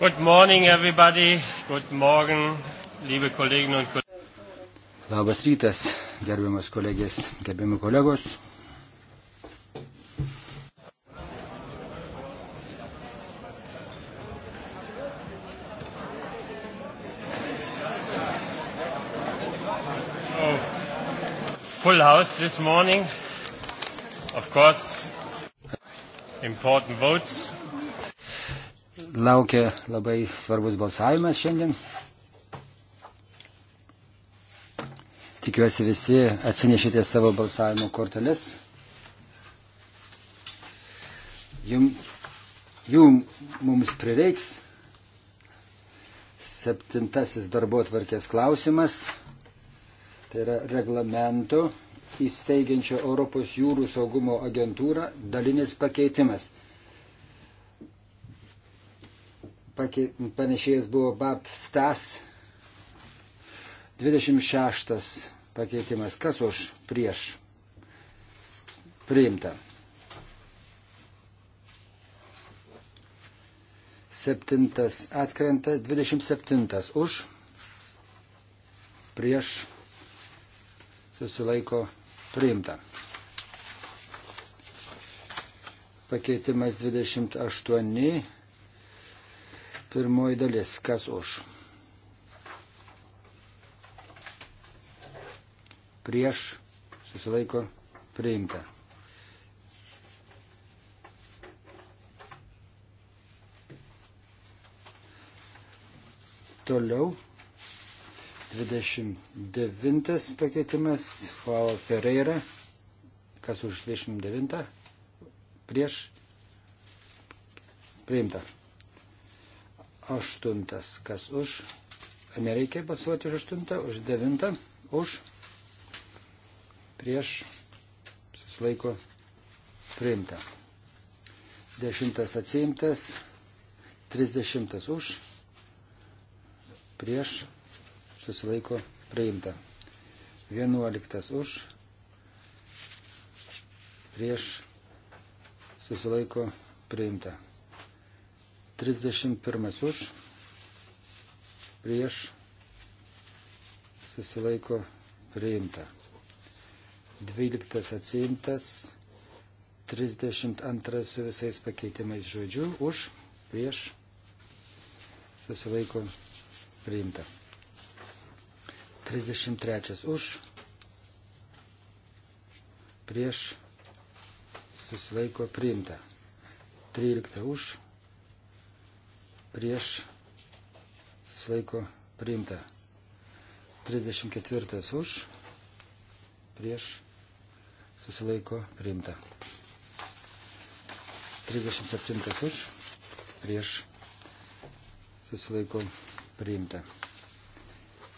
Good morning, everybody. Good morning, liebe Kolleginnen und Kollegen. Labas rytas, gerbiamas kolegės, gerbiami kolegos. Oh, full house this morning. Of course, important votes laukia labai svarbus balsavimas šiandien. Tikiuosi visi atsinešite savo balsavimo korteles. Jum, jų mums prireiks. Septintasis darbo atvarkės klausimas. Tai yra reglamento įsteigiančio Europos jūrų saugumo agentūrą dalinis pakeitimas. Panešėjas buvo Bart Stas. 26 pakeitimas. Kas už prieš? Priimta. Septintas atkrenta. 27 už. Prieš. Susilaiko. Priimta. Pakeitimas 28 Pirmoji dalis, kas už? Prieš susilaiko priimta. Toliau 29 pakeitimas Fao Ferreira. Kas už 29? Prieš. Priimta aštuntas. Kas už? Nereikia balsuoti už aštuntą, už devintą, už prieš susilaiko priimta. Dešimtas atsiimtas, trisdešimtas už prieš susilaiko priimta. Vienuoliktas už prieš susilaiko priimta. 31 už, prieš, susilaiko priimta. 12 atsiimtas, 32 su visais pakeitimais žodžių, už, prieš, susilaiko priimta. 33 už, prieš, susilaiko priimta. 13 už, prieš susilaiko priimta. 34 už prieš susilaiko priimta. 37 už prieš susilaiko priimta.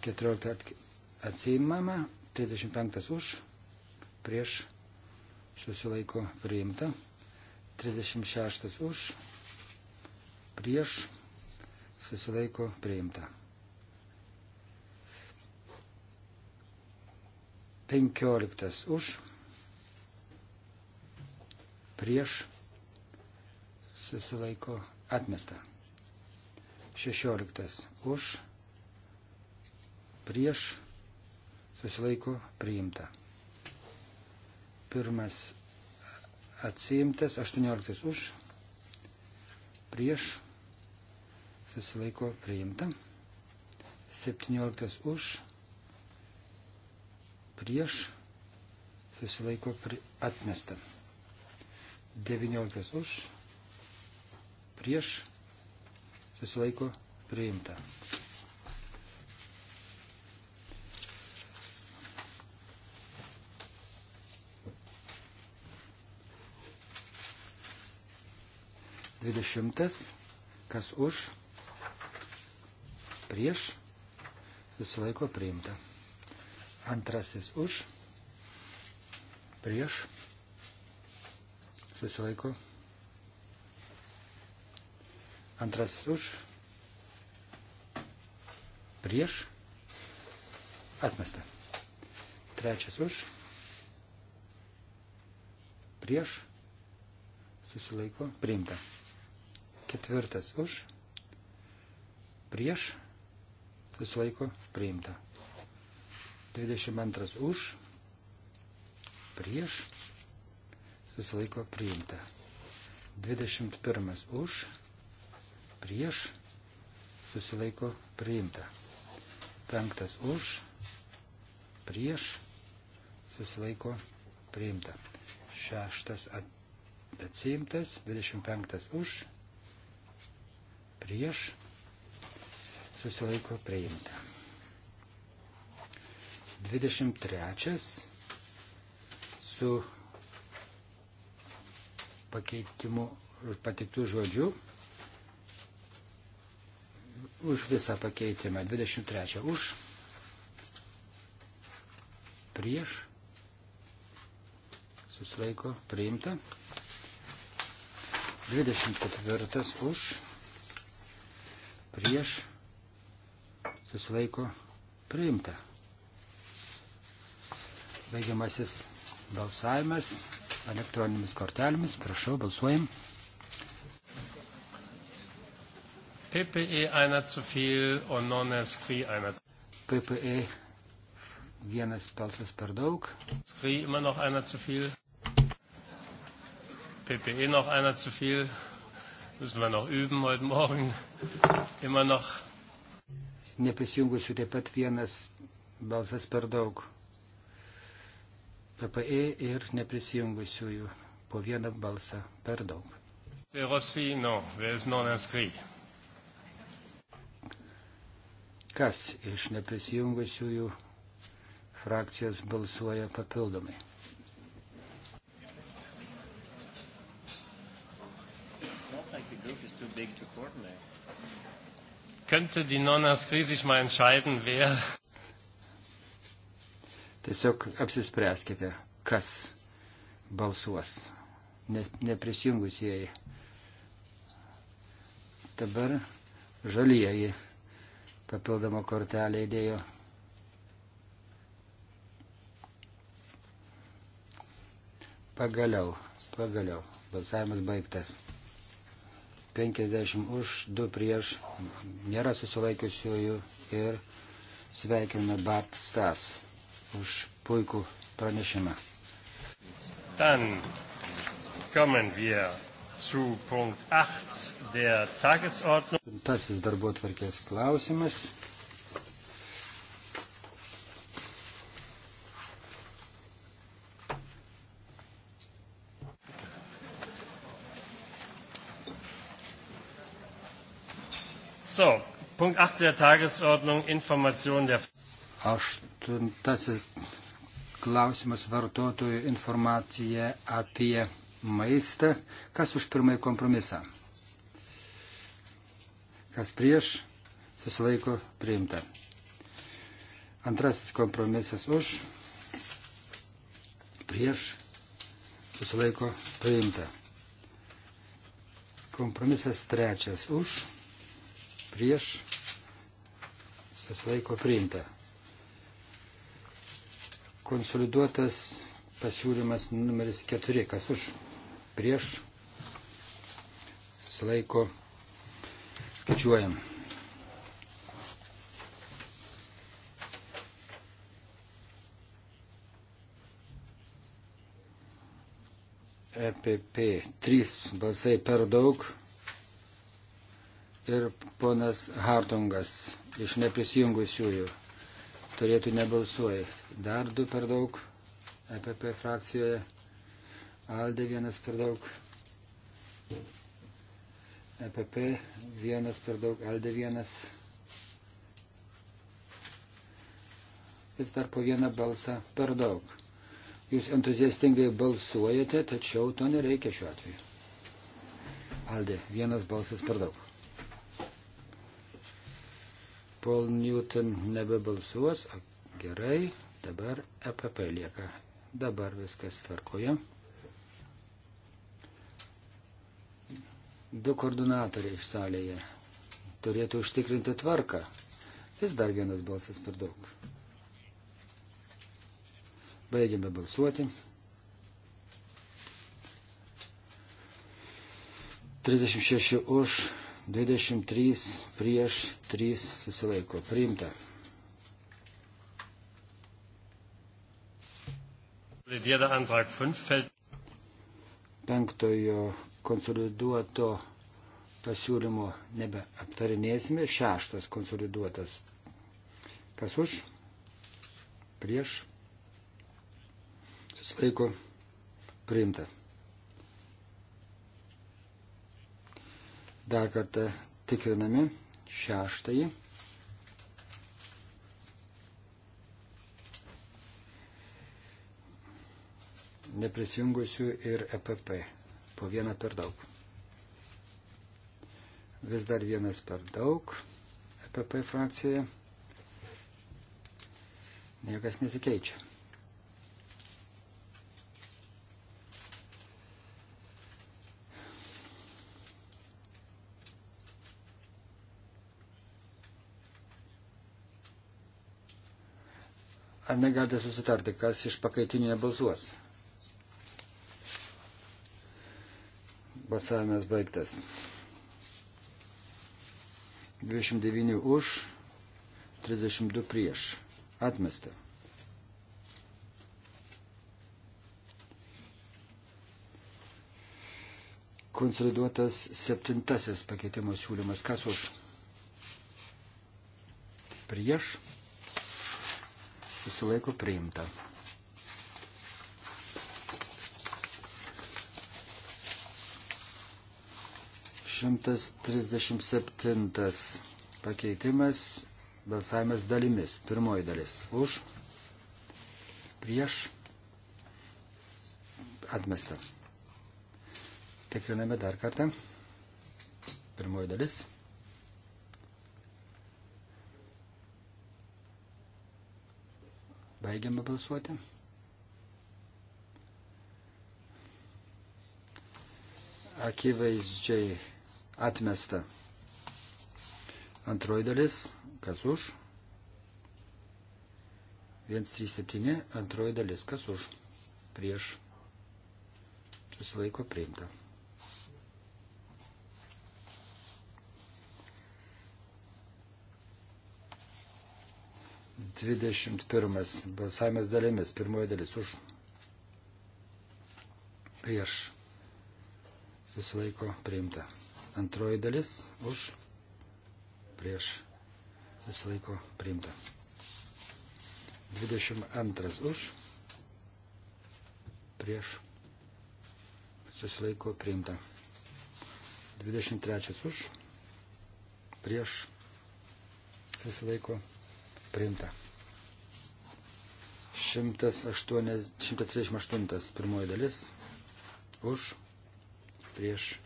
14 atsiimama, 35 už prieš susilaiko priimta. 36 už prieš susilaiko priimta. 15 už, prieš susilaiko atmesta. 16 už, prieš susilaiko priimta. Pirmas atsiimtas, 18 už, prieš susilaiko priimta. 17 už, prieš, susilaiko pri, atmesta. 19 už, prieš, susilaiko priimta. Dvidešimtas, kas už, prieš, susilaiko priimta. Antrasis už, prieš, susilaiko. Antrasis už, prieš, atmesta. Trečias už, prieš, susilaiko, priimta. Ketvirtas už, prieš, susilaiko priimta. 22 už, prieš, susilaiko priimta. 21 už, prieš, susilaiko priimta. 5 už, prieš, susilaiko priimta. 6 atsiimtas, 25 už, prieš, susilaiko priimta. 23 su pakeitimu patiktų žodžių už visą pakeitimą. 23 už prieš susilaiko priimta. 24 už prieš susilaiko priimta. Baigiamasis balsavimas elektroninėmis kortelėmis. Prašau, balsuojam. PPE einer zu viel und non-Skri einer zu viel. PPE vienas balsas per daug. Skri immer noch einer zu viel. PPE noch einer zu viel. Müssen wir noch üben heute Morgen. Immer noch neprisijungusių taip pat vienas balsas per daug. PPE ir neprisijungusiųjų po vieną balsą per daug. Rossi, no, Kas iš neprisijungusiųjų frakcijos balsuoja papildomai? It's not like the group is too big to coordinate. Könnte die Nonna Skry mal entscheiden, wer. Tiesiog apsispręskite, kas balsuos. Ne, neprisijungusieji. Dabar žalieji papildomą kortelę įdėjo. Pagaliau, pagaliau, balsavimas baigtas. 50 už, 2 prieš, nėra susilaikiusiųjų ir sveikiname Bart Stas už puikų pranešimą. Dann kommen wir zu Punkt 8 der Tagesordnung. Tasis darbo tvarkės klausimas. So, Punkt 8 der Tagesordnung, Information der. Aštuntasis klausimas vartotojų informacija apie maistą. Kas už pirmąjį kompromisą? Kas prieš? Susilaiko priimta. Antrasis kompromisas už. Prieš. Susilaiko priimta. Kompromisas trečias už prieš, susilaiko priimta. Konsoliduotas pasiūlymas numeris 4, kas už, prieš, susilaiko, skaičiuojam. EPP 3 balsai per daug ir ponas Hartungas iš neprisijungusiųjų turėtų nebalsuoja. Dar du per daug EPP frakcijoje. Alde vienas per daug. EPP vienas per daug. Alde vienas. Vis dar po vieną balsą per daug. Jūs entuziastingai balsuojate, tačiau to nereikia šiuo atveju. Alde, vienas balsas per daug. Paul Newton nebebalsuos. Gerai, dabar EPP lieka. Dabar viskas tvarkoja. Du koordinatoriai iš salėje turėtų užtikrinti tvarką. Vis dar vienas balsas per daug. Baigiame balsuoti. 36 už, 23 prieš 3 susilaiko. Priimta. Penktojo konsoliduoto pasiūlymo nebeaptarinėsime. Šeštas konsoliduotas. Kas už? Prieš. Susilaiko. Priimta. Dar kartą tikriname šeštąjį. neprisijungusių ir EPP. Po vieną per daug. Vis dar vienas per daug. EPP frakcija. Niekas nesikeičia. Ar negalite susitarti, kas iš pakaitinių nebalsuos? Balsavimas baigtas. 29 už, 32 prieš. Atmesta. Konsoliduotas septintasis pakeitimo siūlymas. Kas už? Prieš susilaiko priimta. Šimtas trisdešimt septintas pakeitimas balsavimas dalimis. Pirmoji dalis už, prieš, atmesta. Tikriname dar kartą. Pirmoji dalis. Baigiame balsuoti. Akivaizdžiai atmesta. Antroji dalis, kas už? 137, antroji dalis, kas už? Prieš. Susilaiko priimta. 21. Balsavimas dalimis. Pirmoji dalis už. Prieš. Susilaiko priimta. Antroji dalis už. Prieš. Susilaiko priimta. 22 už. Prieš. Susilaiko priimta. 23 už. Prieš. Susilaiko priimta priimta. 138 pirmoji dalis už prieš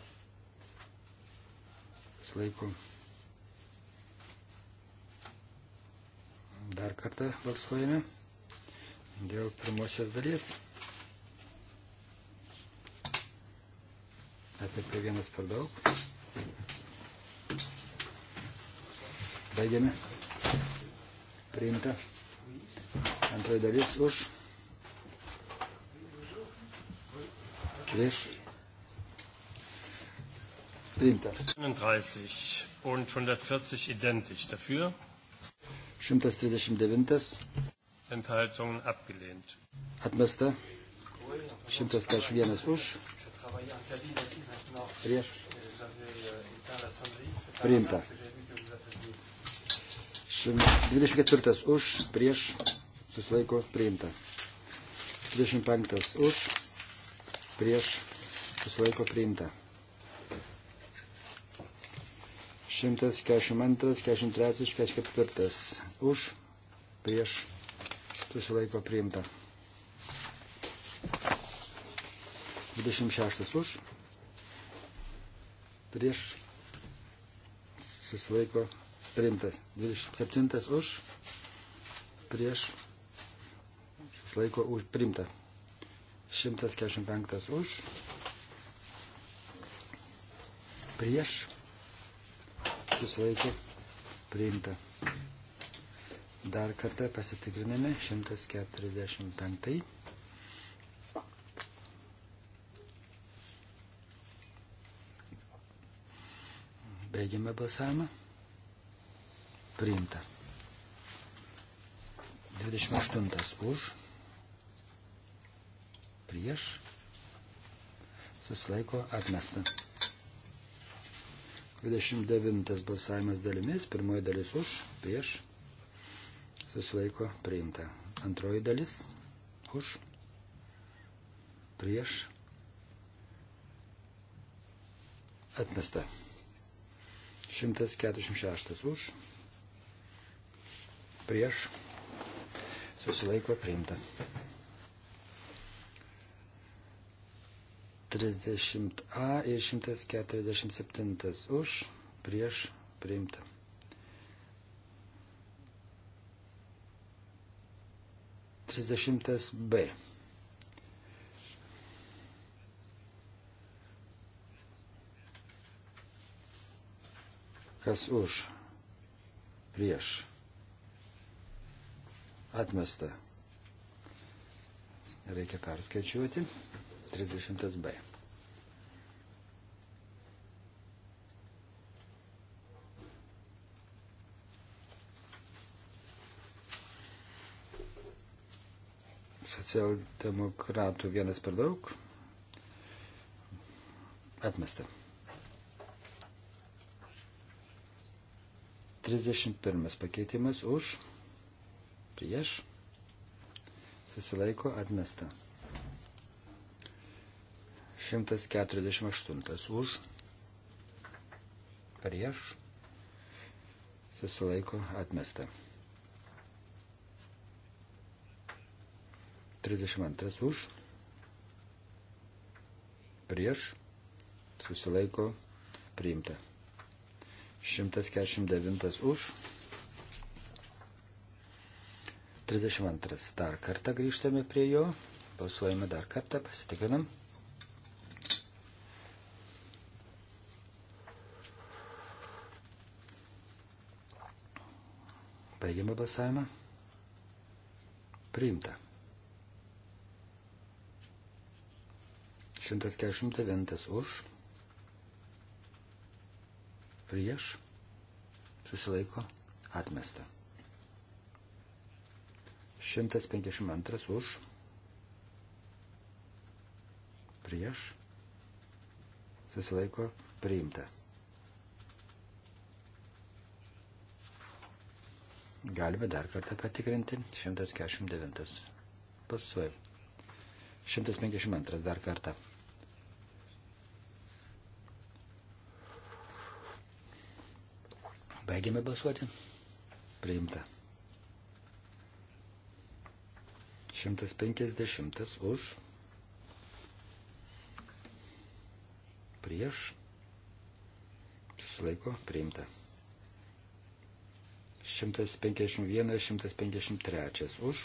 laiko. Dar kartą balsuojame dėl pirmosios dalies. Apie prie vienas per daug. Baigiame. Priimta. Antroji dalis už. Prieš. Priimta. 39 und 140 identisch. Dafür. 139. Enthaltungen abgelehnt. Atmesta. 141 už. Prieš. Priimta. 24 už, prieš susilaiko priimta. 25 už, prieš susilaiko priimta. 142, 43, 44 už, prieš susilaiko priimta. 26 už, prieš susilaiko priimtas. 27 už, prieš laiko už primtą. 145 už. Prieš. Susilaikė. Priimta. Dar kartą pasitikriname 145. Baigiame balsavimą. Priimta. 28 už prieš, susilaiko atmesta. 29 balsavimas dalimis, pirmoji dalis už, prieš, susilaiko priimta. Antroji dalis už, prieš, atmesta. 146 už, prieš, susilaiko priimta. 130a ir 147 už prieš priimtą. Trisdešimtas B. Kas už? Prieš. Atmesta. Reikia perskaičiuoti. 30b. Socialdemokratų vienas per daug. Atmesta. 31 pakeitimas už, prieš, susilaiko atmesta. 148 už, prieš, susilaiko atmesta. 32 už, prieš, susilaiko priimta. 149 už. 32. Dar kartą grįžtame prie jo. Balsuojame dar kartą, pasitikrinam. Baigiame balsavimą. Priimta. 149 už. Prieš. Susilaiko. Atmesta. 152 už. Prieš. Susilaiko. Priimta. Galime dar kartą patikrinti. 149. Pasuoju. 152 dar kartą. Baigėme balsuoti. Priimta. 150 už. Prieš. Susilaiko. Priimta. 151, 153 už,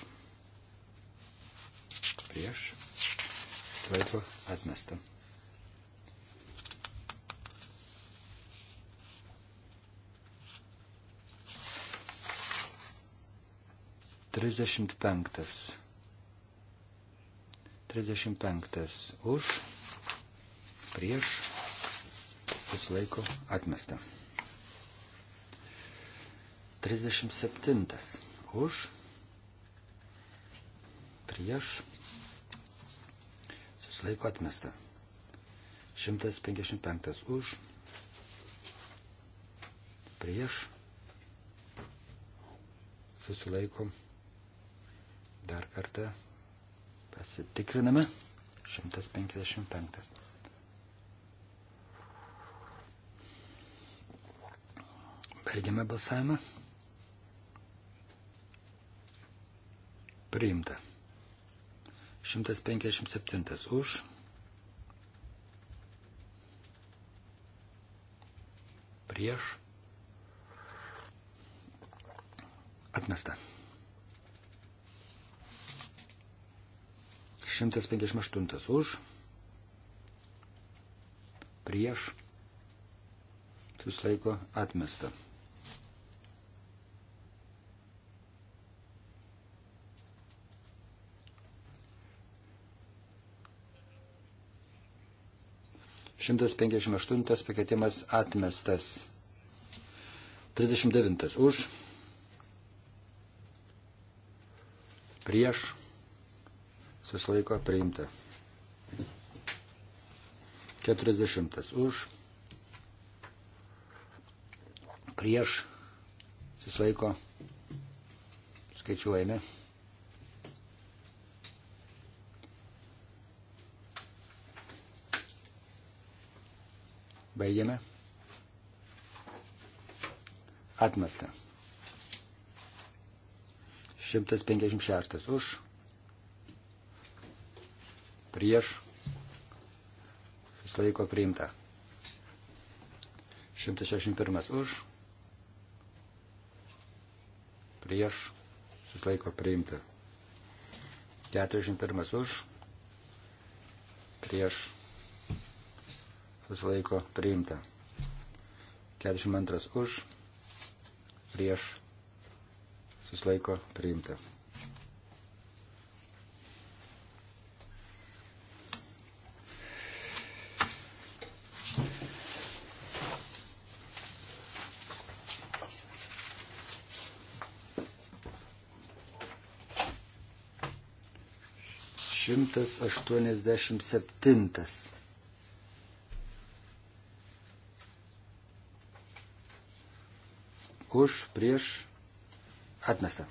prieš, laiko atmesta. Trisdešimt penktas. Trisdešimt penktas už, prieš, susilaiko atmesta. 37 už, prieš, susilaiko atmesta. 155 už, prieš, susilaiko. Dar kartą pasitikriname. 155. Baigiame balsavimą. Priimta. 157 už. Prieš. Atmesta. 158 už. Prieš. Suslaiko atmesta. 158 pakeitimas atmestas. 39 už. Prieš. Susilaiko priimta. 40 už. Prieš. Susilaiko. Skaičiuojame. Baigiame. Atmesta. 156 už. Prieš. Susilaiko priimta. 161 už. Prieš. Susilaiko priimta. 41 už. Prieš susilaiko priimta. 42 už, prieš, susilaiko priimta. Šimtas aštuoniasdešimt septintas. už, prieš, atmesta.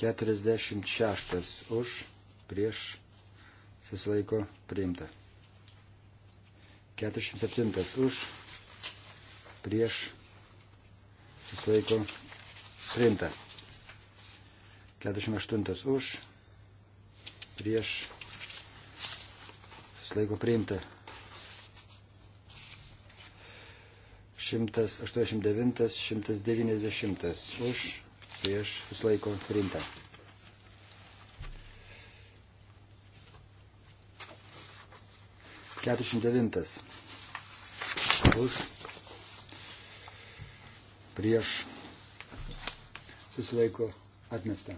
46 už, prieš, susilaiko, priimta. 47 už, prieš, susilaiko, priimta. 48 už, prieš, susilaiko, priimta. 189, 190 už prieš susilaiko priimta. Keturiasdešimt devintas už prieš susilaiko atmesta.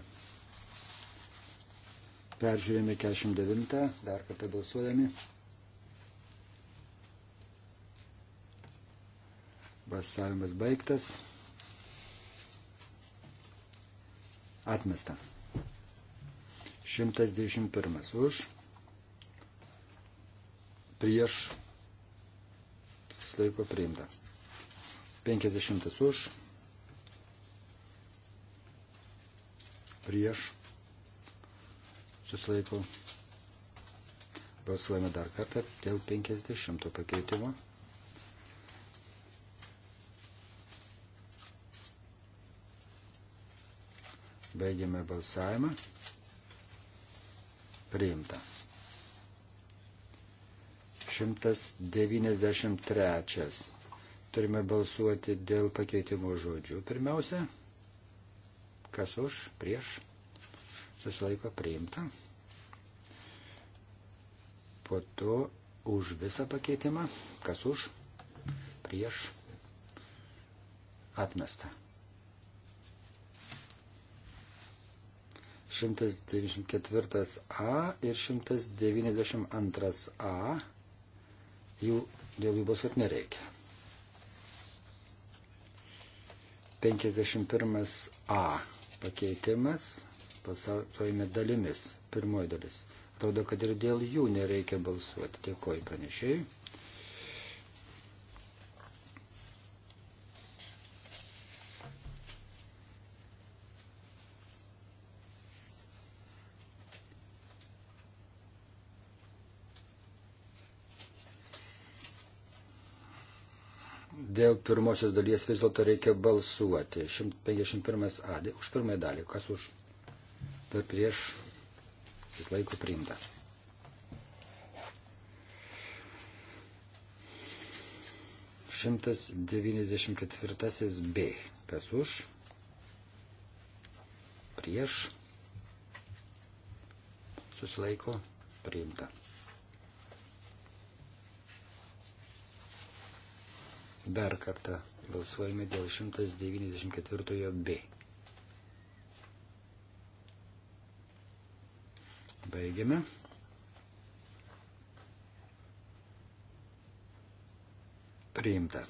Peržiūrėjome 49, dar kartą balsuodami. Balsavimas baigtas. Atmesta. 121 už. Prieš. Laiko priimta. 50 už. Prieš. Susilaiko. Balsuojame dar kartą dėl 50 pakeitimo. Baigiame balsavimą. Priimta. 193. Turime balsuoti dėl pakeitimo žodžių. Pirmiausia, kas už, prieš, susilaiko priimta. Po to už visą pakeitimą, kas už, prieš, atmesta. 194a ir 192a. Jų dėl jų balsuoti nereikia. 51a pakeitimas balsuojame dalimis. Pirmoji dalis. Atrodo, kad ir dėl jų nereikia balsuoti. Dėkoju pranešėjai. dėl pirmosios dalies vis dėlto reikia balsuoti. 151 adė už pirmąją dalį. Kas už? Per prieš vis laiko priimta. Šimtas devyniasdešimt ketvirtasis B. Kas už? Prieš. Susilaiko priimta. Dar kartą balsuojame dėl 194 B. Baigiame. Priimta.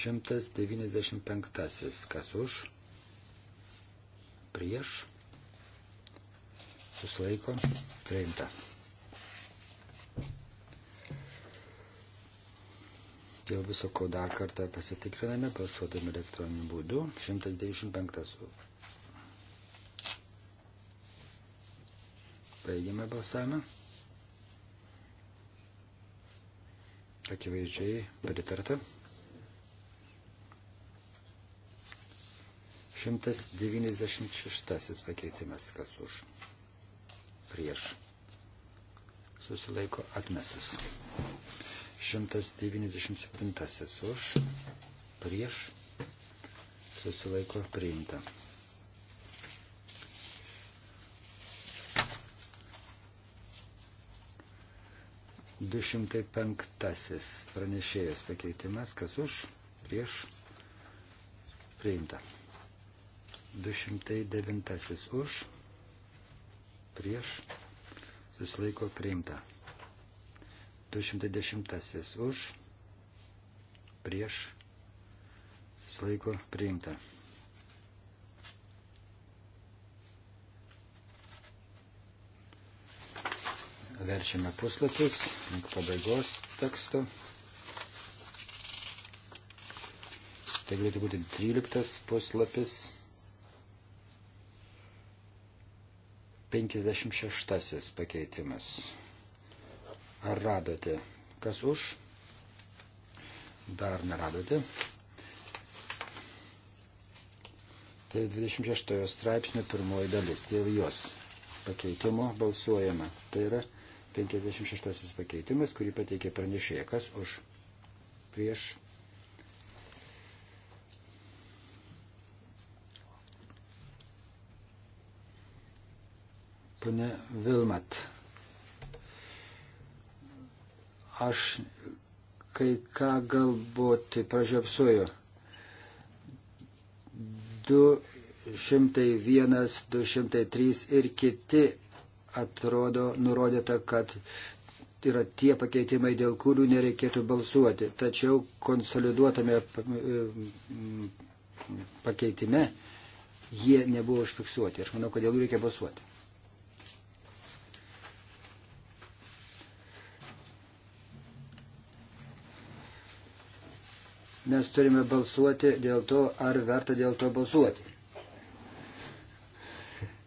Šimtas devyniasdešimt penktasis. Kas už? Prieš. Suslaiko. Priimta. dėl viso ko dar kartą pasitikriname, pasuodami elektroniniu būdu. 195. Baigiame balsavimą. Akivaizdžiai pritarta. 196 pakeitimas, kas už prieš. Susilaiko atmesas. 197 už, prieš, susilaiko priimta. Du šimtai penktasis pranešėjas pakeitimas, kas už, prieš, priimta. Du šimtai devintasis už, prieš, susilaiko priimta. 210 už, prieš, susilaiko priimta. Verčiame puslapius link pabaigos teksto. Tai galėtų būti 13 puslapis. 56 pakeitimas. Ar radote? Kas už? Dar neradote. Tai 26 straipsnio pirmoji dalis. Tai jos pakeitimo balsuojama. Tai yra 56 pakeitimas, kurį pateikė pranešėja. Kas už? Prieš. Pane Vilmat aš kai ką galbūt pražiopsuoju. 201, 203 ir kiti atrodo nurodyta, kad yra tie pakeitimai, dėl kurių nereikėtų balsuoti. Tačiau konsoliduotame mm, mm, pakeitime jie nebuvo užfiksuoti. Aš manau, kodėl jų reikia balsuoti. mes turime balsuoti dėl to, ar verta dėl to balsuoti.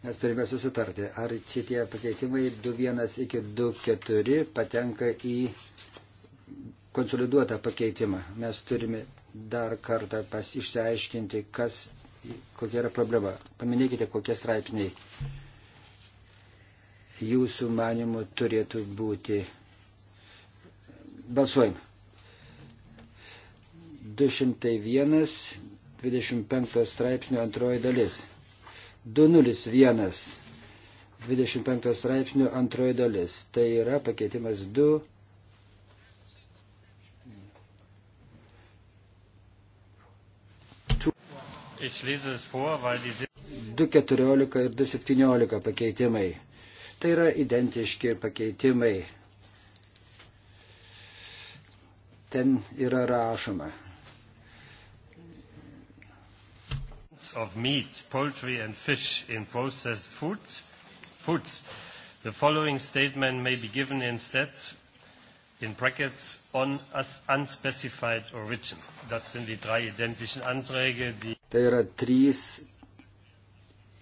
Mes turime susitarti, ar šitie pakeitimai 2.1 iki 2.4 patenka į konsoliduotą pakeitimą. Mes turime dar kartą pas išsiaiškinti, kas, kokia yra problema. Paminėkite, kokie straipsniai jūsų manimų turėtų būti balsuojami. 201, 25 straipsnio antroji dalis. 201, 25 straipsnio antroji dalis. Tai yra pakeitimas 2. Ich lese es vor, weil die 2.14 ir 2.17 pakeitimai. Tai yra identiški pakeitimai. Ten yra rašoma. of meat, poultry and fish in processed foods, foods. The following statement may be given instead in brackets on unspecified origin. Das sind die drei identischen Anträge, die Tai yra trys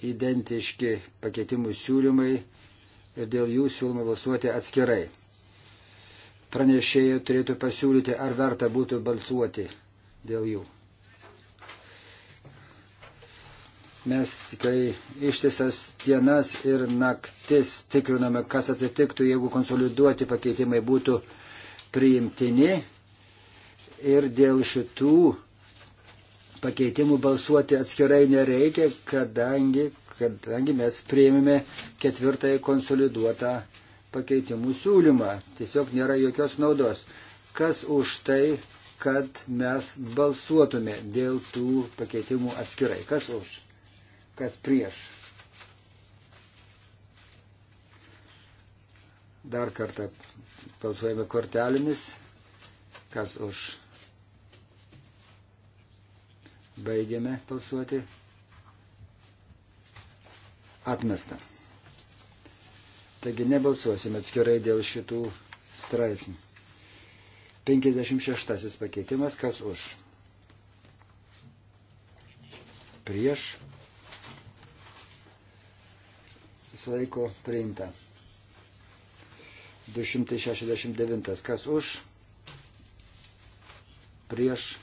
identiški pakeitimų siūlymai ir dėl jų siūloma balsuoti atskirai. Pranešėjai turėtų pasiūlyti, ar verta būtų balsuoti dėl jų. Mes tikrai ištisas dienas ir naktis tikriname, kas atsitiktų, jeigu konsoliduoti pakeitimai būtų priimtini. Ir dėl šitų pakeitimų balsuoti atskirai nereikia, kadangi, kadangi mes priėmėme ketvirtąjį konsoliduotą pakeitimų siūlymą. Tiesiog nėra jokios naudos. Kas už tai, kad mes balsuotume dėl tų pakeitimų atskirai? Kas už? kas prieš. Dar kartą balsuojame kortelėmis, kas už. Baigiame balsuoti. Atmesta. Taigi nebalsuosime atskirai dėl šitų straipsnių. 56 pakeitimas, kas už? Prieš susilaiko priimta. 269. Kas už, prieš,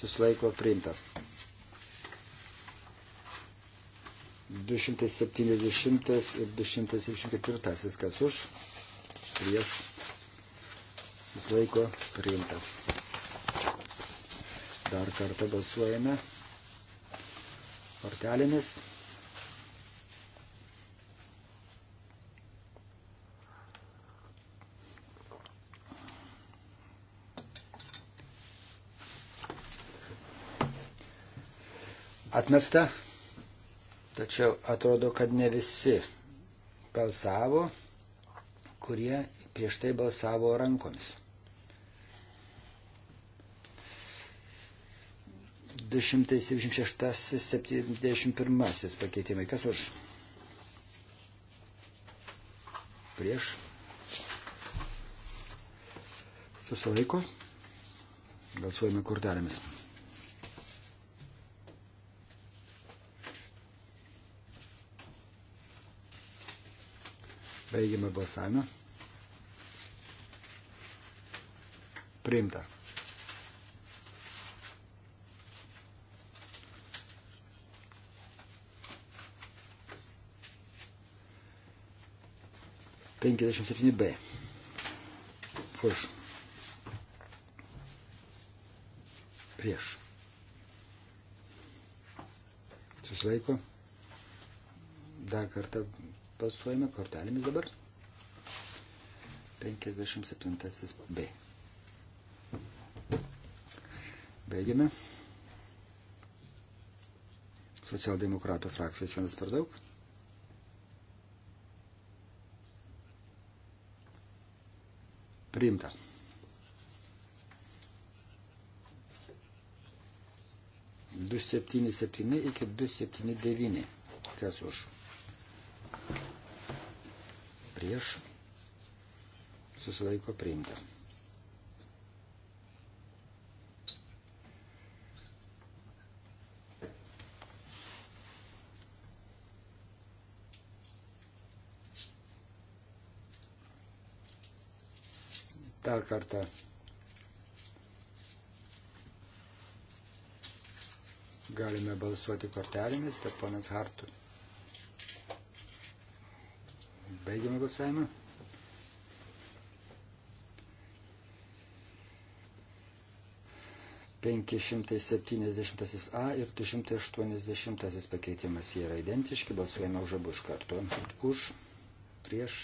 susilaiko priimta. 270 ir 274. Kas už, prieš, susilaiko priimta. Dar kartą balsuojame kortelėmis. atmesta, tačiau atrodo, kad ne visi balsavo, kurie prieš tai balsavo rankomis. 276-71 pakeitimai. Kas už? Prieš. Susilaiko. Balsuojame kortelėmis. Baigiame balsavimą. Priimta. Penkiasdešimt septyni B. Už. Prieš. Susilaiko. Dar kartą Balsuojame kortelėmis dabar. 57 B. Baigiame. Socialdemokratų frakcijas vienas per daug. Priimta. Du septyni septyni iki du septyni devyni. Kas už? prieš susilaiko priimta. Dar kartą galime balsuoti kortelėmis, bet ponas Hartui. Baigiame balsavimą. A ir 280 pakeitimas jie yra identiški, balsuojame už abu iš karto. Už, prieš.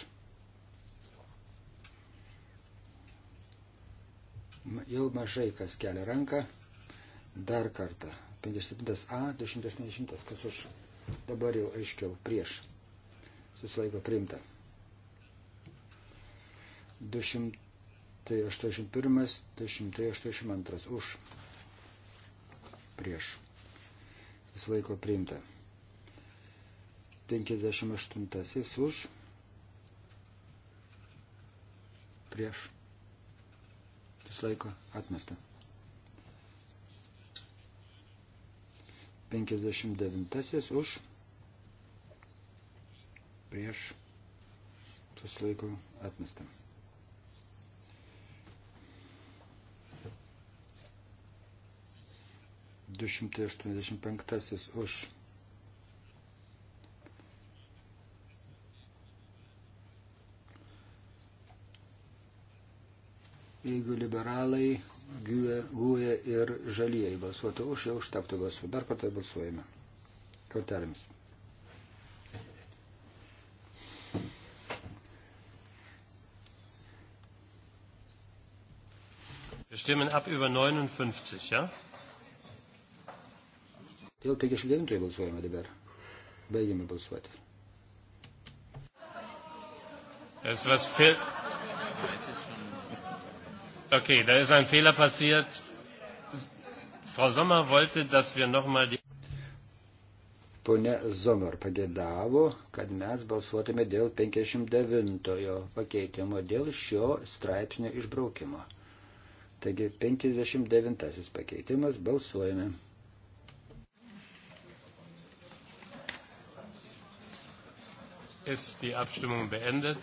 Jau mažai kas kelia ranką. Dar kartą. 57A, 280, kas už. Dabar jau aiškiau, prieš. Susilaiko priimta. 281, 282 už prieš. Jis laiko priimta. 58 už prieš. Jis laiko atmesta. 59 už prieš susilaiko atmestam. 285 už. Jeigu liberalai, guoja ir žalieji balsuotų už, jau užtektų balsų. Dar kartą balsuojame. Kortelėmis. Wir stimmen ab über 59, ja? Dėl 59 balsuojame dabar. Baigiame balsuoti. Es was fehl... Okay, da ist ein Fehler passiert. Frau Sommer wollte, dass wir nochmal die... Pone Zomar pagėdavo, kad mes balsuotume dėl 59 pakeitimo, dėl šio straipsnio išbraukimo. Taigi 59 pakeitimas balsuojame. ist die Abstimmung beendet.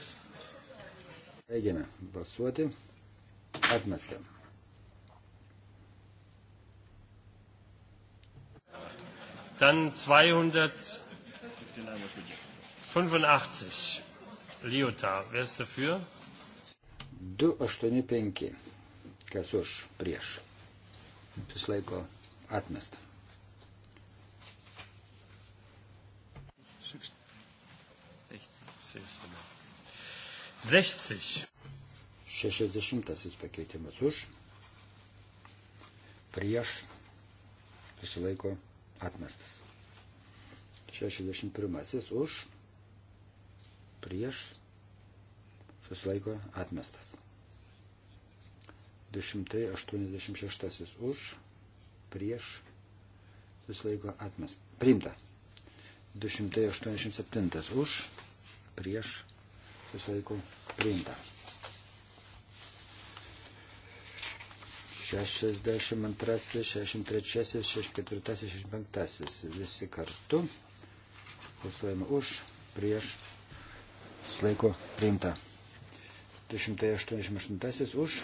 Baigiame balsuoti. Atmestėm. Dann 285. Liota, wer ist dafür? 285. Kas už prieš? Susilaiko atmestą. 60. 60 pakeitimas už, prieš, susilaiko atmestas. 61 už, prieš, susilaiko atmestas. 286 už, prieš, susilaiko atmestas. Primta. 287 už, prieš, susilaiko priimta. 62, 63, 64, 65 visi kartu balsuojame už, prieš, susilaiko priimta. 288 už,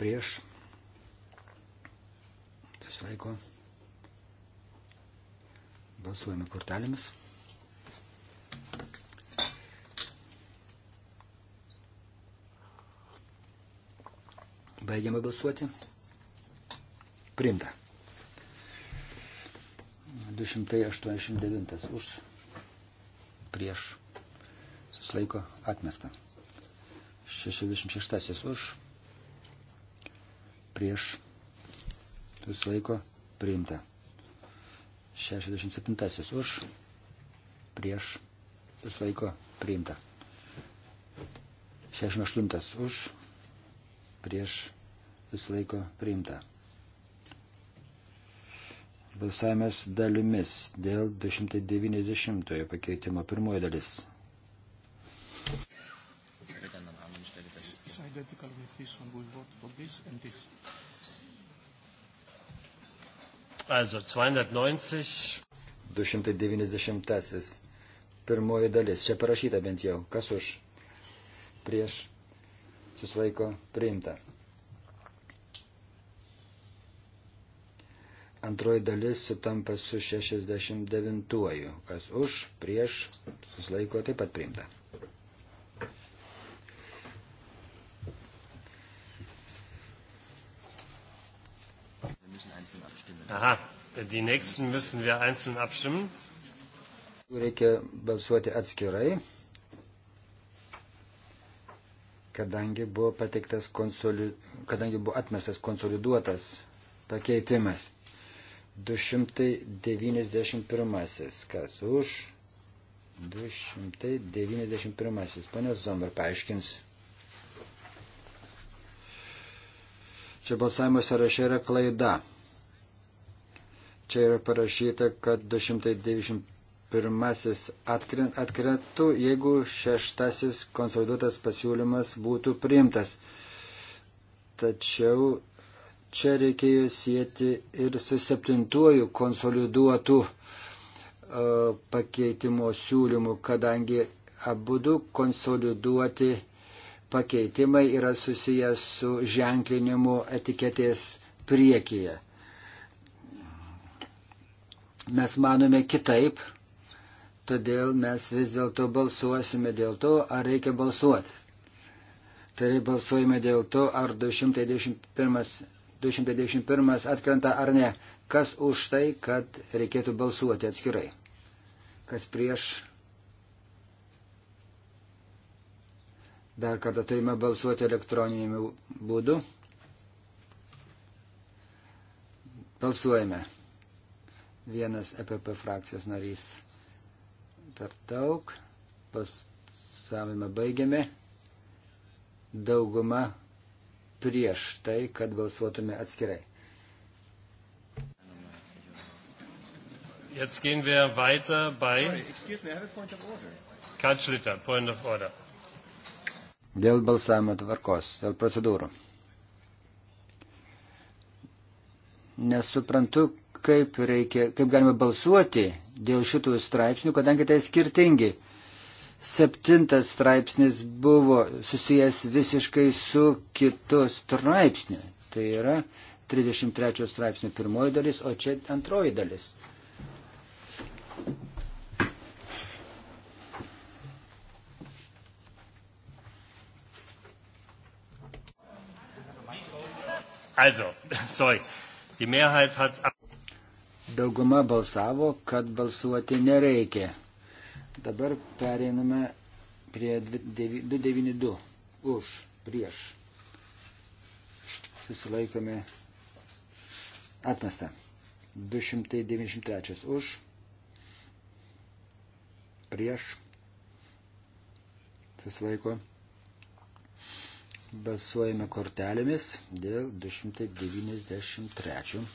prieš, susilaiko priimta balsuojame kortelėmis. Baigiame balsuoti. Priimta. 289 už prieš susilaiko atmesta. 66 už prieš susilaiko priimta. 67 už prieš susilaiko priimta. 68 už prieš susilaiko priimta. Balsavimas dalimis dėl 290 pakeitimo pirmoji dalis. identical with this one. We'll vote for this and this. Also 290. 290. Pirmoji dalis. Čia parašyta bent jau. Kas už? Prieš. Susilaiko. Priimta. Antroji dalis sutampa su 69-uoju. Kas už, prieš, susilaiko taip pat priimta. Aha, die nächsten müssen wir einzeln abstimmen. Reikia balsuoti atskirai, kadangi buvo, kadangi buvo atmestas konsoliduotas pakeitimas. 291. Kas už? 291. Pane Zomber paaiškins. Čia balsavimo sąraše yra klaida. Čia yra parašyta, kad 291 atkrentų, jeigu šeštasis konsoliduotas pasiūlymas būtų priimtas. Tačiau čia reikėjo sieti ir su septintuoju konsoliduotu e, pakeitimo siūlymu, kadangi abu du konsoliduoti pakeitimai yra susijęs su ženklinimu etiketės priekyje. Mes manome kitaip, todėl mes vis dėlto balsuosime dėl to, ar reikia balsuoti. Tai balsuojame dėl to, ar 221 251 atkrenta ar ne. Kas už tai, kad reikėtų balsuoti atskirai? Kas prieš? Dar kartą turime balsuoti elektroniniu būdu. Balsuojame. Vienas EPP frakcijos narys per daug. Balsavimą baigiame. Dauguma prieš tai, kad balsuotume atskirai. Jetzt gehen wir weiter bei Sorry, excuse me, I have a point of order. Katschlitter, point of order. Dėl balsavimo tvarkos, dėl procedūrų. Nesuprantu, kaip, reikia, kaip galima balsuoti dėl šitų straipsnių, kadangi tai skirtingi septintas straipsnis buvo susijęs visiškai su kitu straipsniu. Tai yra 33 straipsnio pirmoji dalis, o čia antroji dalis. Also, sorry, die Mehrheit hat. Dauguma balsavo, kad balsuoti nereikia. Dabar pereiname prie 292 už prieš. Susilaikome atmestą. 293 už prieš. Susilaiko. Balsuojame kortelėmis dėl 293.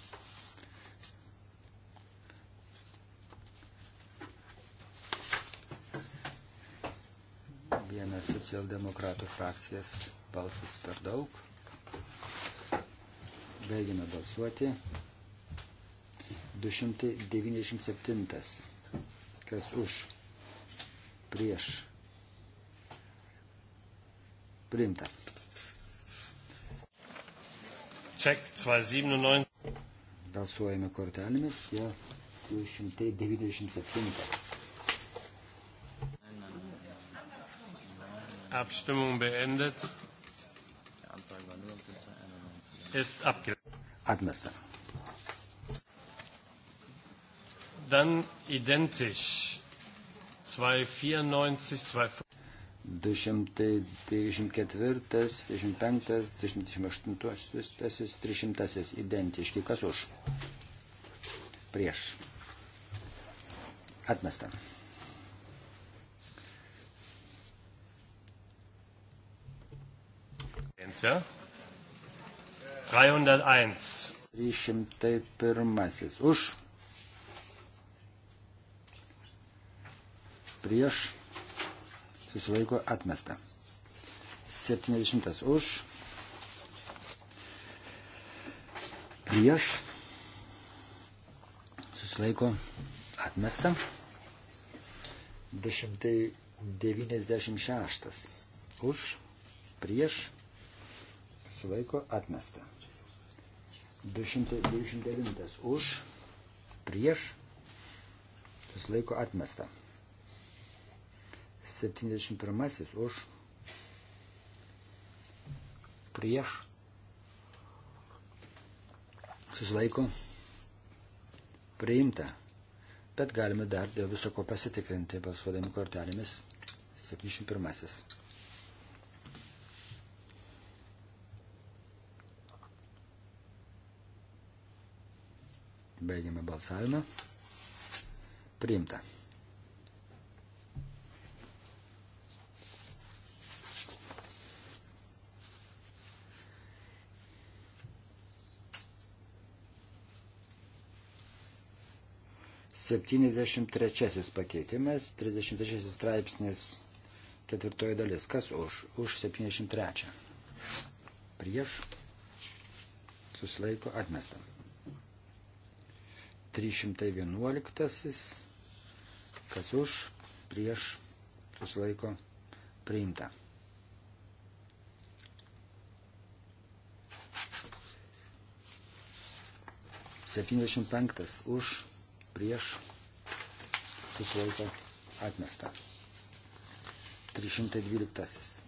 nes socialdemokratų frakcijas balsas per daug. Baigime balsuoti. 297. Kas už? Prieš. Primta. Ček 297. Balsuojame kortelėmis. Ja, 297. Abstimmung beendet. Ist abgelehnt. Dann identisch 294, 295. 294, 25, 228, 300 identiški. Kas už? Prieš. Atmestam. abgelehnt, ja? 301. 301. Už. Prieš. Susilaiko atmesta. 70. Už. Prieš. Susilaiko atmesta. 296. Už. Prieš susilaiko atmesta. 229 už, prieš, susilaiko atmesta. 71 už, prieš, susilaiko priimta. Bet galime dar dėl viso ko pasitikrinti balsuodami kortelėmis. 71. Baigiame balsavimą. Priimta. Septyniasdešimt trečiasis pakeitimas, trisdešimt trečiasis straipsnis, ketvirtoji dalis. Kas už? Už septyniasdešimt trečią. Prieš. Susilaiko atmestam. 311, kas už, prieš, susilaiko, priimta. Septyniasdešimt penktas už, prieš, susilaiko, atmesta. 312.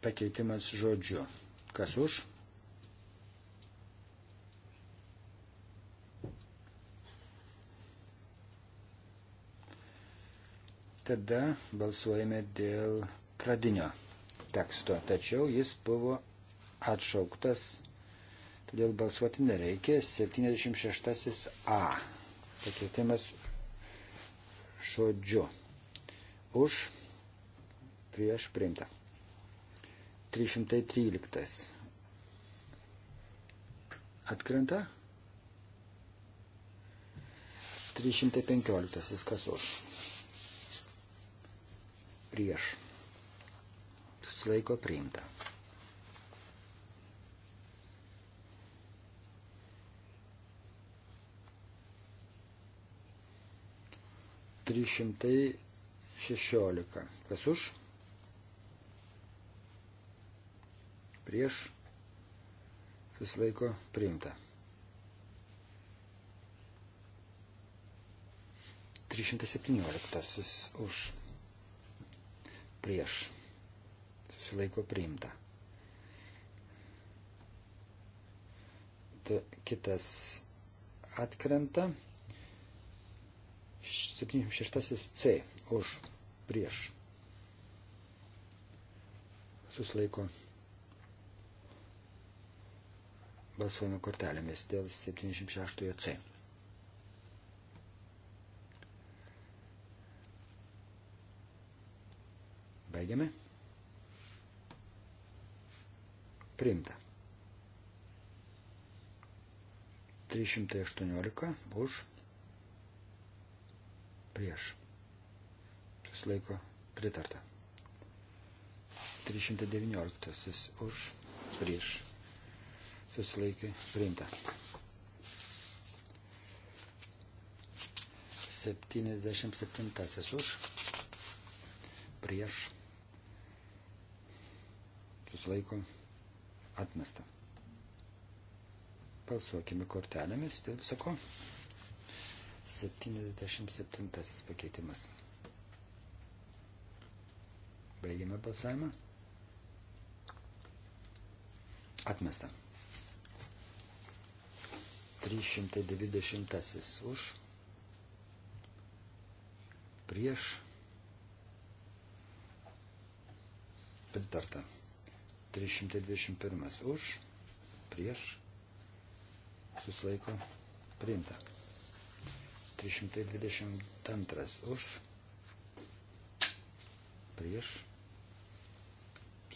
Pakeitimas žodžiu. Kas už? Tada balsuojame dėl pradinio teksto, tačiau jis buvo atšauktas, todėl balsuoti nereikia. 76 A. Pakeitimas žodžiu. Už prieš priimtą. 313. Atkrenta? 315. Kas už? prieš. Susilaiko priimta. Trys šimtai šešiolika. Kas už? Prieš. Susilaiko priimta. 317 už prieš susilaiko priimta. Du, kitas atkrenta. 76 C už prieš susilaiko balsuojame kortelėmis dėl 76 C. Baigiame. Priimta. 318 už prieš. Susilaiko pritarta. 319 už prieš. Susilaikė priimta. 77 už prieš susilaiko atmesta. Palsuokime kortelėmis dėl visako. 77 pakeitimas. Baigime balsavimą. Atmesta. 320 už. Prieš. Pritarta. 321 už, prieš, susilaiko, priimta. 322 už, prieš,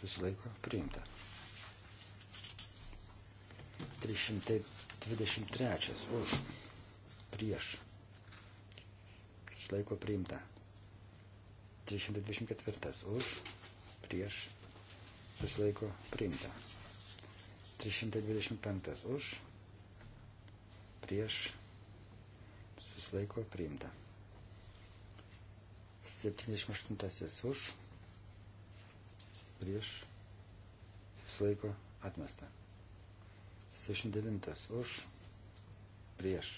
susilaiko, priimta. 323 už, prieš, susilaiko, priimta. 324 už, prieš, susilaiko priimta. 325 už, prieš, susilaiko priimta. 78 už, prieš, susilaiko atmesta. 69 už, prieš,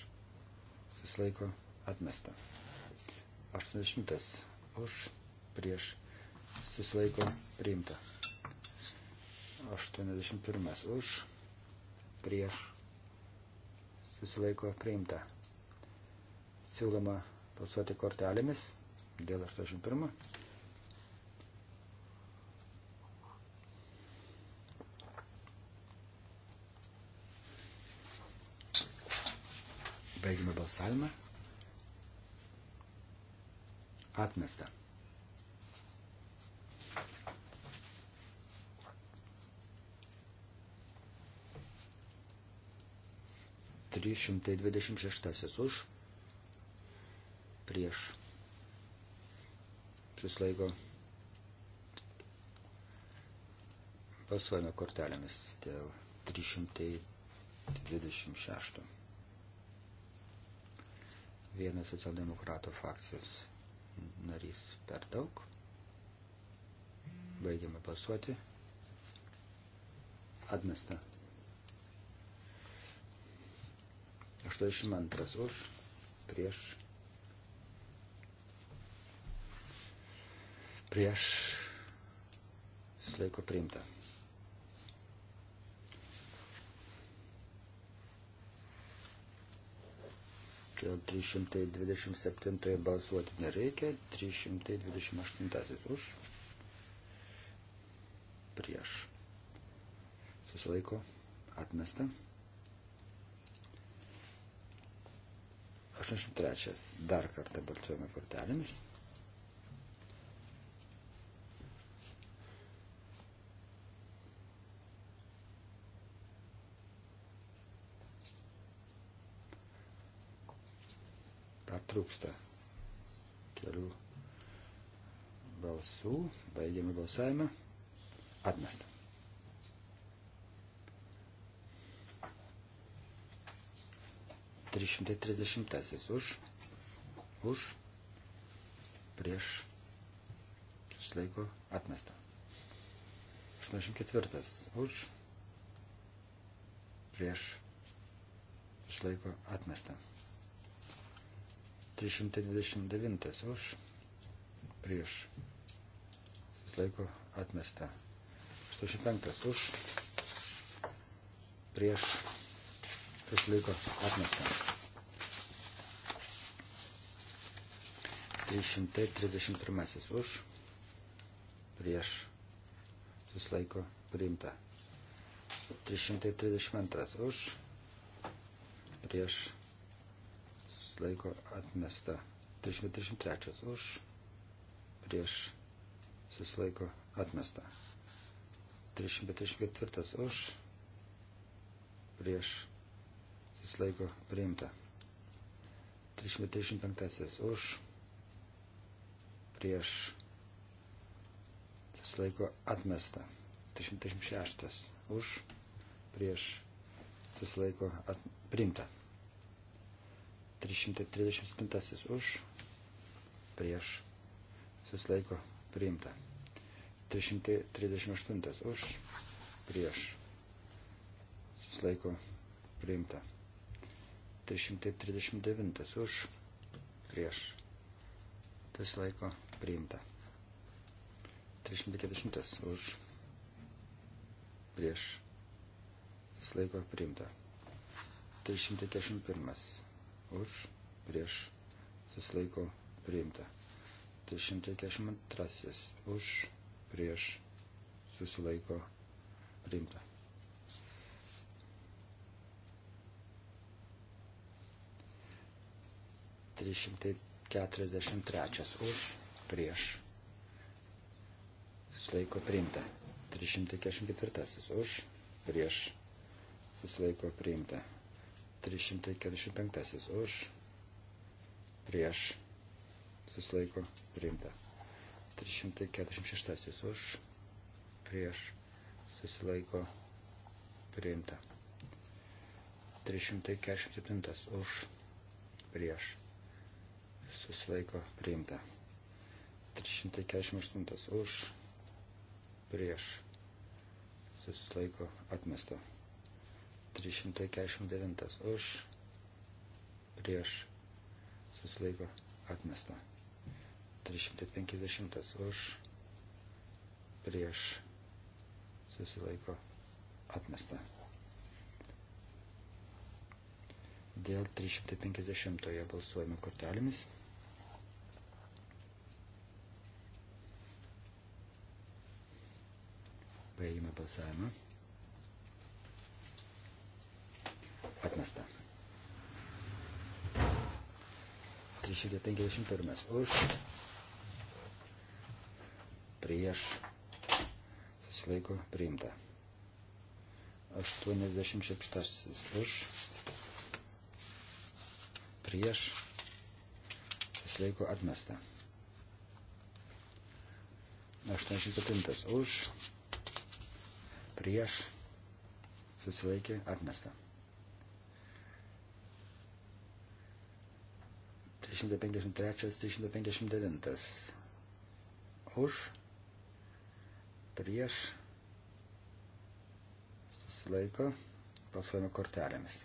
susilaiko atmesta. 80 už, prieš, susilaiko priimta. 81 už, prieš, susilaiko priimta. Siūloma balsuoti kortelėmis dėl 81. Baigime balsavimą. Atmesta. 326 už, prieš, susilaiko, balsuojame kortelėmis dėl 326. Vienas socialdemokratų frakcijos narys per daug. Baigiame balsuoti. Atmesta. 82 už, prieš, prieš, laiko priimta. Dėl 327 balsuoti nereikia, 328 už, prieš, susilaiko, atmesta. 83. Dar kartą balsuojame kortelėmis. Dar trūksta kelių balsų. Baigiame balsavimą. Atmesta. 330 už, už, prieš, išlaiko atmestą. 84 už, prieš, išlaiko atmestą. 329 už, prieš, išlaiko atmestą. 85 už, prieš, susilaiko atmesta. 331 už, prieš susilaiko priimta. 332 už, prieš susilaiko atmesta. 333 už, prieš susilaiko atmesta. 334 už, prieš susilaiko priimta. 335 už, prieš susilaiko atmesta. 336 už, prieš susilaiko at, priimta. 337 už, prieš susilaiko priimta. 338 už, prieš susilaiko priimta. 339 už prieš tas laiko priimta. 340 už prieš tas laiko priimta. 341 už prieš tas laiko priimta. 342 už prieš susilaiko priimta. 343 už, prieš, susilaiko priimta. 344 už, prieš, susilaiko priimta. 345 už, prieš, susilaiko priimta. 346 už, prieš, susilaiko priimta. 347 už, prieš, susilaiko priimta. 348 už, prieš, susilaiko atmesta. 349 už, prieš, susilaiko atmesta. 350 už, prieš, susilaiko atmesta. Dėl 350 balsuojame kortelėmis. Baigime balsavimą. Atmesta. 351 už. Prieš. Susilaiko priimta. 86 už. Prieš. Susilaiko atmesta. 87 už prieš, susilaikė, atmesta. 353, 359. Už, prieš, susilaiko, pasuojame kortelėmis.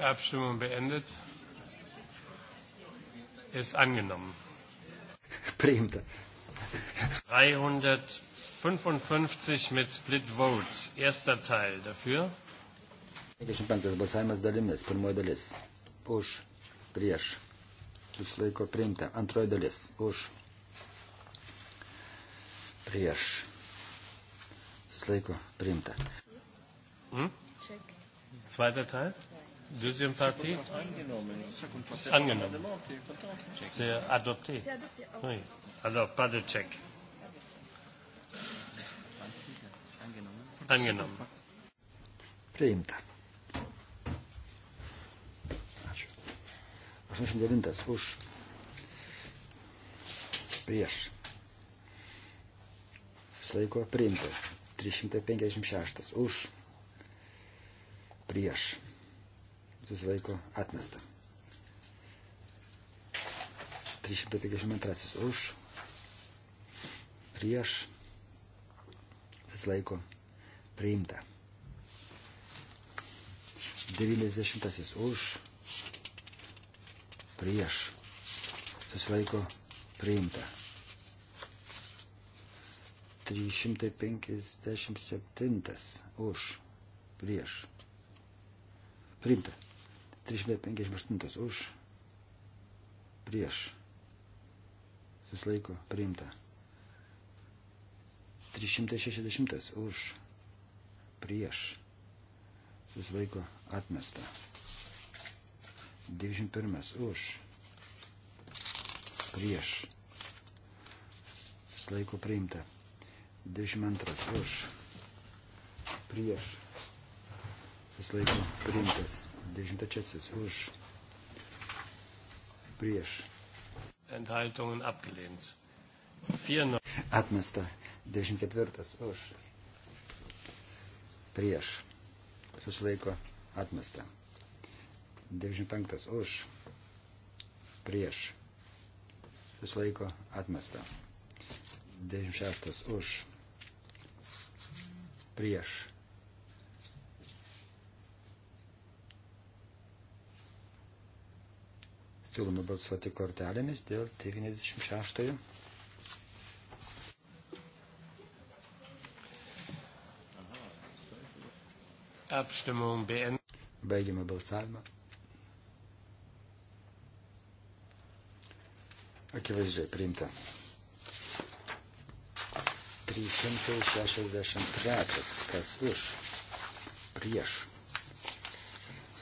Abstimmung beendet ist angenommen. Priimta. 355 mit Split Vote. Erster Teil dafür. 55 balsavimas dalimis. Pirmoji dalis. Už. Prieš. Išlaiko priimta. Antroji dalis. Už. Prieš. Išlaiko priimta. Hm? Zweiter Teil. Deuxième partie C'est angenommen. C'est adopté. Oui. Alors, pas de chèque. Angenommen. Priimta. Ačiū. 89 už. Prieš. Susilaiko priimta. 356 už. Prieš susilaiko atmesta. 352 už, prieš, susilaiko priimta. 90 už, prieš, susilaiko priimta. 357 už, prieš, priimta. 358 už prieš susilaiko priimta. 360 už prieš susilaiko atmesta. 91 už prieš susilaiko priimta. 22 už prieš susilaiko priimtas. Dešimtasis už prieš. Enthaltungen abgelehnt. Atmesta. 24 už. Prieš. Susilaiko. Atmesta. 95 už. Prieš. Susilaiko. Atmesta. 96 už. Prieš. Siūloma balsuoti kortelėmis dėl 96. Abstimmung beendet. Baigiame balsavimą. Akivaizdžiai priimta. 363. Kas už? Prieš.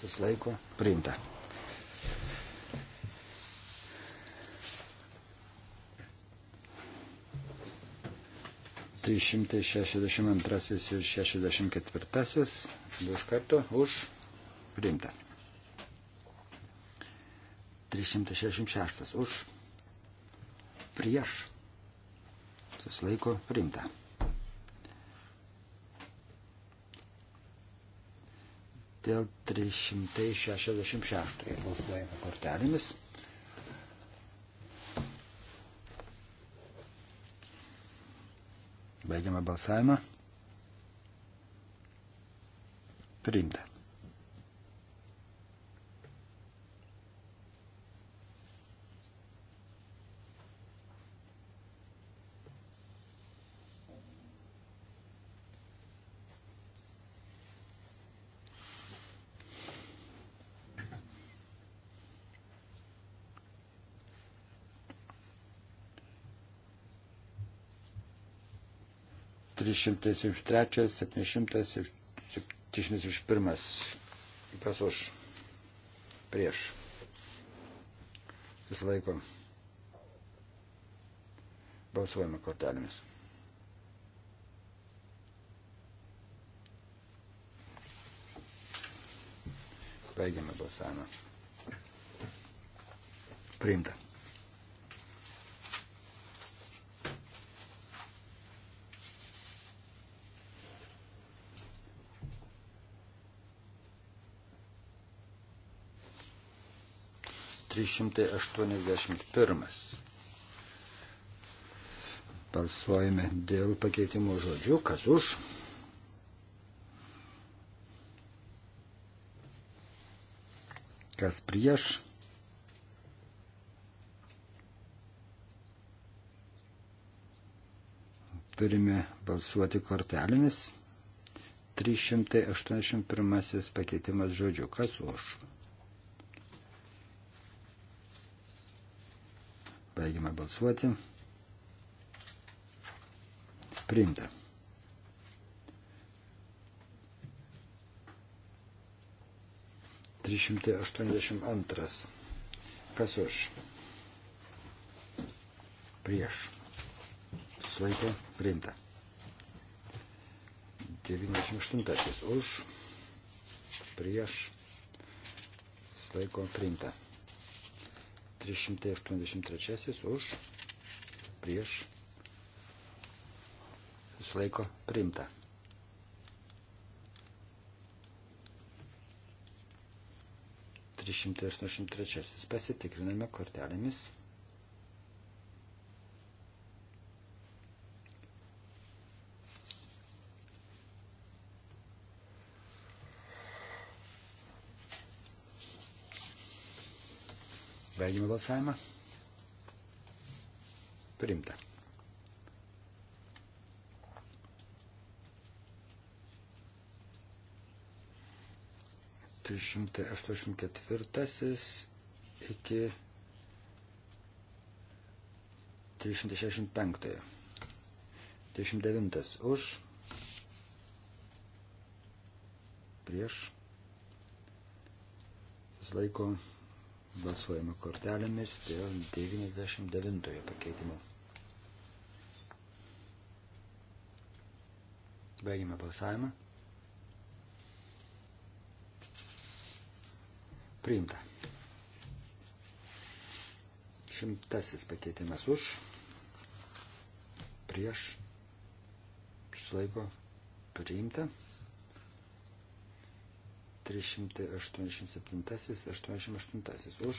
Suslaiko. Priimta. 362 ir 64 du iš karto už priimta. 366 už prieš susilaiko priimta. 366 balsuojame kortelėmis. Baigiame balsavimą. Priimta. 373, 700, 71. Kas už? Prieš. Susilaiko. Balsuojame kortelėmis. Baigiame balsavimą. Priimta. 381. Balsuojame dėl pakeitimo žodžių. Kas už? Kas prieš? Turime balsuoti kortelėmis. 381 pakeitimas žodžių. Kas už? Baigiame balsuoti. Priimta. Trys šimtai aštuoniasdešimt antras. Kas už? Prieš. Sulaikė. Priimta. 98 už prieš laiko printą. 383 už prieš susilaiko priimta. Trisimtai aštuoniasdešimt trečiasis pasitikriname kortelėmis. Baigime balsavimą. Priimta. Tai 184 iki 365. 39 už prieš susilaiko Balsuojame kortelėmis dėl 99 pakeitimo. Baigime balsavimą. Priimta. Šimtasis pakeitimas už. Prieš. Išlaiko. Priimta. Priimta. 387, 88 už,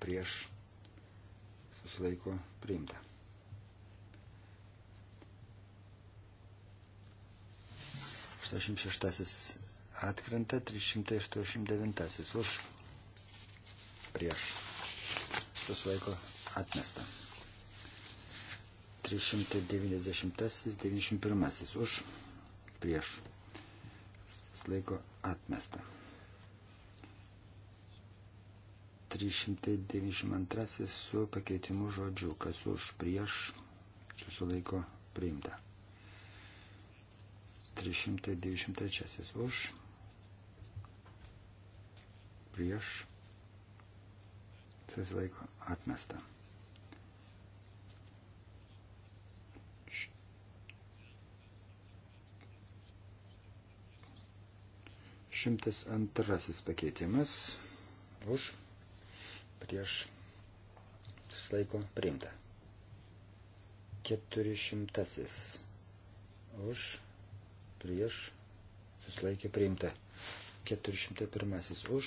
prieš, susilaiko priimta. Aštuoniasdešimt šeštasis atkrenta, 389 už, prieš, susilaiko atmesta. 390, 91 už, prieš, susilaiko atmesta. 392 su pakeitimu žodžiu, kas už prieš susilaiko priimta. 393 už prieš susilaiko atmesta. 102 pakeitimas už prieš laiko priimta. 400 už prieš susilaikė priimta. 401 už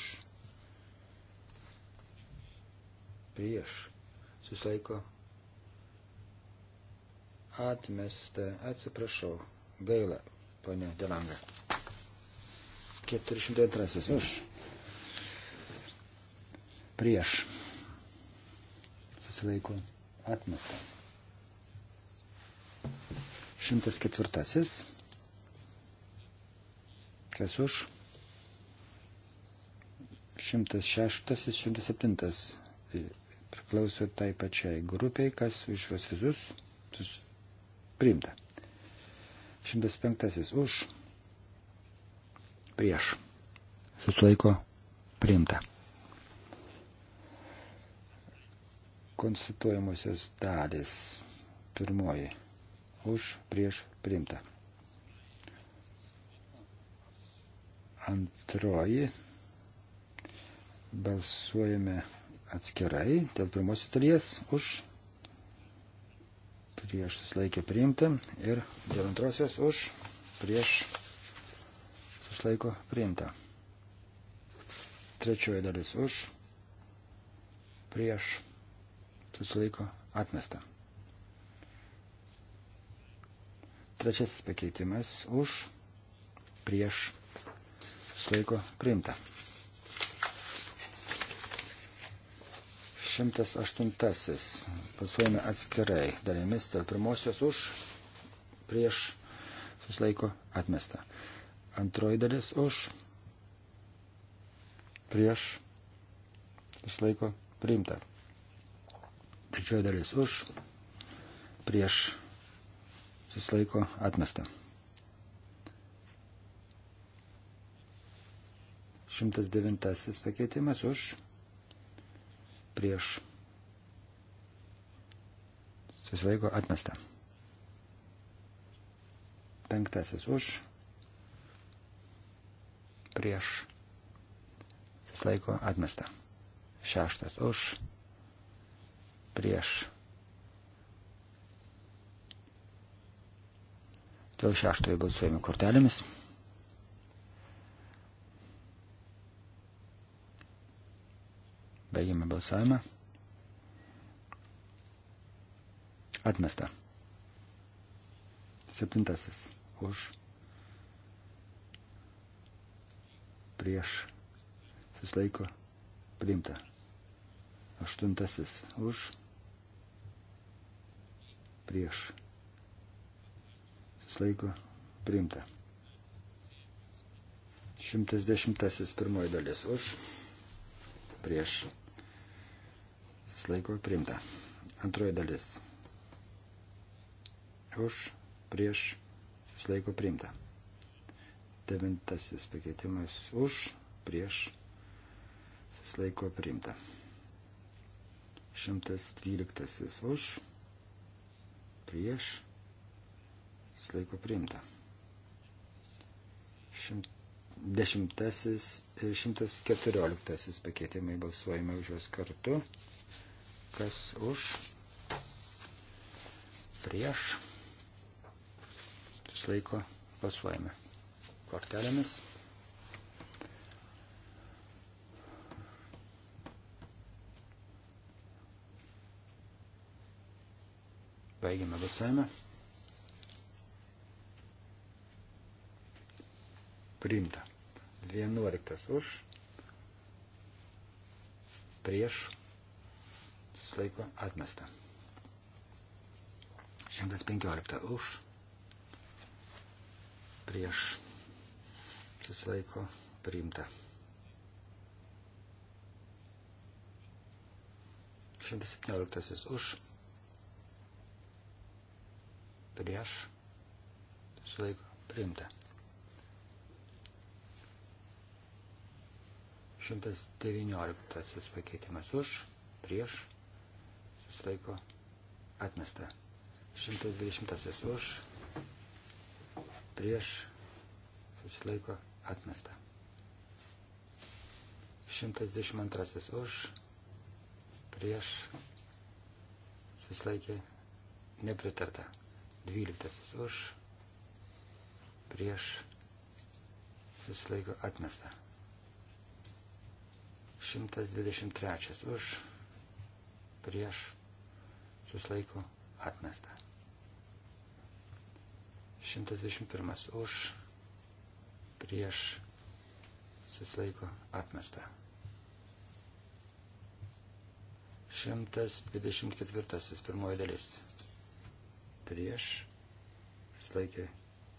prieš susilaiko atmesta. Atsiprašau, gaila, ponia Delanga. 402 už. Prieš. Susilaiko atmesta. 104. Kas už? 106, 107 e, priklauso tai pačiai grupiai, kas iš juos visus priimta. 105 už prieš susilaiko priimta. Konstituojamosios dalis pirmoji už prieš priimta. Antroji balsuojame atskirai dėl pirmosios dalies už prieš susilaikė priimta ir dėl antrosios už prieš priimta susilaiko priimta. Trečioji dalis už, prieš, susilaiko atmesta. Trečiasis pakeitimas už, prieš, susilaiko priimta. 108. Pasuojame atskirai dalimis dėl pirmosios už, prieš, susilaiko atmesta. Antroji dalis už, prieš, išlaiko priimta. Trečioji dalis už, prieš, susilaiko atmesta. 109 pakeitimas už, prieš, susilaiko atmesta. Penktasis už, prieš prieš susilaiko atmesta. Šeštas už prieš. Dėl šeštojo balsuojame kortelėmis. Baigiame balsavimą. Atmesta. Septintasis už prieš susilaiko priimta. Aštuntasis už prieš susilaiko priimta. Šimtas dešimtasis pirmoji dalis už prieš susilaiko priimta. Antroji dalis už prieš susilaiko priimta devintasis pakeitimas už, prieš, susilaiko priimta. 112 už, prieš, susilaiko priimta. 110 ir 114 pakeitimai balsuojame už juos kartu. Kas už, prieš, susilaiko balsuojame kortelėmis. Baigiame balsavimą. Priimta. 11 už. Prieš. Laiko atmesta. 115 už. Prieš susilaiko priimta. 117 už, prieš, susilaiko priimta. 119 pakeitimas už, prieš, susilaiko atmesta. 120 už, prieš, susilaiko atmesta. 112 už, prieš, susilaikė, nepritarta. 12 už, prieš, susilaiko, atmesta. 123 už, prieš, susilaiko, atmesta. 121 už, prieš, prieš susilaiko atmesta. 124. pirmoji dalis. Prieš susilaikė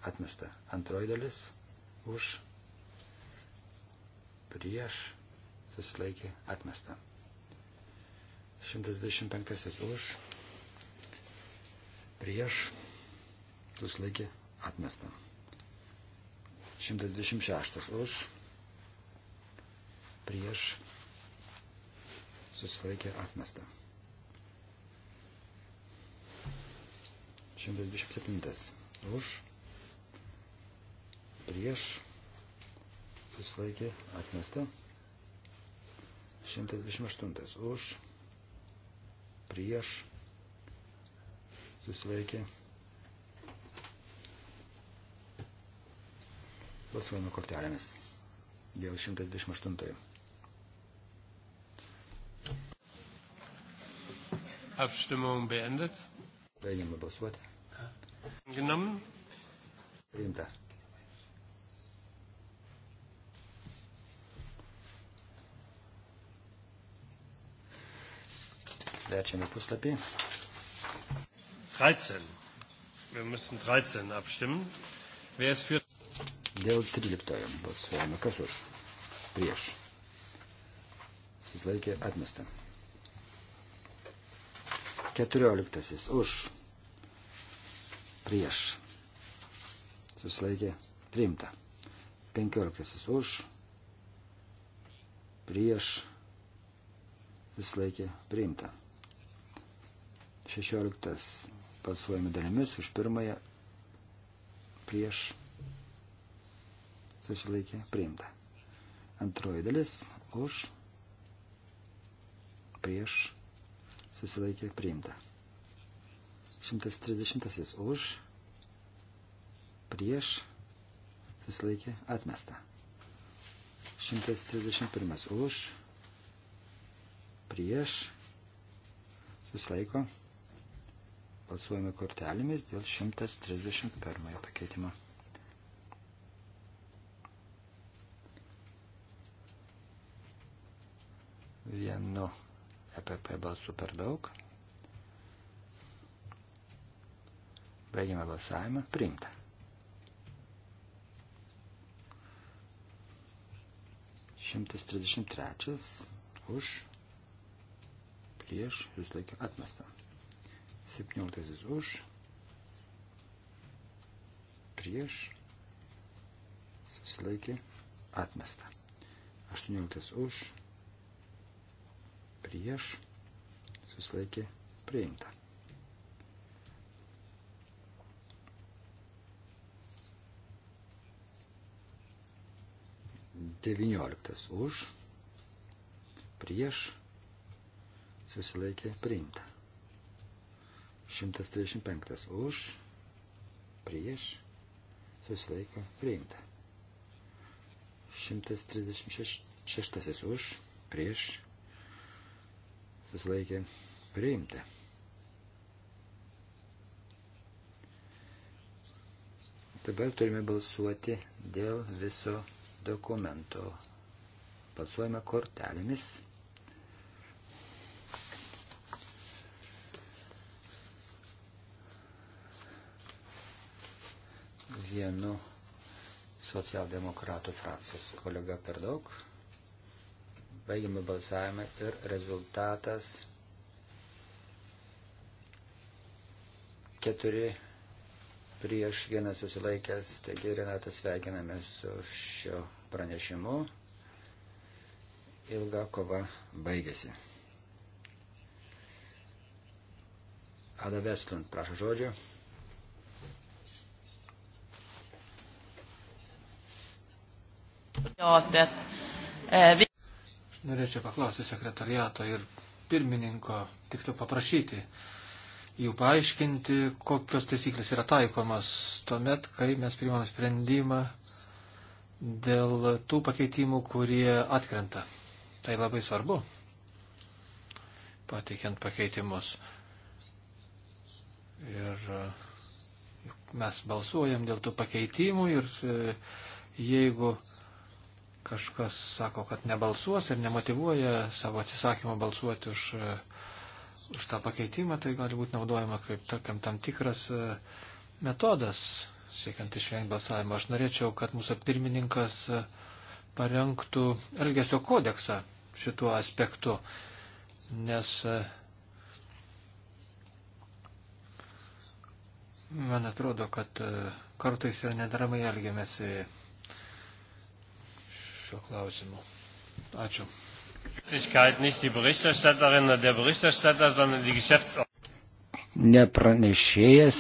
atmesta. Antroji dalis už prieš susilaikė atmesta. 125. už prieš susilaikė atmesta. 126 už, prieš, susilaikė atmestą. 127 už, prieš, susilaikė atmestą. 128 už, prieš, susilaikė atmestą Balsuojame kortelėmis dėl 128. Abstimmung beendet. Baigiame balsuoti. Genommen. Priimta. Verčiame puslapį. 13. Wir müssen 13 abstimmen. Wer ist für Dėl 13 balsuojame. Kas už? Prieš. Susilaikė atmesta. 14 už. Prieš. Susilaikė priimta. 15 už. Prieš. Susilaikė priimta. 16 balsuojame dalimis už pirmąją prieš susilaikė priimta. Antroji dalis už, prieš, susilaikė priimta. 130 už, prieš, susilaikė atmesta. 131 už, prieš, susilaiko, balsuojame kortelėmis dėl 131 pakeitimo. vienu EPP balsu per daug. Baigiame balsavimą. Priimta. Šimtas trisdešimt trečias už prieš jūs laikė atmestą. Septynioliktasis už prieš susilaikė atmestą. Aštuonioliktas už prieš prieš, susilaikė priimta. Devynioliktas už, prieš, susilaikė priimta. 135 už, prieš, susilaiko priimta. 136 už, prieš, susilaikė priimta. Dabar turime balsuoti dėl viso dokumento. Balsuojame kortelėmis. Vienu socialdemokratų frakcijos kolega per daug. Baigiame balsavimą ir rezultatas 4 prieš vieną susilaikęs. Taigi, Renatas, sveikiname su šio pranešimu. Ilga kova baigėsi. Ada Vestlund, prašau žodžio. mandatet. Eh, norėčiau paklausti sekretariato ir pirmininko, tik tu paprašyti jų paaiškinti, kokios taisyklės yra taikomas tuomet, kai mes priimam sprendimą dėl tų pakeitimų, kurie atkrenta. Tai labai svarbu, pateikiant pakeitimus. Ir e, mes balsuojam dėl tų pakeitimų ir e, jeigu Kažkas sako, kad nebalsuos ir nemotivuoja savo atsisakymą balsuoti už, e, už tą pakeitimą, tai gali būti naudojama kaip, tarkim, tam tikras e, metodas siekiant išvengti balsavimo. Aš norėčiau, kad mūsų pirmininkas e, parengtų Elgesio kodeksą šituo aspektu, nes man atrodo, kad kartais ir nedaramai elgiamėsi šio klausimu. Ačiū. Ne pranešėjas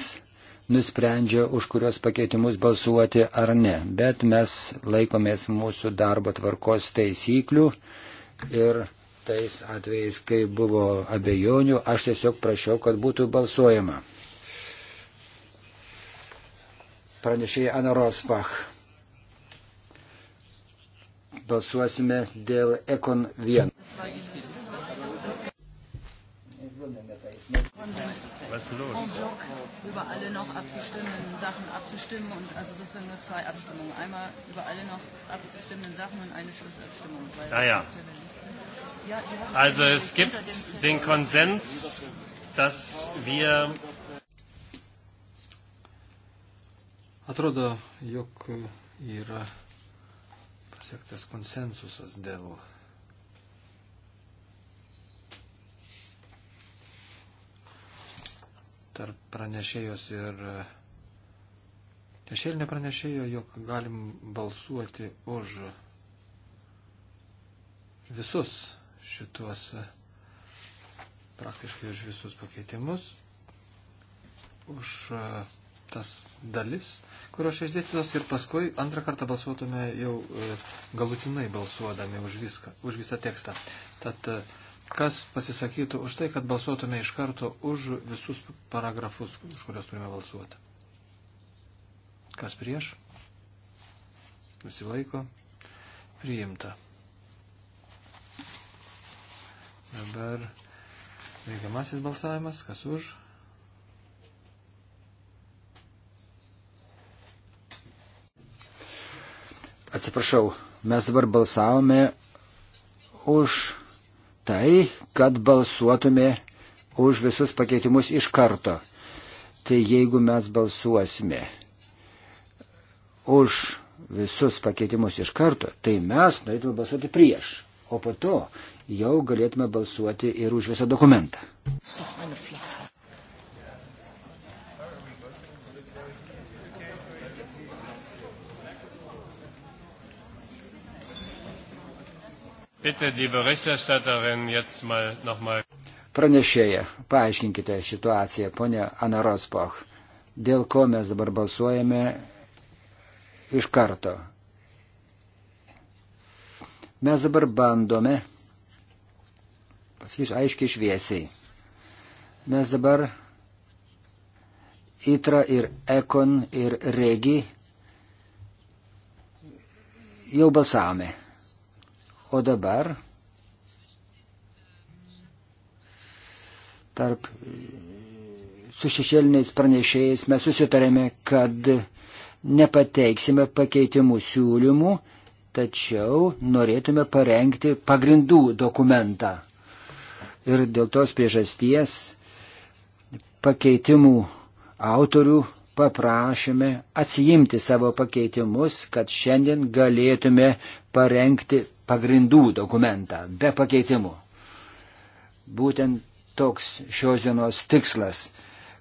nusprendžia, už kurios pakeitimus balsuoti ar ne, bet mes laikomės mūsų darbo tvarkos taisyklių ir tais atvejais, kai buvo abejonių, aš tiesiog prašiau, kad būtų balsuojama. Pranešėjai Ana Rosbach balsuosime dėl Ekon 1. Was ist los? Über alle noch abzustimmenden Sachen abzustimmen und also sozusagen nur zwei Abstimmungen. Einmal über alle noch abzustimmenden Sachen und eine Schlussabstimmung. Weil ah ja. ja also es gibt den Konsens, dass wir. Atrodo, jog yra pasiektas konsensusas dėl tarp pranešėjos ir šešėlinė pranešėjo, jog galim balsuoti už visus šituos, praktiškai už visus pakeitimus, už uh, tas dalis, kurios čia išdėstytos ir paskui antrą kartą balsuotume jau e, galutinai balsuodami už viską, už visą tekstą. Tad e, kas pasisakytų už tai, kad balsuotume iš karto už visus paragrafus, už kuriuos turime balsuoti. Kas prieš? Nusilaiko. Priimta. Dabar veikiamasis balsavimas, kas už? Atsiprašau, mes dabar balsavome už tai, kad balsuotume už visus pakeitimus iš karto. Tai jeigu mes balsuosime už visus pakeitimus iš karto, tai mes norėtume balsuoti prieš, o po to jau galėtume balsuoti ir už visą dokumentą. Oh, Pranešėja, paaiškinkite situaciją, ponė Ana Rospoch, dėl ko mes dabar balsuojame iš karto. Mes dabar bandome, pasakysiu aiškiai šviesiai, mes dabar ITRA ir EKON ir REGI jau balsavome O dabar tarp su šešėliniais pranešėjais mes susitarėme, kad nepateiksime pakeitimų siūlymų, tačiau norėtume parengti pagrindų dokumentą. Ir dėl tos priežasties pakeitimų autorių paprašėme atsijimti savo pakeitimus, kad šiandien galėtume parengti pagrindų dokumentą be pakeitimų. Būtent toks šios dienos tikslas,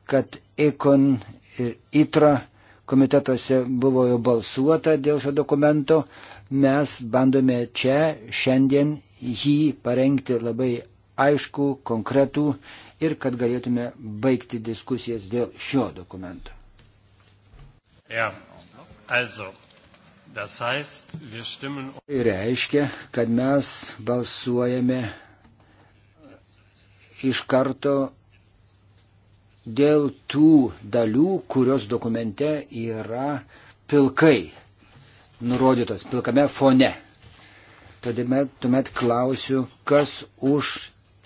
kad ikon ir itra komitetuose buvo jau balsuota dėl šio dokumento, mes bandome čia šiandien jį parengti labai aišku, konkretų ir kad galėtume baigti diskusijas dėl šio dokumento. Ja, also, Das heißt, wir stimmen... Tai reiškia, kad mes balsuojame iš karto dėl tų dalių, kurios dokumente yra pilkai nurodytos, pilkame fone. Tuomet, tuomet klausiu, kas už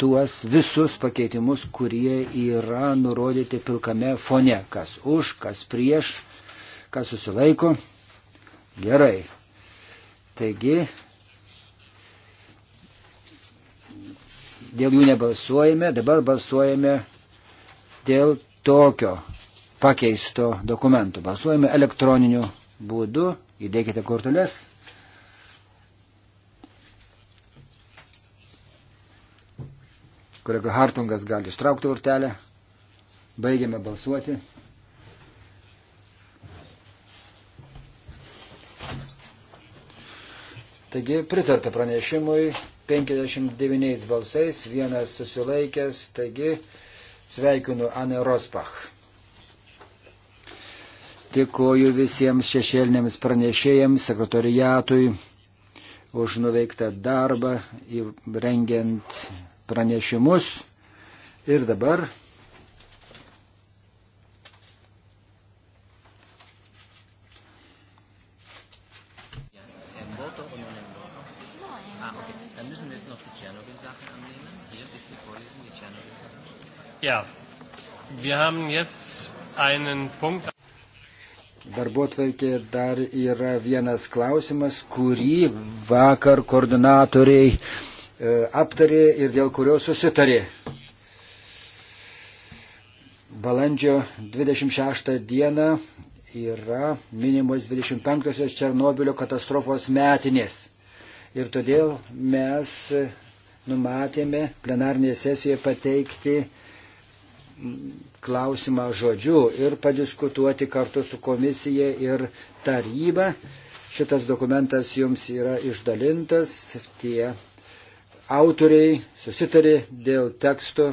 tuos visus pakeitimus, kurie yra nurodyti pilkame fone. Kas už, kas prieš, kas susilaiko. Gerai. Taigi, dėl jų nebalsuojame, dabar balsuojame dėl tokio pakeisto dokumento. Balsuojame elektroniniu būdu, įdėkite korteles. Kolega Hartungas gali ištraukti urtelę. Baigiame balsuoti. Taigi pritarta pranešimui 59 balsais, vienas susilaikęs, taigi sveikinu Anę Rospach. Dėkoju visiems šešėlinėms pranešėjams, sekretoriatui už nuveiktą darbą, rengiant pranešimus. Ir dabar Ja, wir haben jetzt einen Punkt. Darbotvarkė dar yra vienas klausimas, kurį vakar koordinatoriai e, aptarė ir dėl kurio susitarė. Balandžio 26 diena yra minimos 25-osios Černobilio katastrofos metinės. Ir todėl mes numatėme plenarnėje sesijoje pateikti klausimą žodžiu ir padiskutuoti kartu su komisija ir taryba. Šitas dokumentas jums yra išdalintas, tie autoriai susitarė dėl teksto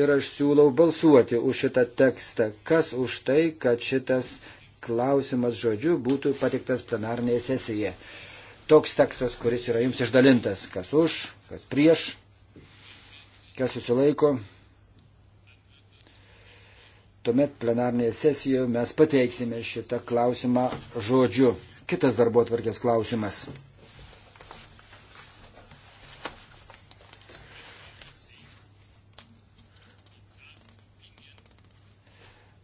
ir aš siūlau balsuoti už šitą tekstą. Kas už tai, kad šitas klausimas žodžiu būtų patiktas plenarnėje sesijoje. Toks tekstas, kuris yra jums išdalintas. Kas už, kas prieš, kas susilaiko tuomet plenarnėje sesijoje mes pateiksime šitą klausimą žodžiu. Kitas darbo atvarkės klausimas.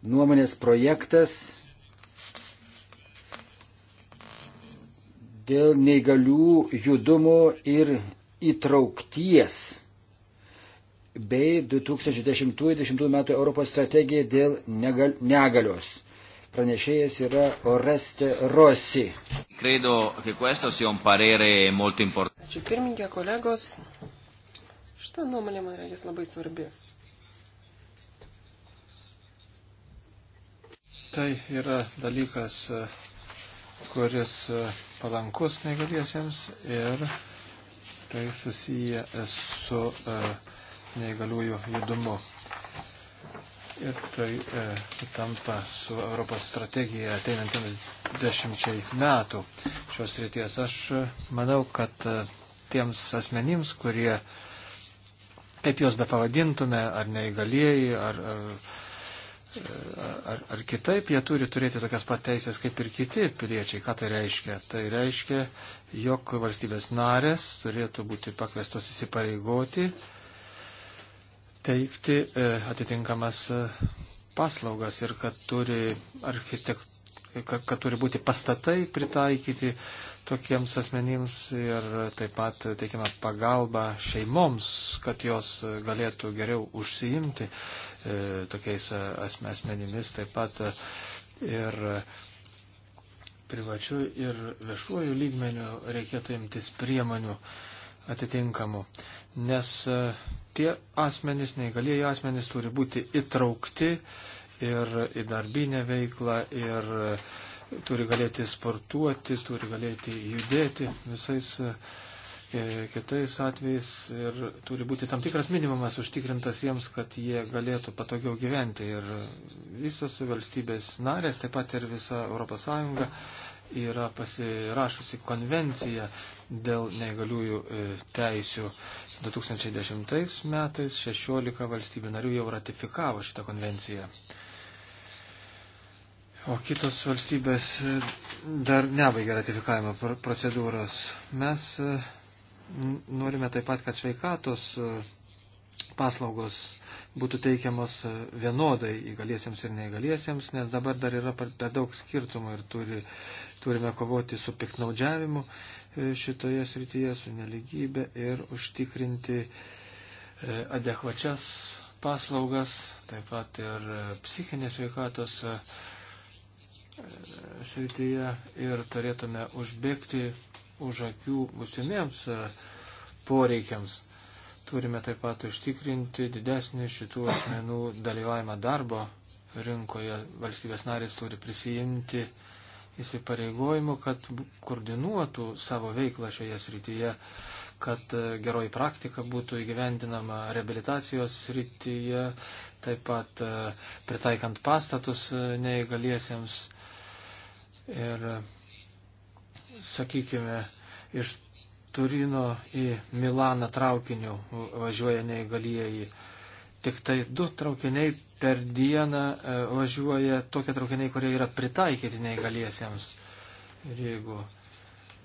Nuomonės projektas dėl neįgalių judumo ir įtraukties bei 2010-2020 metų Europos strategija dėl negal, negalios. Pranešėjas yra Oreste Rossi. Credo, Ačiū pirmininkė, kolegos. Šitą nuomonę man reikės labai svarbi. Tai yra dalykas, kuris palankus negaliesiems ir tai susiję su uh, neįgaliųjų judumu. Ir tai e, sutampa su Europos strategija ateinantiems dešimčiai metų šios ryties. Aš e, manau, kad e, tiems asmenims, kurie, kaip juos be pavadintume, ar neįgalieji, ar, ar, e, ar, ar kitaip, jie turi turėti tokias pat teisės kaip ir kiti piliečiai. Ką tai reiškia? Tai reiškia, jog valstybės narės turėtų būti pakvestos įsipareigoti teikti e, atitinkamas e, paslaugas ir kad turi, architekt, kad, kad turi būti pastatai pritaikyti tokiems asmenims ir taip pat teikiama pagalba šeimoms, kad jos galėtų geriau užsiimti e, tokiais asmenimis, taip pat ir privačiu ir viešuoju lygmeniu reikėtų imtis priemonių atitinkamų, nes tie asmenys, neįgalieji asmenys turi būti įtraukti ir į darbinę veiklą, ir e, turi galėti sportuoti, turi galėti judėti visais e, kitais atvejais ir turi būti tam tikras minimumas užtikrintas jiems, kad jie galėtų patogiau gyventi. Ir visos valstybės narės, taip pat ir visa ES yra pasirašusi konvenciją dėl neįgaliųjų e, teisių 2010 metais 16 valstybių narių jau ratifikavo šitą konvenciją. O kitos valstybės e, dar nebaigia ratifikavimo procedūros. Mes e, norime taip pat, kad sveikatos paslaugos būtų teikiamos vienodai įgaliesiems ir neįgaliesiems, nes dabar dar yra per daug skirtumų ir turi, turime kovoti su piknaudžiavimu šitoje srityje su neligybė ir užtikrinti e, adekvačias paslaugas, taip pat ir psichinės veikatos e, srityje ir turėtume užbėgti už akių būsimiems e, poreikiams. Turime taip pat užtikrinti didesnį šitų asmenų dalyvavimą darbo rinkoje. Valstybės narės turi prisijimti uh, įsipareigojimų, kad koordinuotų savo veiklą šioje srityje, kad e, geroji praktika būtų įgyvendinama rehabilitacijos srityje, taip pat e, pritaikant pastatus e, neįgaliesiems ir, sakykime, iš Turino į Milaną traukiniu važiuoja neįgalieji tik tai du traukiniai per dieną e, važiuoja tokie traukiniai, kurie yra pritaikyti neįgaliesiems. Ir jeigu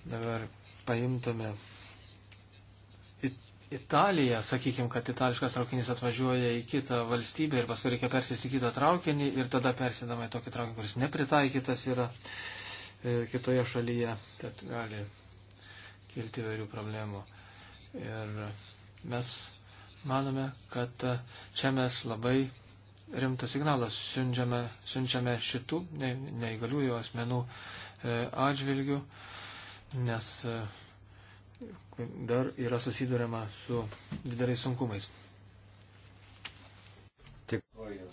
dabar paimtume Italiją, sakykime, kad itališkas traukinys atvažiuoja į kitą valstybę ir paskui reikia persėsti į kitą traukinį ir tada persėdama į tokį traukinį, kuris nepritaikytas yra e, kitoje šalyje, tad gali kilti vairių problemų. Ir mes manome, kad e, čia mes labai rimtą signalą siunčiame, siunčiame šitų ne, neįgaliųjų asmenų e, atžvilgių, nes e, dar yra susidurima su dideliais sunkumais. Dėkuoju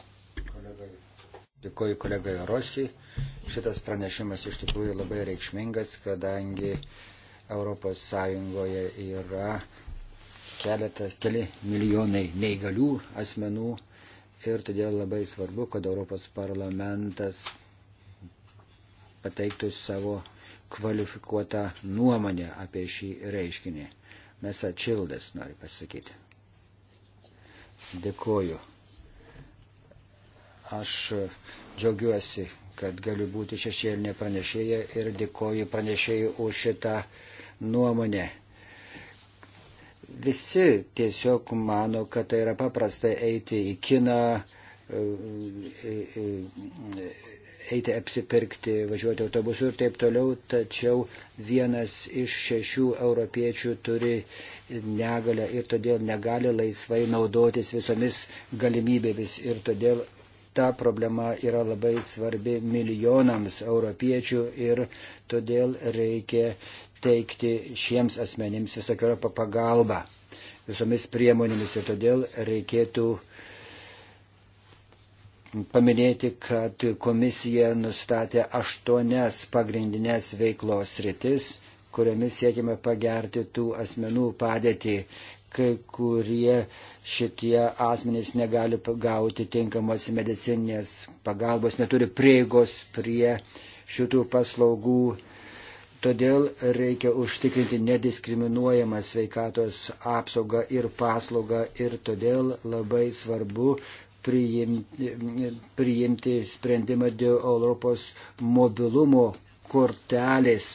kolegai, Dėkuoju kolegai Rosi. Šitas pranešimas iš tikrųjų labai reikšmingas, kadangi ES yra keletas, keli milijonai neįgalių asmenų ir todėl labai svarbu, kad Europos parlamentas pateiktų savo kvalifikuotą nuomonę apie šį reiškinį. Mes atšildas, noriu pasakyti. Dėkuoju. Aš džiaugiuosi, kad galiu būti šešėlinė pranešėja ir dėkuoju pranešėjai už šitą nuomonę visi tiesiog mano, kad tai yra paprasta eiti į kiną, e, e, e, eiti apsipirkti, važiuoti autobusu ir taip toliau, tačiau vienas iš šešių europiečių turi negalę ir todėl negali laisvai naudotis visomis galimybėmis ir todėl ta problema yra labai svarbi milijonams europiečių ir todėl reikia teikti šiems asmenims visokiojo pagalbą visomis priemonėmis ir todėl reikėtų paminėti, kad komisija nustatė aštuonias pagrindinės veiklos rytis, kuriomis siekime pagerti tų asmenų padėtį, kai kurie šitie asmenys negali gauti tinkamos medicinės pagalbos, neturi prieigos prie šitų paslaugų, Todėl reikia užtikrinti nediskriminuojamą sveikatos apsaugą ir paslaugą ir todėl labai svarbu priimti, priimti sprendimą dėl Europos mobilumo kortelės,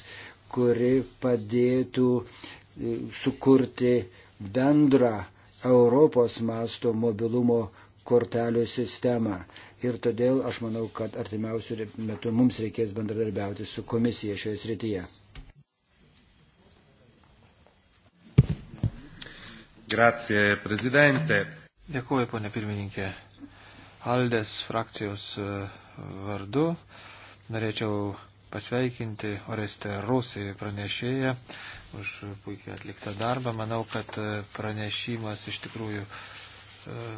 kuri padėtų e, sukurti bendrą Europos masto mobilumo kortelių sistemą. Ir todėl aš manau, kad artimiausių metų mums reikės bendradarbiauti su komisija šioje srityje. Grazie, prezidente. Dėkuoju, ponė pirmininkė. Aldės frakcijos e, vardu norėčiau pasveikinti Oreste Rusį pranešėją už puikiai atliktą darbą. Manau, kad e, pranešimas iš tikrųjų e,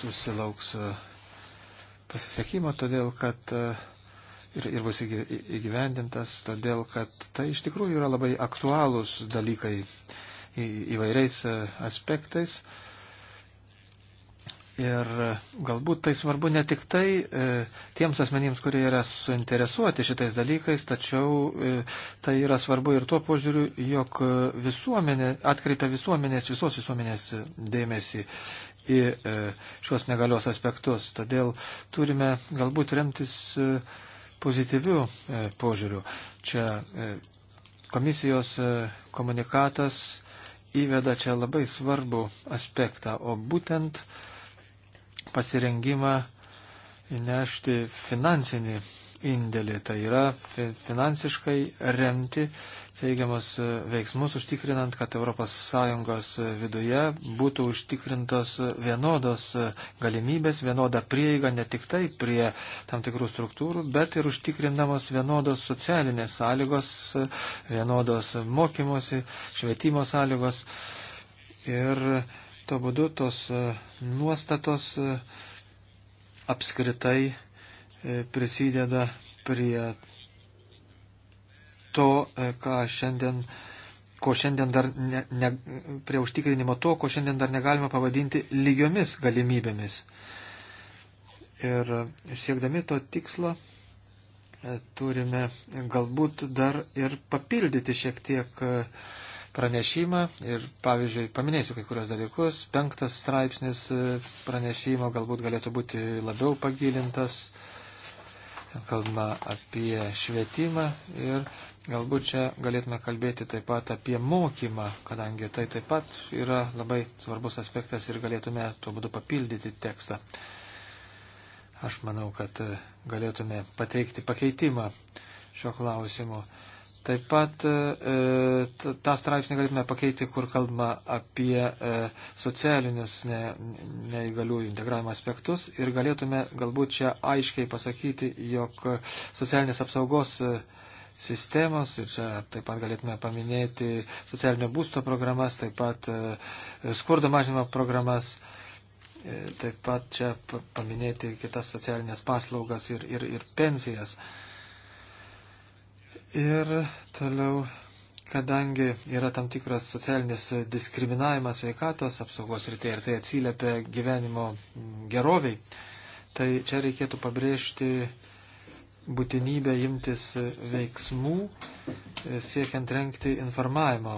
susilauks e, pasisekimo, todėl kad e, ir, ir bus įgyvendintas, todėl kad tai iš tikrųjų yra labai aktualūs dalykai į, įvairiais e, aspektais. Ir galbūt tai svarbu ne tik tai e, tiems asmenims, kurie yra suinteresuoti šitais dalykais, tačiau e, tai yra svarbu ir tuo požiūriu, jog visuomenė atkreipia visuomenės, visos visuomenės dėmesį į e, šios negalios aspektus. Todėl turime galbūt remtis e, pozityvių e, požiūrių. Čia komisijos komunikatas įveda čia labai svarbų aspektą, o būtent pasirengimą įnešti finansinį indėlį, tai yra finansiškai remti teigiamus e, veiksmus, užtikrinant, kad ES e, viduje būtų užtikrintos vienodos e, galimybės, vienoda prieiga ne tik tai prie tam tikrų struktūrų, bet ir užtikrinamos vienodos socialinės sąlygos, vienodos mokymosi, švietimo sąlygos. Ir to būdu tos nuostatos apskritai prisideda prie to, e, ką šiandien, ko šiandien dar ne, ne, prie užtikrinimo to, ko šiandien dar negalima pavadinti lygiomis galimybėmis. Ir siekdami to tikslo e, turime galbūt dar ir papildyti šiek tiek e, pranešimą ir, pavyzdžiui, paminėsiu kai kurios dalykus. Penktas straipsnis pranešimo galbūt galėtų būti labiau pagilintas. Kalbama apie švietimą ir Galbūt čia galėtume kalbėti taip pat apie mokymą, kadangi tai taip pat yra labai svarbus aspektas ir galėtume tuo būdu papildyti tekstą. Aš manau, kad galėtume pateikti pakeitimą šio klausimu. Taip pat e, tą straipsnį galėtume pakeiti, kur kalbama apie e, socialinius ne, neįgaliųjų integravimo aspektus ir galėtume galbūt čia aiškiai pasakyti, jog socialinės apsaugos e, sistemos ir čia taip pat galėtume paminėti socialinio būsto programas, taip pat e, skurdo mažinimo programas, e, taip pat čia paminėti kitas socialinės paslaugas ir, ir, ir pensijas. Ir toliau kadangi yra tam tikras socialinis diskriminavimas veikatos apsaugos rytėje ir tai atsiliepia gyvenimo geroviai, tai čia reikėtų pabrėžti būtinybę imtis veiksmų, e, siekiant renkti informavimo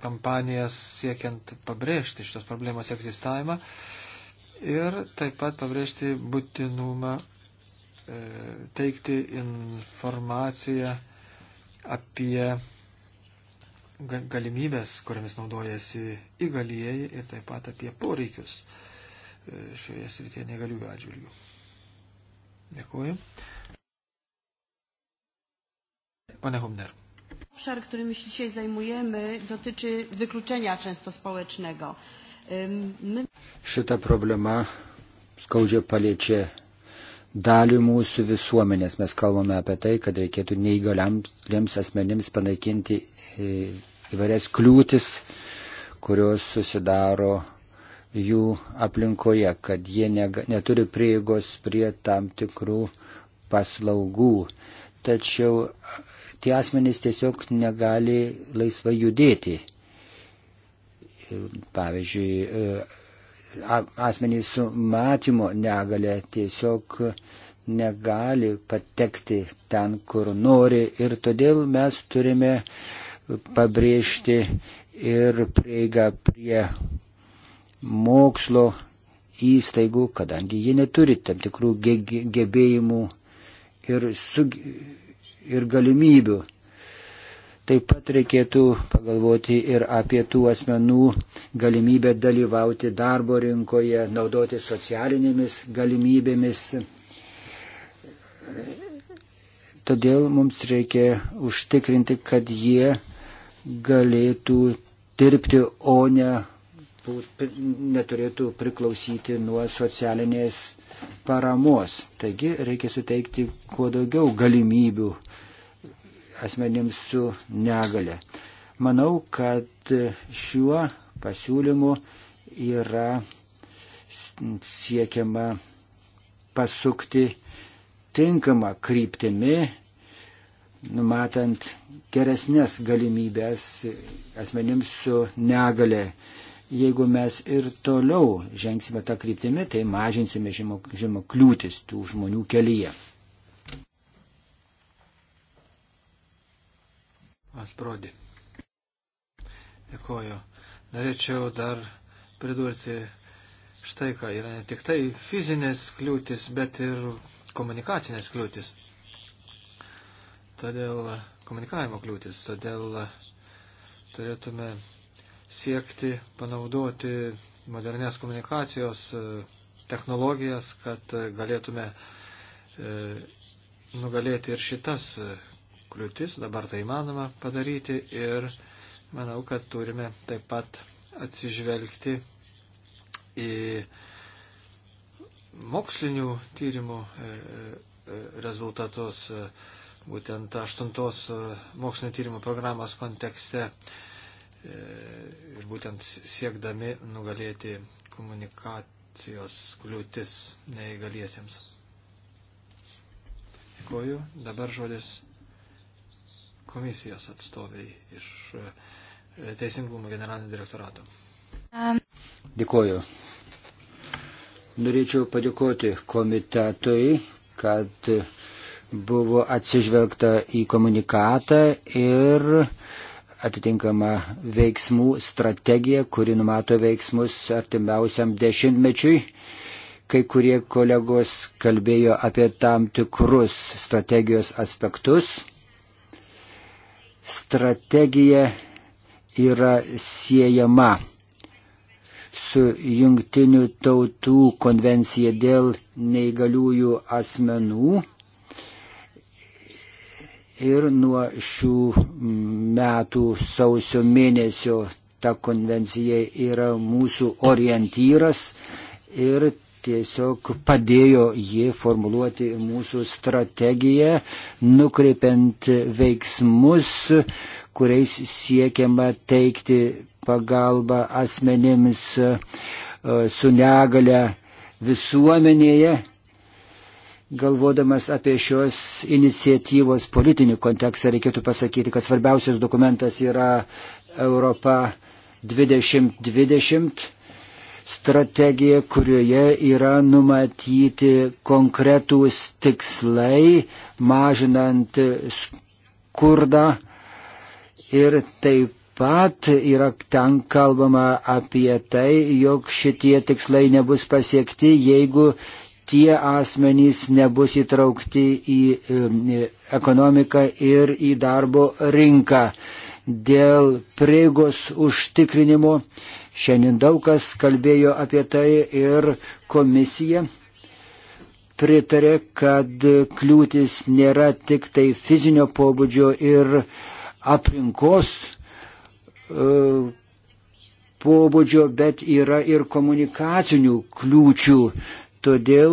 kampanijas, siekiant pabrėžti šios problemos egzistavimą ir taip pat pabrėžti būtinumą e, teikti informaciją apie galimybės, kuriamis naudojasi įgalieji ir taip pat apie poreikius e, šioje srityje negaliųjų atžvilgių. Dėkuoju. Pane Hubner. Obszar, którym się dzisiaj zajmujemy, dotyczy wykluczenia często społecznego. My... Šita problema skaudžiai paliečia dalį mūsų visuomenės. Mes kalbame apie tai, kad reikėtų neįgaliams asmenims panaikinti e, įvairias kliūtis, kurios susidaro jų aplinkoje, kad jie nega, neturi prieigos prie tam tikrų paslaugų. Tačiau tie asmenys tiesiog negali laisvai judėti. Pavyzdžiui, e, asmenys su matymo negale tiesiog negali patekti ten, kur nori ir todėl mes turime pabrėžti ir prieigą prie mokslo įstaigų, kadangi jie neturi tam tikrų gebėjimų ir su, ir galimybių. Taip pat reikėtų pagalvoti ir apie tų asmenų galimybę dalyvauti darbo rinkoje, naudoti socialinėmis galimybėmis. Todėl mums reikia užtikrinti, kad jie galėtų dirbti, o ne neturėtų priklausyti nuo socialinės paramos. Taigi reikia suteikti kuo daugiau galimybių asmenims su negale. Manau, kad šiuo pasiūlymu yra siekiama pasukti tinkamą kryptimį, numatant geresnės galimybės asmenims su negale Jeigu mes ir toliau žengsime tą kryptimį, tai mažinsime žinoma, žinoma kliūtis tų žmonių kelyje. Asprodi. Dėkoju. Norėčiau dar pridurti štai ką. Yra ne tik tai fizinės kliūtis, bet ir komunikacinės kliūtis. Todėl komunikavimo kliūtis. Todėl turėtume siekti panaudoti modernės komunikacijos e, technologijas, kad e, galėtume e, nugalėti ir šitas kliūtis, dabar tai įmanoma padaryti ir manau, kad turime taip pat atsižvelgti į mokslinių tyrimų rezultatus būtent aštuntos mokslinio tyrimo programos kontekste. E, ir būtent siekdami nugalėti komunikacijos kliūtis neįgaliesiems. Dėkuoju. Dabar žodis komisijos atstoviai iš e, Teisingumo generalinio direktorato. Um. Dėkuoju. Norėčiau padėkoti komitetui, kad buvo atsižvelgta į komunikatą ir uh, atitinkama veiksmų strategija, kuri numato veiksmus artimiausiam dešimtmečiui. Kai kurie kolegos kalbėjo apie tam tikrus strategijos aspektus. Strategija yra siejama su jungtinių tautų konvencija dėl neįgaliųjų asmenų ir nuo šių metų sausio mėnesio ta konvencija yra mūsų orientyras ir tiesiog padėjo jį formuluoti mūsų strategiją, nukreipiant veiksmus, kuriais siekiama teikti pagalbą asmenims e, su negale visuomenėje Galvodamas apie šios iniciatyvos politinį kontekstą, reikėtų pasakyti, kad svarbiausias dokumentas yra Europa 2020 strategija, kurioje yra numatyti konkretūs tikslai, mažinant skurdą ir taip pat yra ten kalbama apie tai, jog šitie tikslai nebus pasiekti, jeigu tie asmenys nebus įtraukti į ekonomiką ir į darbo rinką. Dėl prieigos užtikrinimo šiandien daug kas kalbėjo apie tai ir komisija pritarė, kad kliūtis nėra tik tai fizinio pobūdžio ir aplinkos e, pobūdžio, bet yra ir komunikacinių kliūčių. Todėl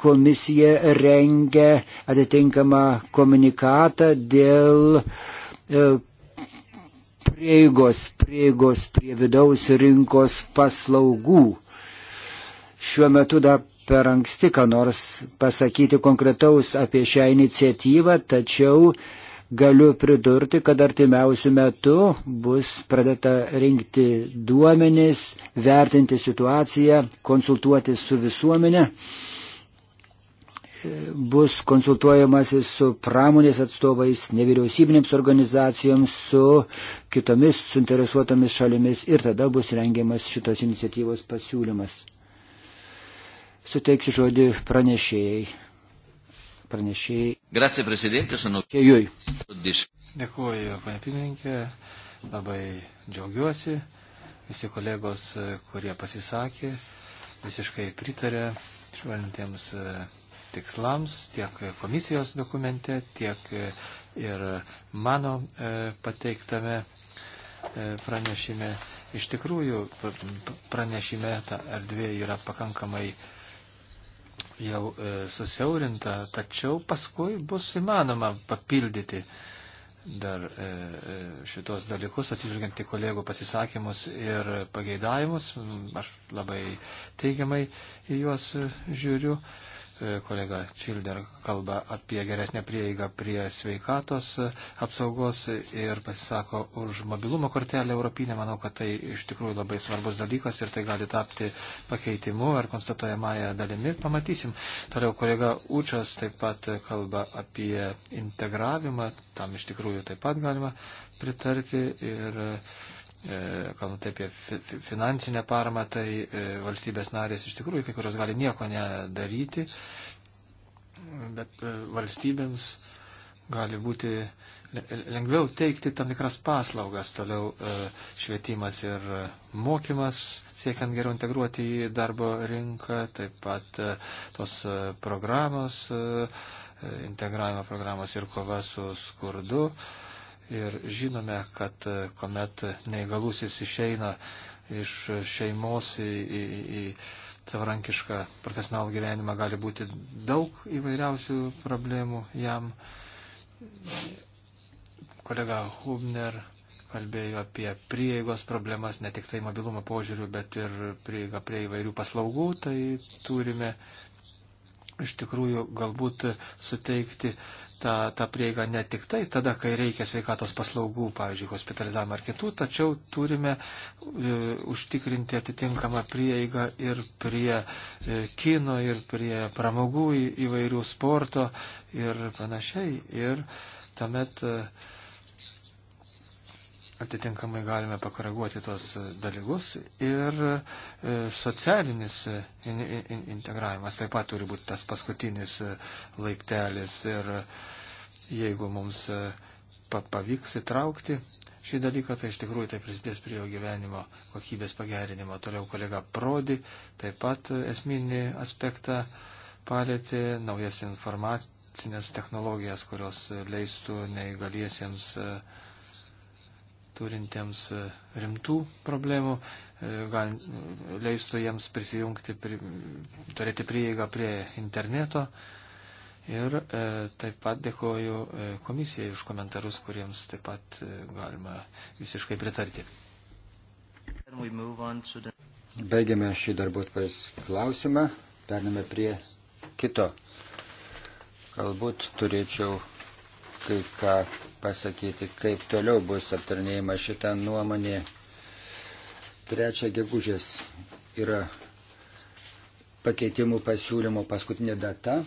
komisija rengia atitinkamą komunikatą dėl e, prieigos, prieigos prie vidaus rinkos paslaugų. Šiuo metu dar per anksti, ką nors pasakyti konkretaus apie šią iniciatyvą, tačiau galiu pridurti, kad artimiausių metų bus pradėta rinkti duomenys, vertinti situaciją, konsultuoti su visuomenė. Bus konsultuojamasi su pramonės atstovais, nevyriausybinėms organizacijoms, su kitomis suinteresuotomis šalimis ir tada bus rengiamas šitos iniciatyvos pasiūlymas. Suteiksiu žodį pranešėjai pranešėjai. Grazie, prezidentė, su naukėjui. Dėkuoju, panė pirmininkė, labai džiaugiuosi. Visi kolegos, kurie pasisakė, visiškai pritarė švelnintiems e, tikslams tiek komisijos dokumente, tiek ir mano e, pateiktame e, pranešime. Iš tikrųjų, pranešime ta erdvė yra pakankamai uh, jau e, susiaurinta, tačiau paskui bus įmanoma papildyti dar e, e, šitos dalykus, atsižvelgiant į kolegų pasisakymus ir pageidavimus. Aš labai teigiamai į juos žiūriu. E, kolega Čilder kalba apie geresnę prieigą prie sveikatos apsaugos ir pasisako už mobilumo kortelę europinę. Manau, kad tai iš tikrųjų labai svarbus dalykas ir tai gali tapti pakeitimu ar konstatuojamąją dalimi. Pamatysim. Toliau kolega Učas taip pat kalba apie integravimą. Tam iš tikrųjų taip pat galima pritarti. Ir, uh, E, kalbant apie finansinę paramą, tai e, valstybės narės iš tikrųjų kai kurios gali nieko nedaryti, bet e, valstybėms gali būti lengviau teikti tam tikras paslaugas, toliau švietimas ir mokymas, siekiant geriau integruoti į darbo rinką, taip pat tos programos, integravimo programos ir kova su skurdu. E, Ir žinome, kad e, kuomet neįgalusis išeina iš šeimos į, į, į savarankišką profesionalų gyvenimą, gali būti daug įvairiausių problemų jam. Kolega Hubner kalbėjo apie prieigos problemas, ne tik tai mobilumo požiūrių, bet ir prieiga prie įvairių paslaugų, tai turime uh, iš tikrųjų galbūt suteikti tą, tą prieigą ne tik tai tada, kai reikia sveikatos paslaugų, pavyzdžiui, hospitalizavimą ar kitų, tačiau turime e, užtikrinti atitinkamą prieigą ir prie e, kino, ir prie pramogų į, įvairių sporto ir panašiai. Ir tuomet e, atitinkamai galime pakoreguoti tuos dalykus ir e, socialinis e, in, in, integravimas taip pat turi būti tas paskutinis e, laiptelis ir jeigu mums pavyks įtraukti šį dalyką, tai iš tikrųjų tai prisidės prie jo gyvenimo kokybės pagerinimo. Toliau kolega Prodi taip pat esminį aspektą palėtė, naujas informacinės technologijas, kurios leistų neįgaliesiems uh, turintiems e, rimtų problemų, e, gal, leistų jiems prisijungti, pri, turėti prieigą prie interneto. Ir e, taip pat dėkoju e, komisijai už komentarus, kuriems taip pat galima visiškai pritarti. Baigiame šį darbuotvės klausimą, pername prie kito. Galbūt turėčiau kai ką pasakyti, kaip toliau bus aptarnėjama šitą nuomonė. Trečia gegužės yra pakeitimų pasiūlymo paskutinė data.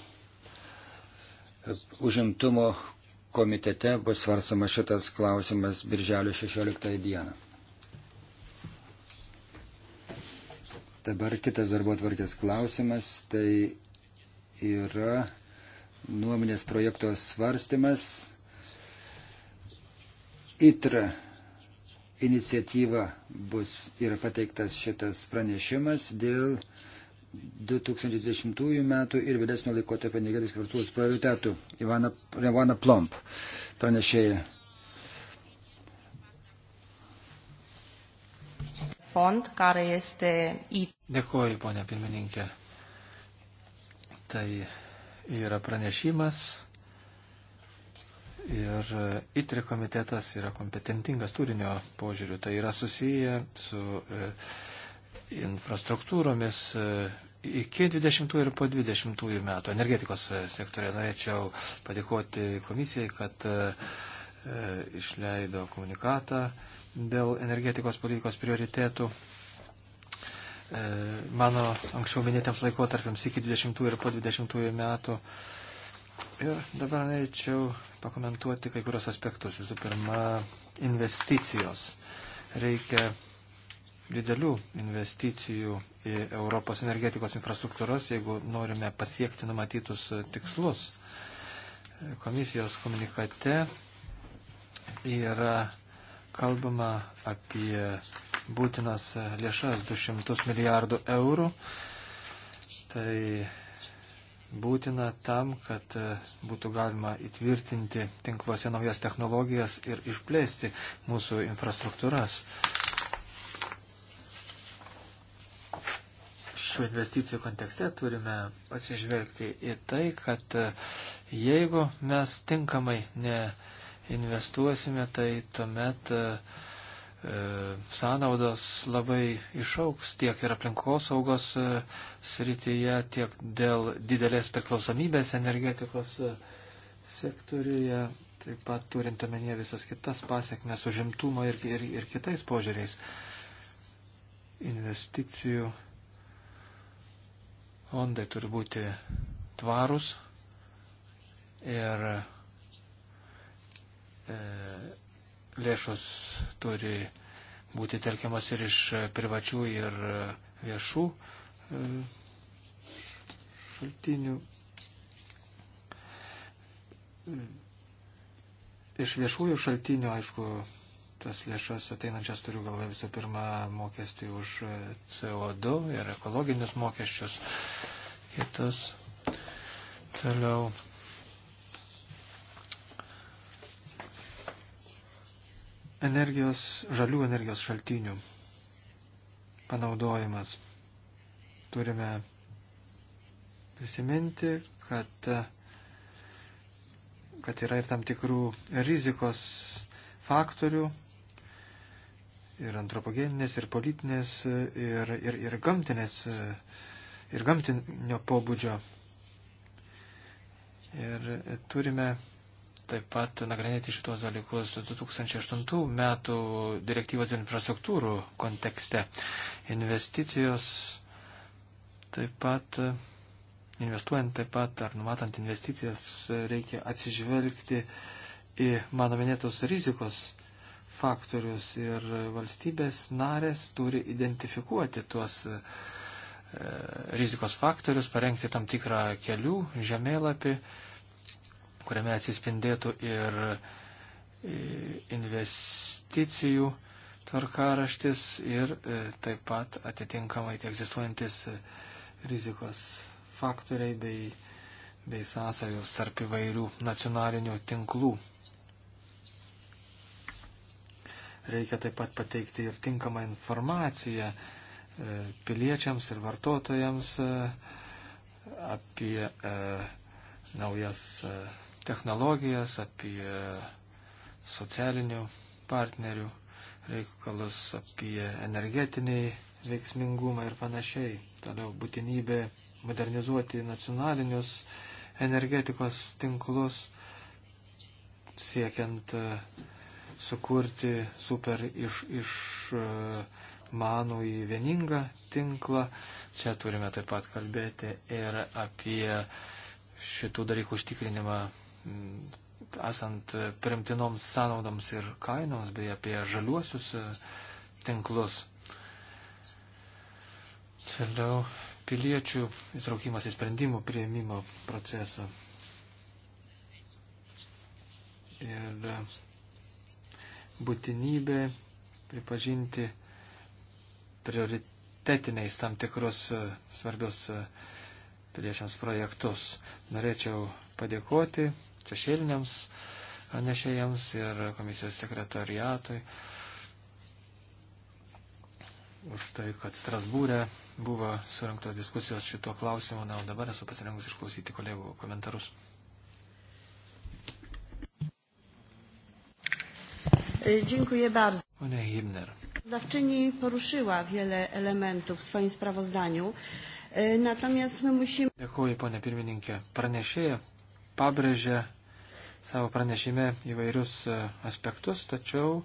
Užimtumo komitete bus svarsama šitas klausimas birželio 16 dieną. Dabar kitas darbo tvarkės klausimas, tai yra nuomonės projektos svarstymas ITRA iniciatyva bus ir pateiktas šitas pranešimas dėl 2020 metų ir vėlesnio laikotarpio energetikos infrastruktūros prioritetų. Ivana, Ivana Plomp pranešėja. Fond, care este IT. Dėkuoju, ponia pirmininkė. Tai yra pranešimas ir ITRI komitetas yra kompetentingas turinio požiūriu. Tai yra susiję su e, infrastruktūromis e, iki 20 ir po 20 metų. Energetikos e, sektorė norėčiau padėkoti komisijai, kad išleido komunikatą dėl energetikos politikos prioritėtų mano anksčiau minėtiems laikotarpiams iki 20 ir po 20 metų. Ir dabar norėčiau pakomentuoti kai kurios aspektus. Visų pirma, investicijos. Reikia didelių investicijų į Europos energetikos infrastruktūras, jeigu norime pasiekti numatytus tikslus. Komisijos komunikate yra kalbama apie būtinas lėšas 200 milijardų eurų. Tai būtina tam, kad e, būtų galima įtvirtinti tinkluose naujas technologijas ir išplėsti mūsų infrastruktūras. Šių investicijų kontekste turime pasižvelgti į tai, kad e, jeigu mes tinkamai neinvestuosime, tai tuomet uh, E, sąnaudos labai išauks tiek ir aplinkosaugos e, srityje, tiek dėl didelės priklausomybės energetikos e, sektoriuje, taip pat turint omenyje visas kitas pasiekmes užimtumo ir, ir, ir kitais požiūriais investicijų fondai turi būti tvarus ir e, lėšos turi būti telkiamas ir iš privačių ir e, viešų e, šaltinių. E, iš viešųjų šaltinių, aišku, tas lėšas ateinančias turiu galvoje visų pirma mokestį už CO2 ir ekologinius mokesčius, kitus. Toliau energijos, žalių energijos šaltinių panaudojimas. Turime prisiminti, kad, kad yra ir tam tikrų rizikos faktorių, ir antropogeninės, ir politinės, ir, ir, ir gamtinės, ir gamtinio pobūdžio. Ir turime taip pat nagrinėti šitos dalykus 2008 metų direktyvos infrastruktūrų kontekste. Investicijos taip pat, investuojant taip pat ar numatant investicijas, reikia atsižvelgti į mano minėtos rizikos faktorius ir valstybės narės turi identifikuoti tuos e, rizikos faktorius, parengti tam tikrą kelių žemėlapį kuriame atsispindėtų ir e, investicijų tvarkaraštis ir e, taip pat atitinkamai tie egzistuojantis e, rizikos faktoriai bei, bei sąsajos tarp įvairių nacionalinių tinklų. Reikia taip pat pateikti ir tinkamą informaciją piliečiams ir vartotojams apie naujas technologijas, apie socialinių partnerių reikalus, apie energetinį veiksmingumą ir panašiai. Toliau būtinybė modernizuoti nacionalinius energetikos tinklus, siekiant e, sukurti super iš, iš e, manų į vieningą tinklą. Čia turime taip pat kalbėti ir apie šitų dalykų užtikrinimą Mm. esant primtinoms sąnaudoms ir kainoms, bei apie žaliuosius e, tinklus. Toliau piliečių įtraukimas į sprendimų prieimimo procesą. Ir e, būtinybė pripažinti prioritetiniais tam tikrus e, svarbius piliečiams projektus. Norėčiau padėkoti šešėliniams pranešėjams ir komisijos sekretariatui už tai, kad Strasbūrė buvo surinktos diskusijos šituo klausimu. Na, o dabar esu pasirengus išklausyti kolegų komentarus. Dziękuję bardzo. Pani Himner. Dawczyni poruszyła wiele elementów w swoim sprawozdaniu. E, natomiast my musimy... Dėkuoju, ponė pirmininkė. Pranešėja pabrėžė savo pranešime įvairius e, aspektus, tačiau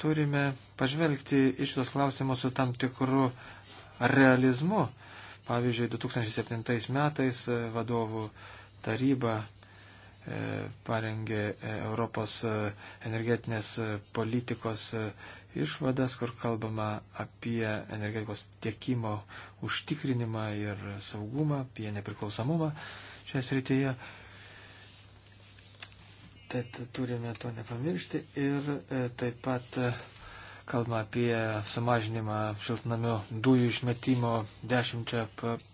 turime pažvelgti iš tos klausimus su tam tikru realizmu. Pavyzdžiui, 2007 metais e, vadovų taryba e, parengė Europos energetinės politikos išvadas, kur kalbama apie energetikos tiekimo užtikrinimą ir saugumą, apie nepriklausomumą šioje srityje. Tad turime to nepamiršti ir e, taip pat e, kalba apie sumažinimą šiltnamio dujų išmetimo 10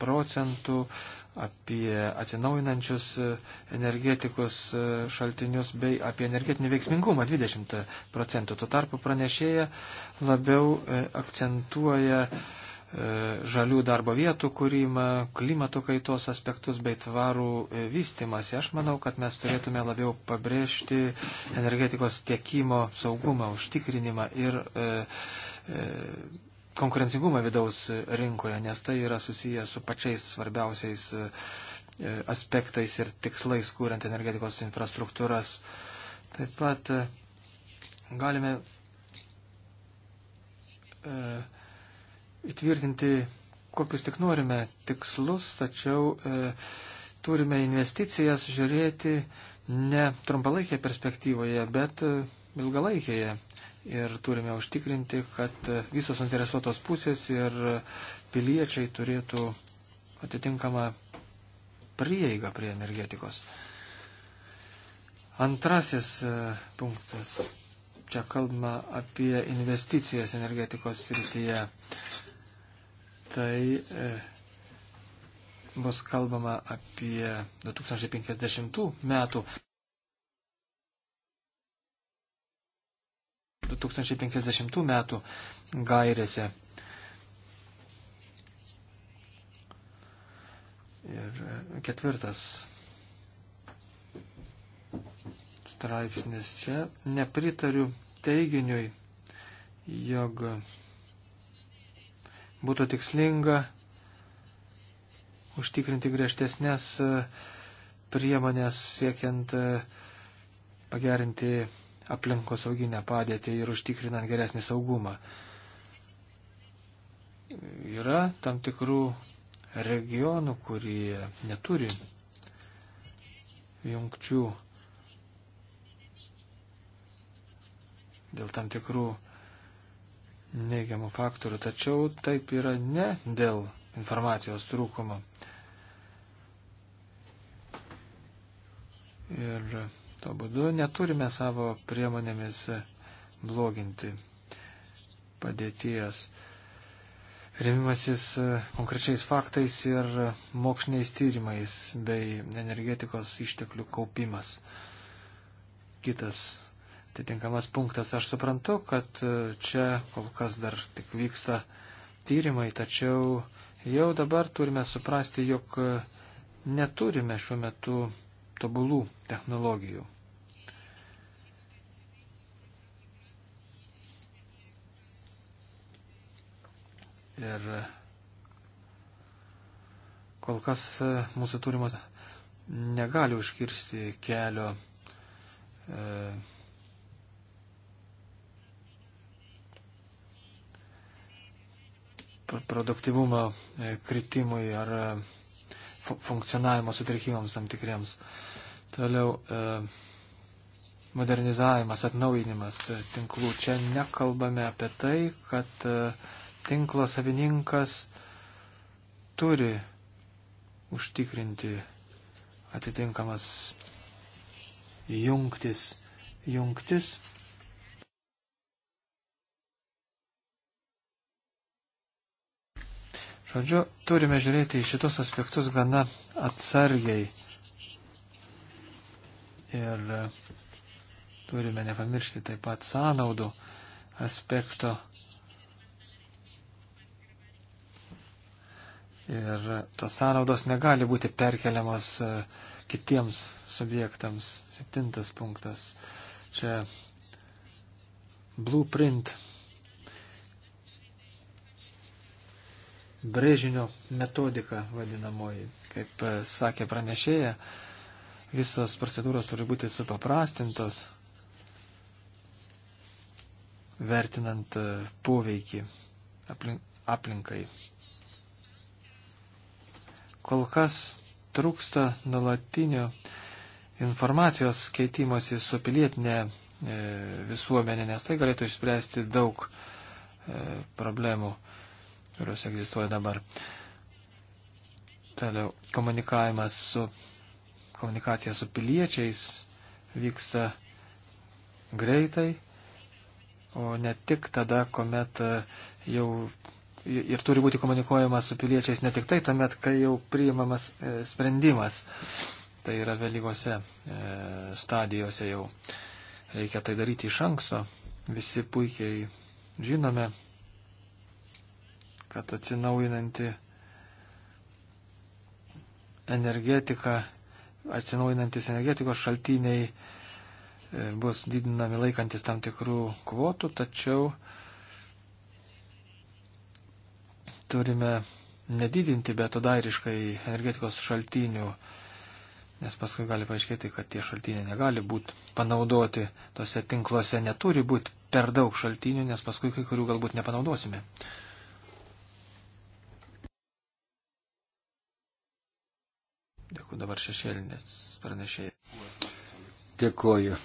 procentų, apie atsinaujinančius e, energetikos šaltinius bei apie energetinį veiksmingumą 20 procentų. Tuo tarpu pranešėja labiau akcentuoja E, žalių darbo vietų kūrimą, klimato kaitos aspektus bei tvarų e, vystimąsi. Aš manau, kad mes turėtume labiau pabrėžti energetikos tiekimo saugumą, užtikrinimą ir e, e, konkurencingumą vidaus rinkoje, nes tai yra susiję su pačiais svarbiausiais e, e aspektais ir tikslais, kuriant energetikos infrastruktūras. Taip pat e, galime. E, įtvirtinti kokius tik norime tikslus, tačiau e, turime investicijas žiūrėti ne trumpalaikėje perspektyvoje, bet e, ilgalaikėje. Ir turime užtikrinti, kad e, visos interesuotos pusės ir e, piliečiai turėtų atitinkamą prieigą prie energetikos. Antrasis e, punktas. Čia kalbama apie investicijas energetikos srityje. E, tai e, bus kalbama apie 2050 metų. 2050 metų gairėse. Ir e, ketvirtas straipsnis čia. Nepritariu teiginiui, jog būtų tikslinga užtikrinti griežtesnės e, priemonės siekiant e, pagerinti aplinkos sauginę padėtį ir užtikrinant geresnį saugumą. Yra tam tikrų regionų, kurie neturi jungčių dėl tam tikrų neigiamų faktorių, tačiau taip yra ne dėl informacijos trūkumo. Ir to būdu neturime savo priemonėmis bloginti padėties. Remimasis konkrečiais faktais ir moksliniais tyrimais bei energetikos išteklių kaupimas. Kitas atitinkamas punktas. Aš suprantu, kad e, čia kol kas dar tik vyksta tyrimai, tačiau jau dabar turime suprasti, jog e, neturime šiuo metu tobulų technologijų. Ir kol kas e, mūsų turimos negali užkirsti kelio e, produktivumo e, kritimui ar e, funkcionavimo sutrikimams tam tikriems. Toliau e, modernizavimas, atnaujinimas tinklų. Čia nekalbame apie tai, kad tinklo savininkas turi užtikrinti atitinkamas jungtis. Jungtis Žodžiu, turime žiūrėti į šitos aspektus gana atsargiai. Ir turime nepamiršti taip pat sąnaudų aspekto. Ir tos sąnaudos negali būti perkeliamos e, kitiems subjektams. Septintas punktas. Čia blueprint brėžinio metodika vadinamoji. Kaip e, sakė pranešėja, visos procedūros turi būti supaprastintos, vertinant e, poveikį aplinkai. Kol kas trūksta nuolatinio informacijos keitimosi su pilietinė e, visuomenė, nes tai galėtų išspręsti daug problemų kurios egzistuoja dabar. Toliau komunikavimas su, komunikacija su piliečiais vyksta greitai, o ne tik tada, kuomet e, jau ir turi būti komunikuojama su piliečiais, ne tik tai tuomet, kai jau priimamas e, sprendimas. Tai yra vėlyvose e, stadijose jau reikia tai daryti iš anksto. Visi puikiai žinome, kad atsinaujinanti energetika, atsinaujinantis energetikos šaltiniai e, bus didinami laikantis tam tikrų kvotų, tačiau turime nedidinti betodairiškai energetikos šaltinių, nes paskui gali paaiškėti, kad tie šaltiniai negali būti panaudoti, tose tinkluose neturi būti per daug šaltinių, nes paskui kai kurių galbūt nepanaudosime. Dėkui dabar šešėlinės pranešėjai. Dėkuoju.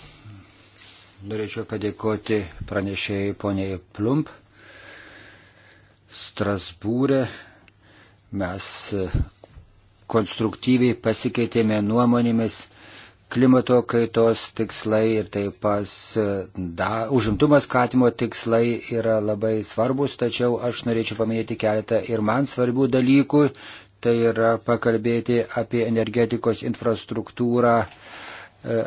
Norėčiau padėkoti pranešėjai poniai Plump. Strasbūrė mes konstruktyviai pasikeitėme nuomonėmis klimato kaitos tikslai ir taip pat da, užimtumas skatimo tikslai yra labai svarbus, tačiau aš norėčiau paminėti keletą ir man svarbių dalykų tai yra pakalbėti apie energetikos infrastruktūrą e,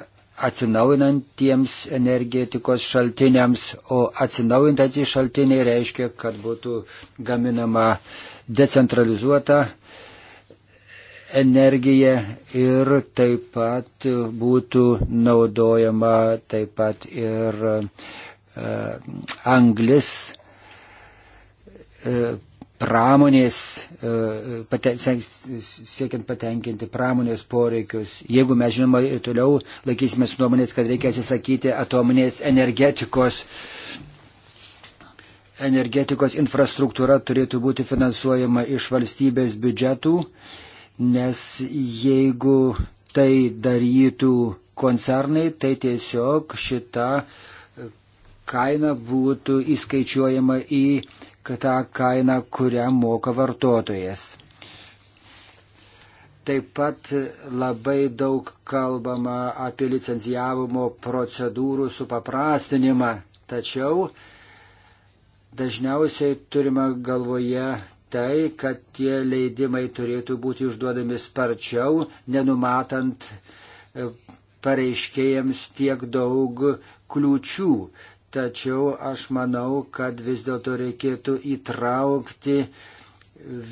atsinaujinantiems energetikos šaltiniams, o atsinaujinantys šaltiniai reiškia, kad būtų gaminama decentralizuota energija ir taip pat būtų naudojama taip pat ir uh, anglis uh, pramonės, e, paten, siekiant patenkinti pramonės poreikius. Jeigu mes žinoma ir toliau laikysimės nuomonės, kad reikia atsisakyti atominės energetikos, energetikos infrastruktūra turėtų būti finansuojama iš valstybės biudžetų, nes jeigu tai darytų koncernai, tai tiesiog šita kaina būtų įskaičiuojama į kad tą kainą, kurią moka vartotojas. Taip pat labai daug kalbama apie licencijavimo procedūrų supaprastinimą, tačiau dažniausiai turime galvoje tai, kad tie leidimai turėtų būti išduodami sparčiau, nenumatant e, pareiškėjams tiek daug kliūčių tačiau aš manau, kad vis dėlto reikėtų įtraukti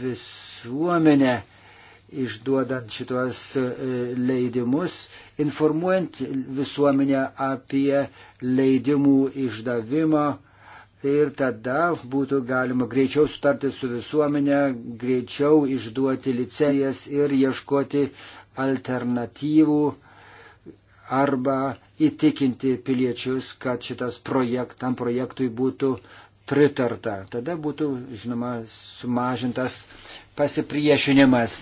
visuomenę, išduodant šitos e, leidimus, informuojant visuomenę apie leidimų išdavimą. Ir tada būtų galima greičiau sutarti su visuomenė, greičiau išduoti licencijas ir ieškoti alternatyvų arba įtikinti piliečius, kad šitas projekt, tam projektui būtų pritarta. Tada būtų, žinoma, sumažintas pasipriešinimas.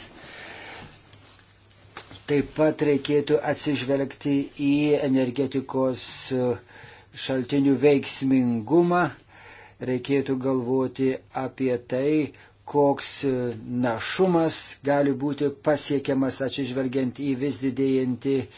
Taip pat reikėtų atsižvelgti į energetikos šaltinių veiksmingumą, reikėtų galvoti apie tai, koks našumas gali būti pasiekiamas atsižvelgiant į vis didėjantį uh,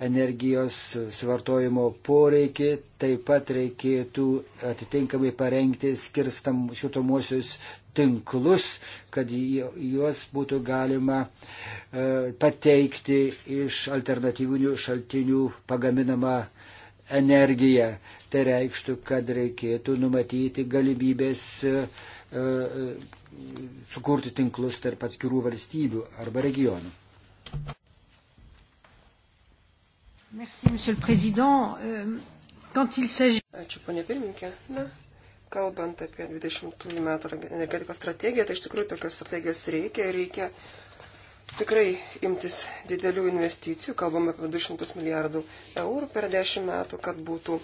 energijos suvartojimo poreikį, taip pat reikėtų atitinkamai parengti skirstamuosius tinklus, kad juos būtų galima e, pateikti iš alternatyvinių šaltinių pagaminamą energiją. Tai reikštų, kad reikėtų numatyti galimybės e, e, sukurti tinklus tarp atskirų valstybių arba regionų. Merci, monsieur le président. Euh, quand il s'agit. Ačiū, ponė pirmininkė. Na, kalbant apie 20 metų energetikos strategiją, tai iš tikrųjų tokios strategijos reikia ir reikia tikrai imtis didelių investicijų, kalbame apie 200 milijardų eurų per 10 metų, kad būtų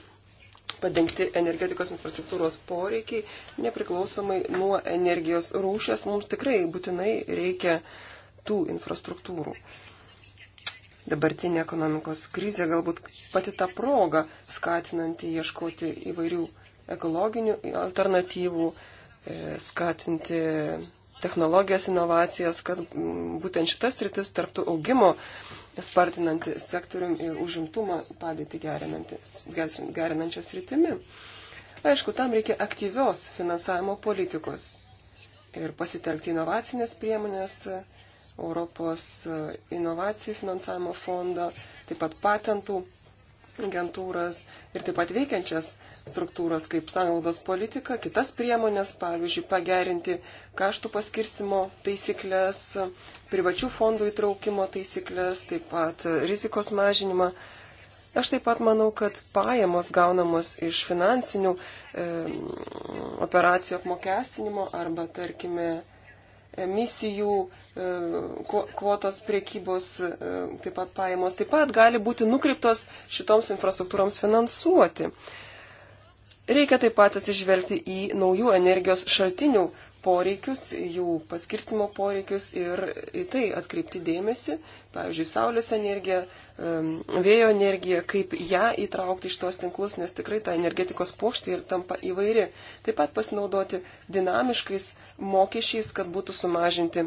padengti energetikos infrastruktūros poreikiai, nepriklausomai nuo energijos rūšės, mums tikrai būtinai reikia tų infrastruktūrų. Uh, dabartinė ekonomikos krizė galbūt pati ta proga skatinanti ieškoti įvairių ekologinių alternatyvų, e, skatinti technologijas, inovacijas, kad mm, būtent šitas rytis tarptų augimo spartinanti sektorium ir užimtumą padėti gerinančias rytimi. Aišku, tam reikia aktyvios finansavimo politikos ir pasitelkti inovacinės priemonės, Europos e, inovacijų finansavimo fondą, taip pat patentų agentūras ir taip pat veikiančias struktūras kaip sąnaudos politika, kitas priemonės, pavyzdžiui, pagerinti kaštų paskirstimo taisyklės, privačių fondų įtraukimo taisyklės, taip pat rizikos mažinimą. Aš taip pat manau, kad pajamos gaunamos iš finansinių e, operacijų apmokestinimo arba, tarkime, emisijų, e, kvotos priekybos, e, taip pat pajamos, taip pat gali būti nukreiptos šitoms infrastruktūroms finansuoti. Reikia taip pat atsižvelgti į naujų energijos šaltinių poreikius, jų paskirstimo poreikius ir į tai atkreipti dėmesį, pavyzdžiui, saulės energija, vėjo energija, kaip ją įtraukti iš tos tinklus, nes tikrai ta energetikos pokštė ir tampa įvairi. Taip pat pasinaudoti dinamiškais mokesčiais, kad būtų sumažinti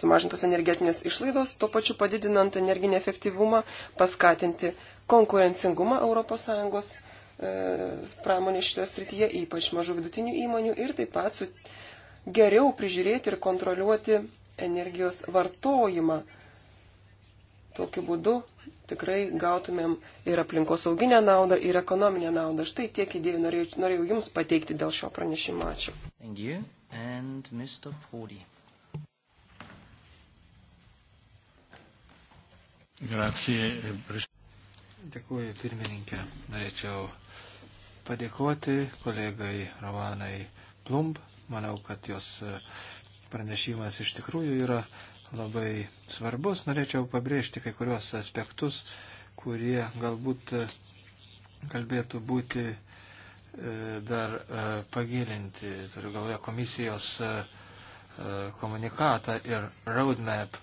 sumažintas energetinės išlaidos, tuo pačiu padidinant energinį efektyvumą, paskatinti konkurencingumą ES e, pramonės šitoje srityje, ypač mažų vidutinių įmonių ir taip pat su, geriau prižiūrėti ir kontroliuoti energijos vartojimą. Tokiu būdu tikrai gautumėm ir aplinkosauginę naudą, ir ekonominę naudą. Štai tiek idėjų norėjau, norėjau Jums pateikti dėl šio pranešimo. Ačiū. And you, and Dėkuoju pirmininkė. Norėčiau padėkoti kolegai Rovanai Plumb Manau, kad jos e, pranešimas iš tikrųjų yra labai svarbus. Norėčiau pabrėžti kai kurios aspektus, kurie galbūt kalbėtų e, būti e, dar pagilinti. Turiu galvoje komisijos komunikatą ir roadmap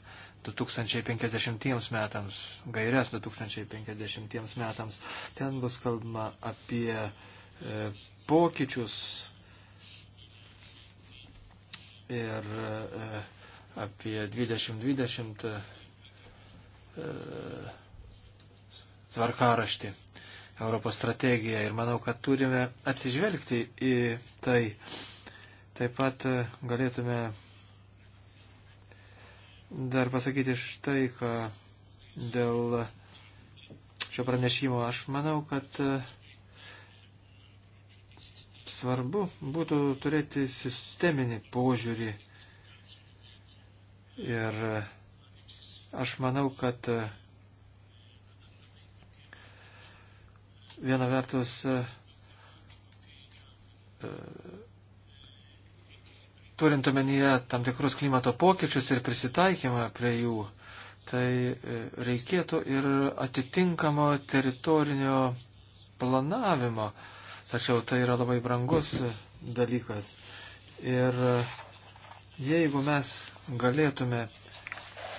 2050 metams, gairias 2050 metams. Ten bus kalbama apie pokyčius ir e, apie 2020 e, tvarkaraštį Europos strategiją ir manau, kad turime atsižvelgti į tai. Taip pat e, galėtume dar pasakyti štai, ką dėl šio pranešimo. Aš manau, kad uh, Svarbu būtų turėti sisteminį požiūrį. Ir aš manau, kad viena vertus e, e, turint omenyje tam tikrus klimato pokyčius ir prisitaikymą prie jų, tai e, reikėtų ir atitinkamo teritorinio planavimo. Uh, Tačiau tai yra labai brangus dalykas. Ir jeigu mes galėtume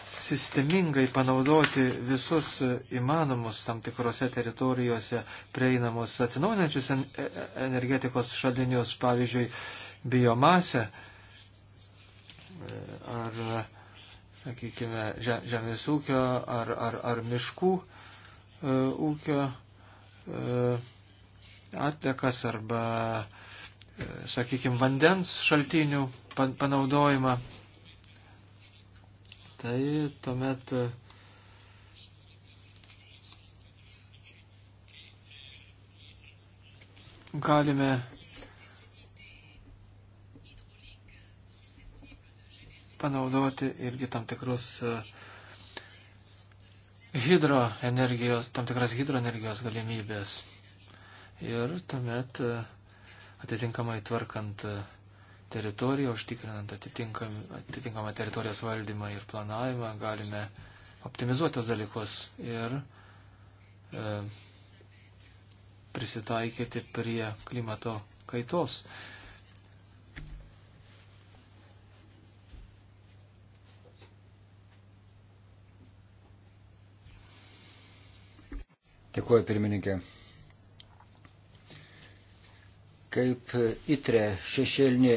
sistemingai panaudoti visus įmanomus tam tikrose teritorijose prieinamus atsinaujinančius e-, e-, energetikos šaltinius, pavyzdžiui, biomasę e, ar, sakykime, žemės ūkio ar, ar, ar miškų ūkio atlikas arba, e, sakykime, vandens šaltinių panaudojimą, tai tuomet e, galime panaudoti irgi tam tikrus e, hidroenergijos, tam tikras hidroenergijos galimybės ir tuomet e, atitinkamai tvarkant e, teritoriją, užtikrinant atitinkamą teritorijos valdymą ir planavimą, galime optimizuoti tos dalykus ir e, prisitaikyti prie klimato kaitos. Dėkuoju pirmininkė. Kaip itre šešėlinė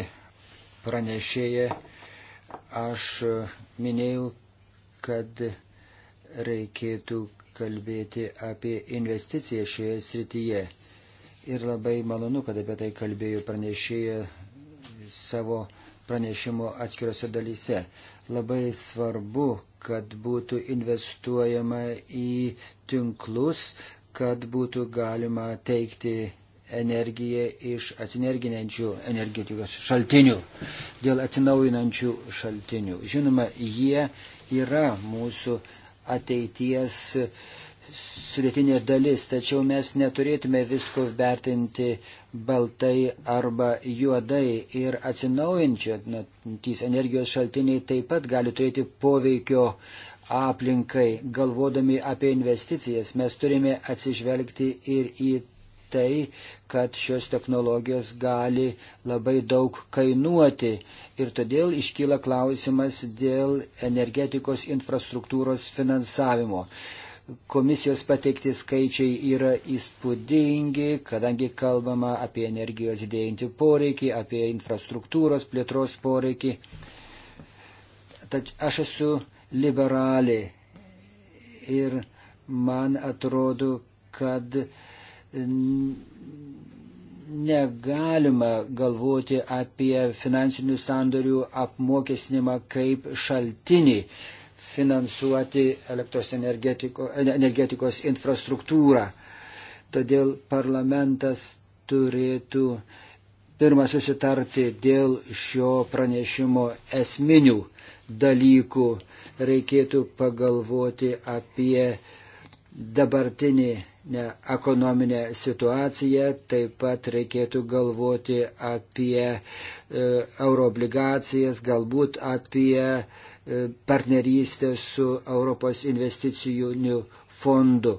pranešėja, aš minėjau, kad reikėtų kalbėti apie investiciją šioje srityje. Ir labai malonu, kad apie tai kalbėjo pranešėja savo pranešimo atskirose dalyse. Labai svarbu, kad būtų investuojama į tinklus, kad būtų galima teikti energiją iš atsinerginančių energetikos šaltinių, dėl atsinaujinančių šaltinių. Žinoma, jie yra mūsų ateities sudėtinė dalis, tačiau mes neturėtume visko vertinti baltai arba juodai ir atsinaujinčiantys energijos šaltiniai taip pat gali turėti poveikio aplinkai. Galvodami apie investicijas mes turime atsižvelgti ir į tai, kad šios technologijos gali labai daug kainuoti ir todėl iškyla klausimas dėl energetikos infrastruktūros finansavimo. Komisijos pateikti skaičiai yra įspūdingi, kadangi kalbama apie energijos didėjantį poreikį, apie infrastruktūros plėtros poreikį. Tad aš esu liberalė ir man atrodo, kad negalima galvoti apie finansinių sandorių apmokestinimą kaip šaltinį finansuoti elektros energetiko, energetikos infrastruktūrą. Todėl parlamentas turėtų pirmą susitarti dėl šio pranešimo esminių dalykų. Reikėtų pagalvoti apie dabartinį ekonominę situaciją, taip pat reikėtų galvoti apie e, euroobligacijas, galbūt apie e, partnerystę su Europos investicijų fondu.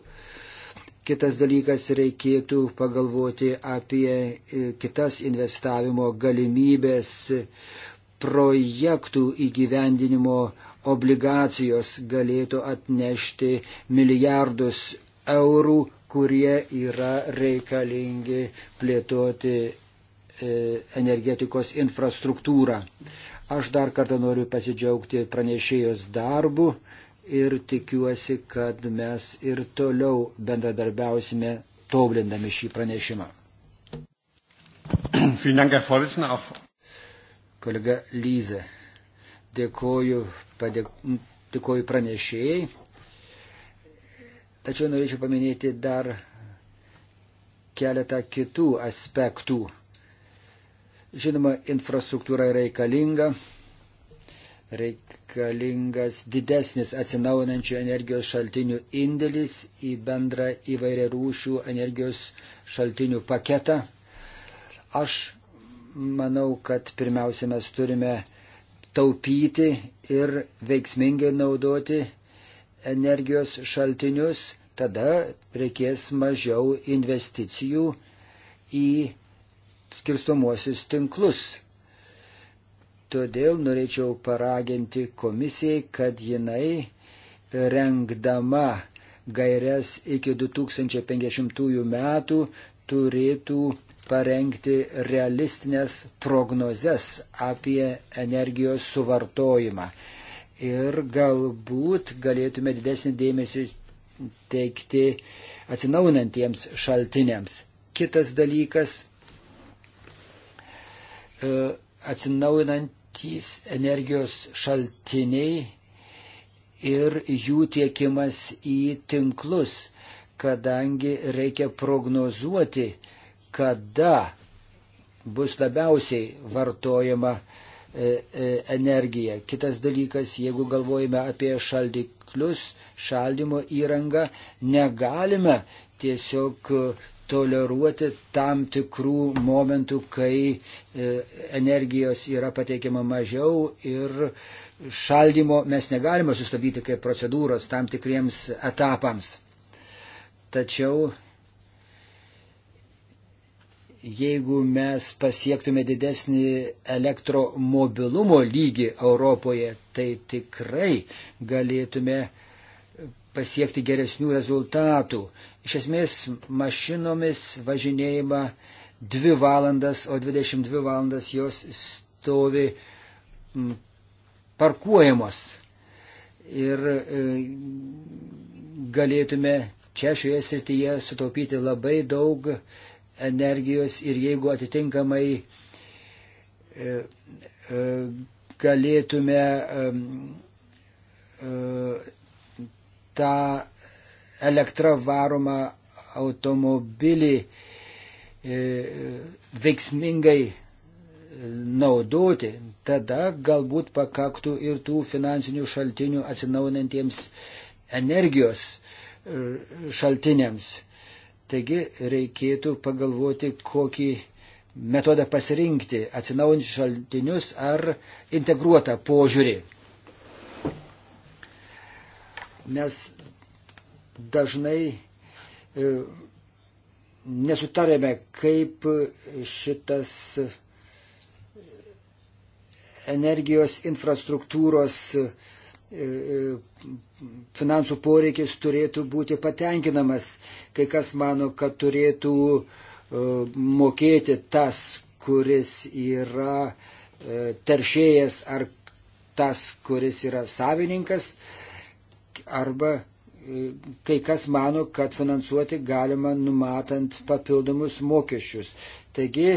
Kitas dalykas reikėtų pagalvoti apie e, kitas investavimo galimybės projektų įgyvendinimo obligacijos galėtų atnešti milijardus eurų kurie yra reikalingi plėtoti e, energetikos infrastruktūrą. Aš dar kartą noriu pasidžiaugti pranešėjos darbu ir tikiuosi, kad mes ir toliau bendradarbiausime tobulindami šį pranešimą. Kolega Lyze, dėkoju, padėk, dėkoju pranešėjai. Tačiau norėčiau paminėti dar keletą kitų aspektų. Žinoma, infrastruktūra reikalinga, reikalingas didesnis atsinaunančių energijos šaltinių indėlis į bendrą įvairią rūšių energijos šaltinių paketą. Aš manau, kad pirmiausia mes turime taupyti ir veiksmingai naudoti energijos šaltinius, tada reikės mažiau investicijų į skirstomuosius tinklus. Todėl norėčiau paraginti komisijai, kad jinai rengdama gairias iki 2050 metų turėtų parengti realistinės prognozes apie energijos suvartojimą ir galbūt galėtume didesnį dėmesį teikti atsinaunantiems šaltiniams. Kitas dalykas e, - atsinaunantys energijos šaltiniai ir jų tiekimas į tinklus, kadangi reikia prognozuoti, kada bus labiausiai vartojama uh, E, e, energiją. Kitas dalykas, jeigu galvojame apie šaldiklius, šaldimo įrangą, negalime tiesiog toleruoti tam tikrų momentų, kai e, energijos yra pateikiama mažiau ir šaldymo mes negalime sustabdyti kaip procedūros tam tikriems etapams. Tačiau jeigu mes pasiektume didesnį elektromobilumo lygį Europoje, tai tikrai galėtume pasiekti geresnių rezultatų. Iš esmės mašinomis važinėjama 2 valandas, o 22 valandas jos stovi parkuojamos. Ir e, galėtume čia šioje srityje sutaupyti labai daug energijos ir jeigu atitinkamai e, e, galėtume e, tą elektrą varomą automobilį veiksmingai naudoti, tada galbūt pakaktų ir tų finansinių šaltinių atsinaunantiems energijos šaltiniams. Taigi reikėtų pagalvoti, kokį metodą pasirinkti - atsinaujinti šaltinius ar integruotą požiūrį. Mes dažnai e, nesutarėme, kaip šitas energijos infrastruktūros e, e, finansų poreikis turėtų būti patenkinamas. Kai kas mano, kad turėtų e, mokėti tas, kuris yra e, teršėjas ar tas, kuris yra savininkas, arba e, kai kas mano, kad finansuoti galima numatant papildomus mokesčius. Taigi,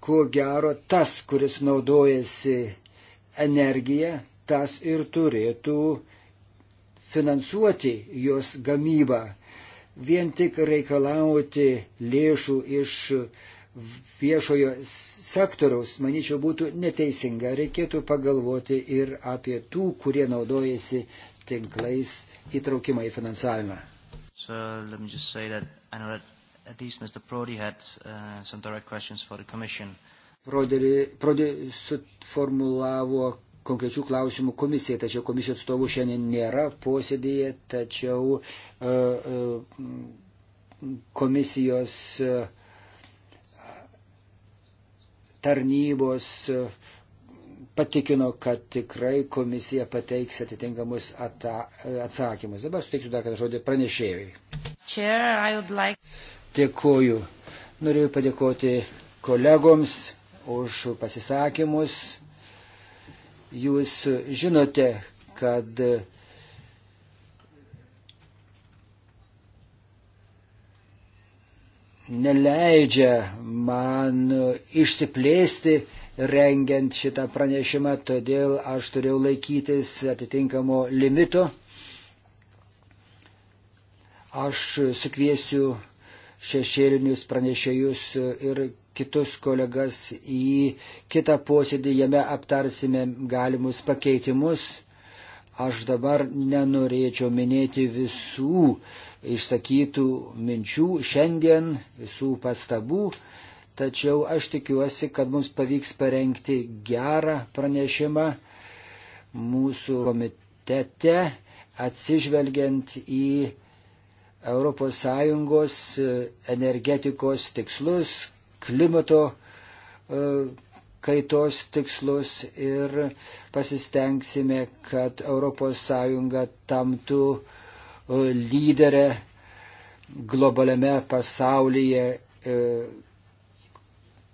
kuo gero tas, kuris naudojasi energiją, tas ir turėtų finansuoti jos gamybą. Vien tik reikalauti lėšų iš viešojo sektoriaus, manyčiau, būtų neteisinga. Reikėtų pagalvoti ir apie tų, kurie naudojasi tinklais įtraukimą į finansavimą. So, at least Mr. Prodi had uh, some direct questions for the Commission. Prodi, Prodi suformulavo konkrečių klausimų komisijai, tačiau komisijos atstovų šiandien nėra posėdėje, tačiau e, e, komisijos e, tarnybos patikino, kad tikrai komisija pateiks atitinkamus ata, atsakymus. Dabar suteiksiu dar kartą žodį pranešėjui. Chair, like... Dėkuoju. Norėjau padėkoti kolegoms už pasisakymus. Jūs žinote, kad neleidžia man išsiplėsti rengiant šitą pranešimą, todėl aš turėjau laikytis atitinkamo limito. Aš sukviesiu šešėlinius pranešėjus ir kitus kolegas į kitą posėdį, jame aptarsime galimus pakeitimus. Aš dabar nenorėčiau minėti visų išsakytų minčių šiandien, visų pastabų, tačiau aš tikiuosi, kad mums pavyks parengti gerą pranešimą mūsų komitete, atsižvelgiant į ES energetikos tikslus, klimato e, kaitos tikslus ir pasistengsime, kad ES tamtų e, lyderę globaliame pasaulyje e,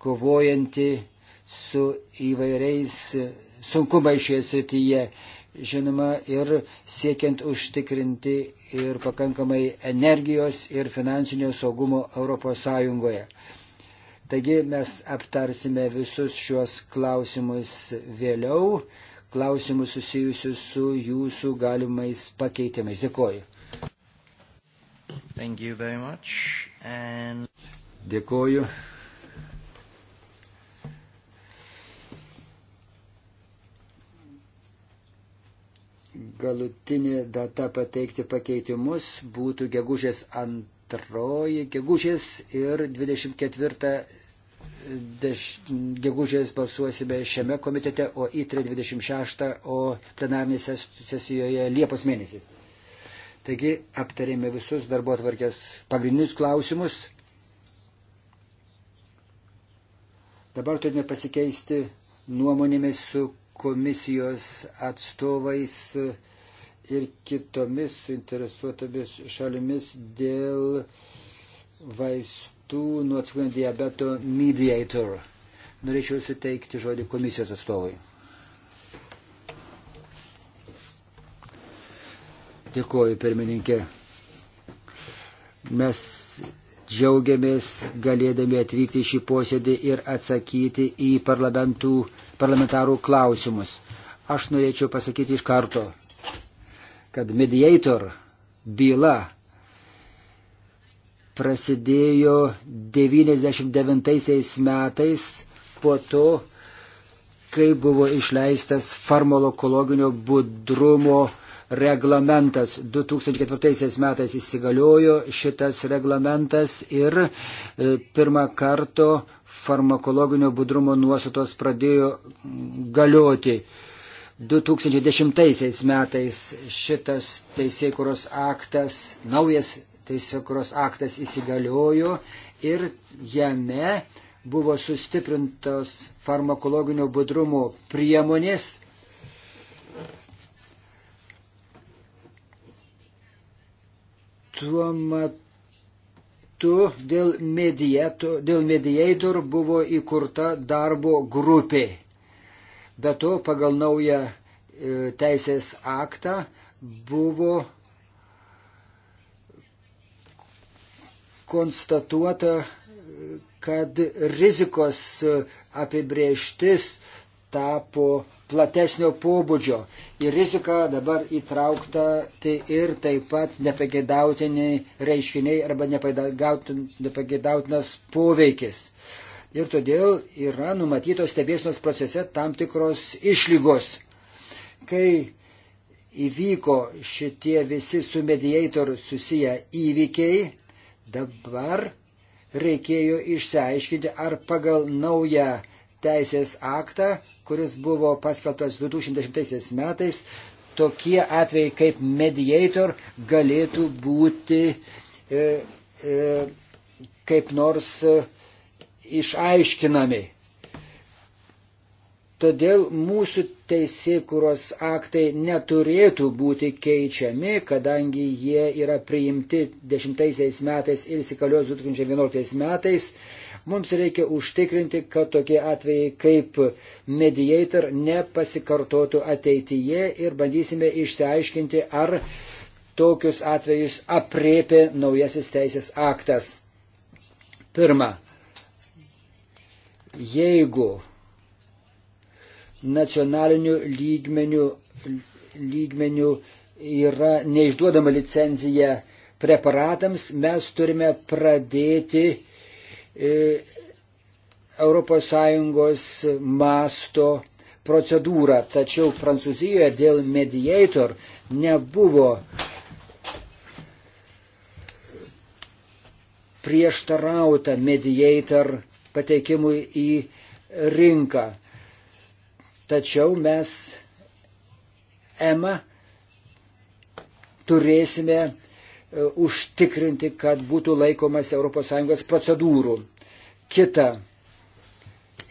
kovojanti su įvairiais sunkumais šioje srityje žinoma, ir siekiant užtikrinti ir pakankamai energijos ir finansinio saugumo ES. Taigi mes aptarsime visus šiuos klausimus vėliau, klausimus susijusius su jūsų galimais pakeitimais. Dėkoju. And... Dėkoju. Galutinė data pateikti pakeitimus būtų gegužės antroji, gegužės ir 24 deš, gegužės balsuosime šiame komitete, o įtrė 26, o plenarinė sesijoje Liepos mėnesį. Taigi aptarėme visus darbo atvarkės pagrindinius klausimus. Dabar turime pasikeisti nuomonėmis su komisijos atstovais ir kitomis suinteresuotomis šalimis dėl vaistų vaistų nuo cukrinio diabeto mediator. Norėčiau suteikti žodį komisijos atstovui. Dėkuoju, pirmininkė. Mes džiaugiamės galėdami atvykti šį posėdį ir atsakyti į parlamentarų klausimus. Aš norėčiau pasakyti iš karto, kad mediator byla prasidėjo 99 metais po to, kai buvo išleistas farmakologinio budrumo reglamentas 2004 metais įsigaliojo šitas reglamentas ir e, pirmą kartą farmakologinio budrumo nuostatos pradėjo mm, galioti. 2010 metais šitas teisėkuros aktas, naujas teisėkros aktas įsigaliojo ir jame buvo sustiprintos farmakologinio budrumo priemonės. Tuo metu dėl, mediato, dėl mediator buvo įkurta darbo grupė. Be to, pagal naują e, teisės aktą buvo konstatuota, kad rizikos apibrieštis tapo platesnio pobūdžio. Į riziką dabar įtraukta tai ir taip pat nepageidautiniai reiškiniai arba nepageidautinas poveikis. Ir todėl yra numatytos stebėsinos procese tam tikros išlygos. Kai įvyko šitie visi su mediator susiję įvykiai, Dabar reikėjo išsiaiškinti, ar pagal naują teisės aktą, kuris buvo paskelbtas 2010 metais, tokie atvejai kaip mediator galėtų būti e, e, kaip nors e, išaiškinami. Todėl mūsų teisėkuros aktai neturėtų būti keičiami, kadangi jie yra priimti 10 metais ir įsikalios 2011 metais. Mums reikia užtikrinti, kad tokie atvejai kaip mediator nepasikartotų ateityje ir bandysime išsiaiškinti, ar tokius atvejus apriepė naujasis teisės aktas. Pirma, jeigu nacionaliniu lygmeniu, lygmeniu yra neišduodama licenzija preparatams, mes turime pradėti ES masto procedūrą. Tačiau Prancūzijoje dėl mediator nebuvo prieštarauta mediator patekimui į rinką. Tačiau mes EMA turėsime e, užtikrinti, kad būtų laikomas ES procedūrų. Kita.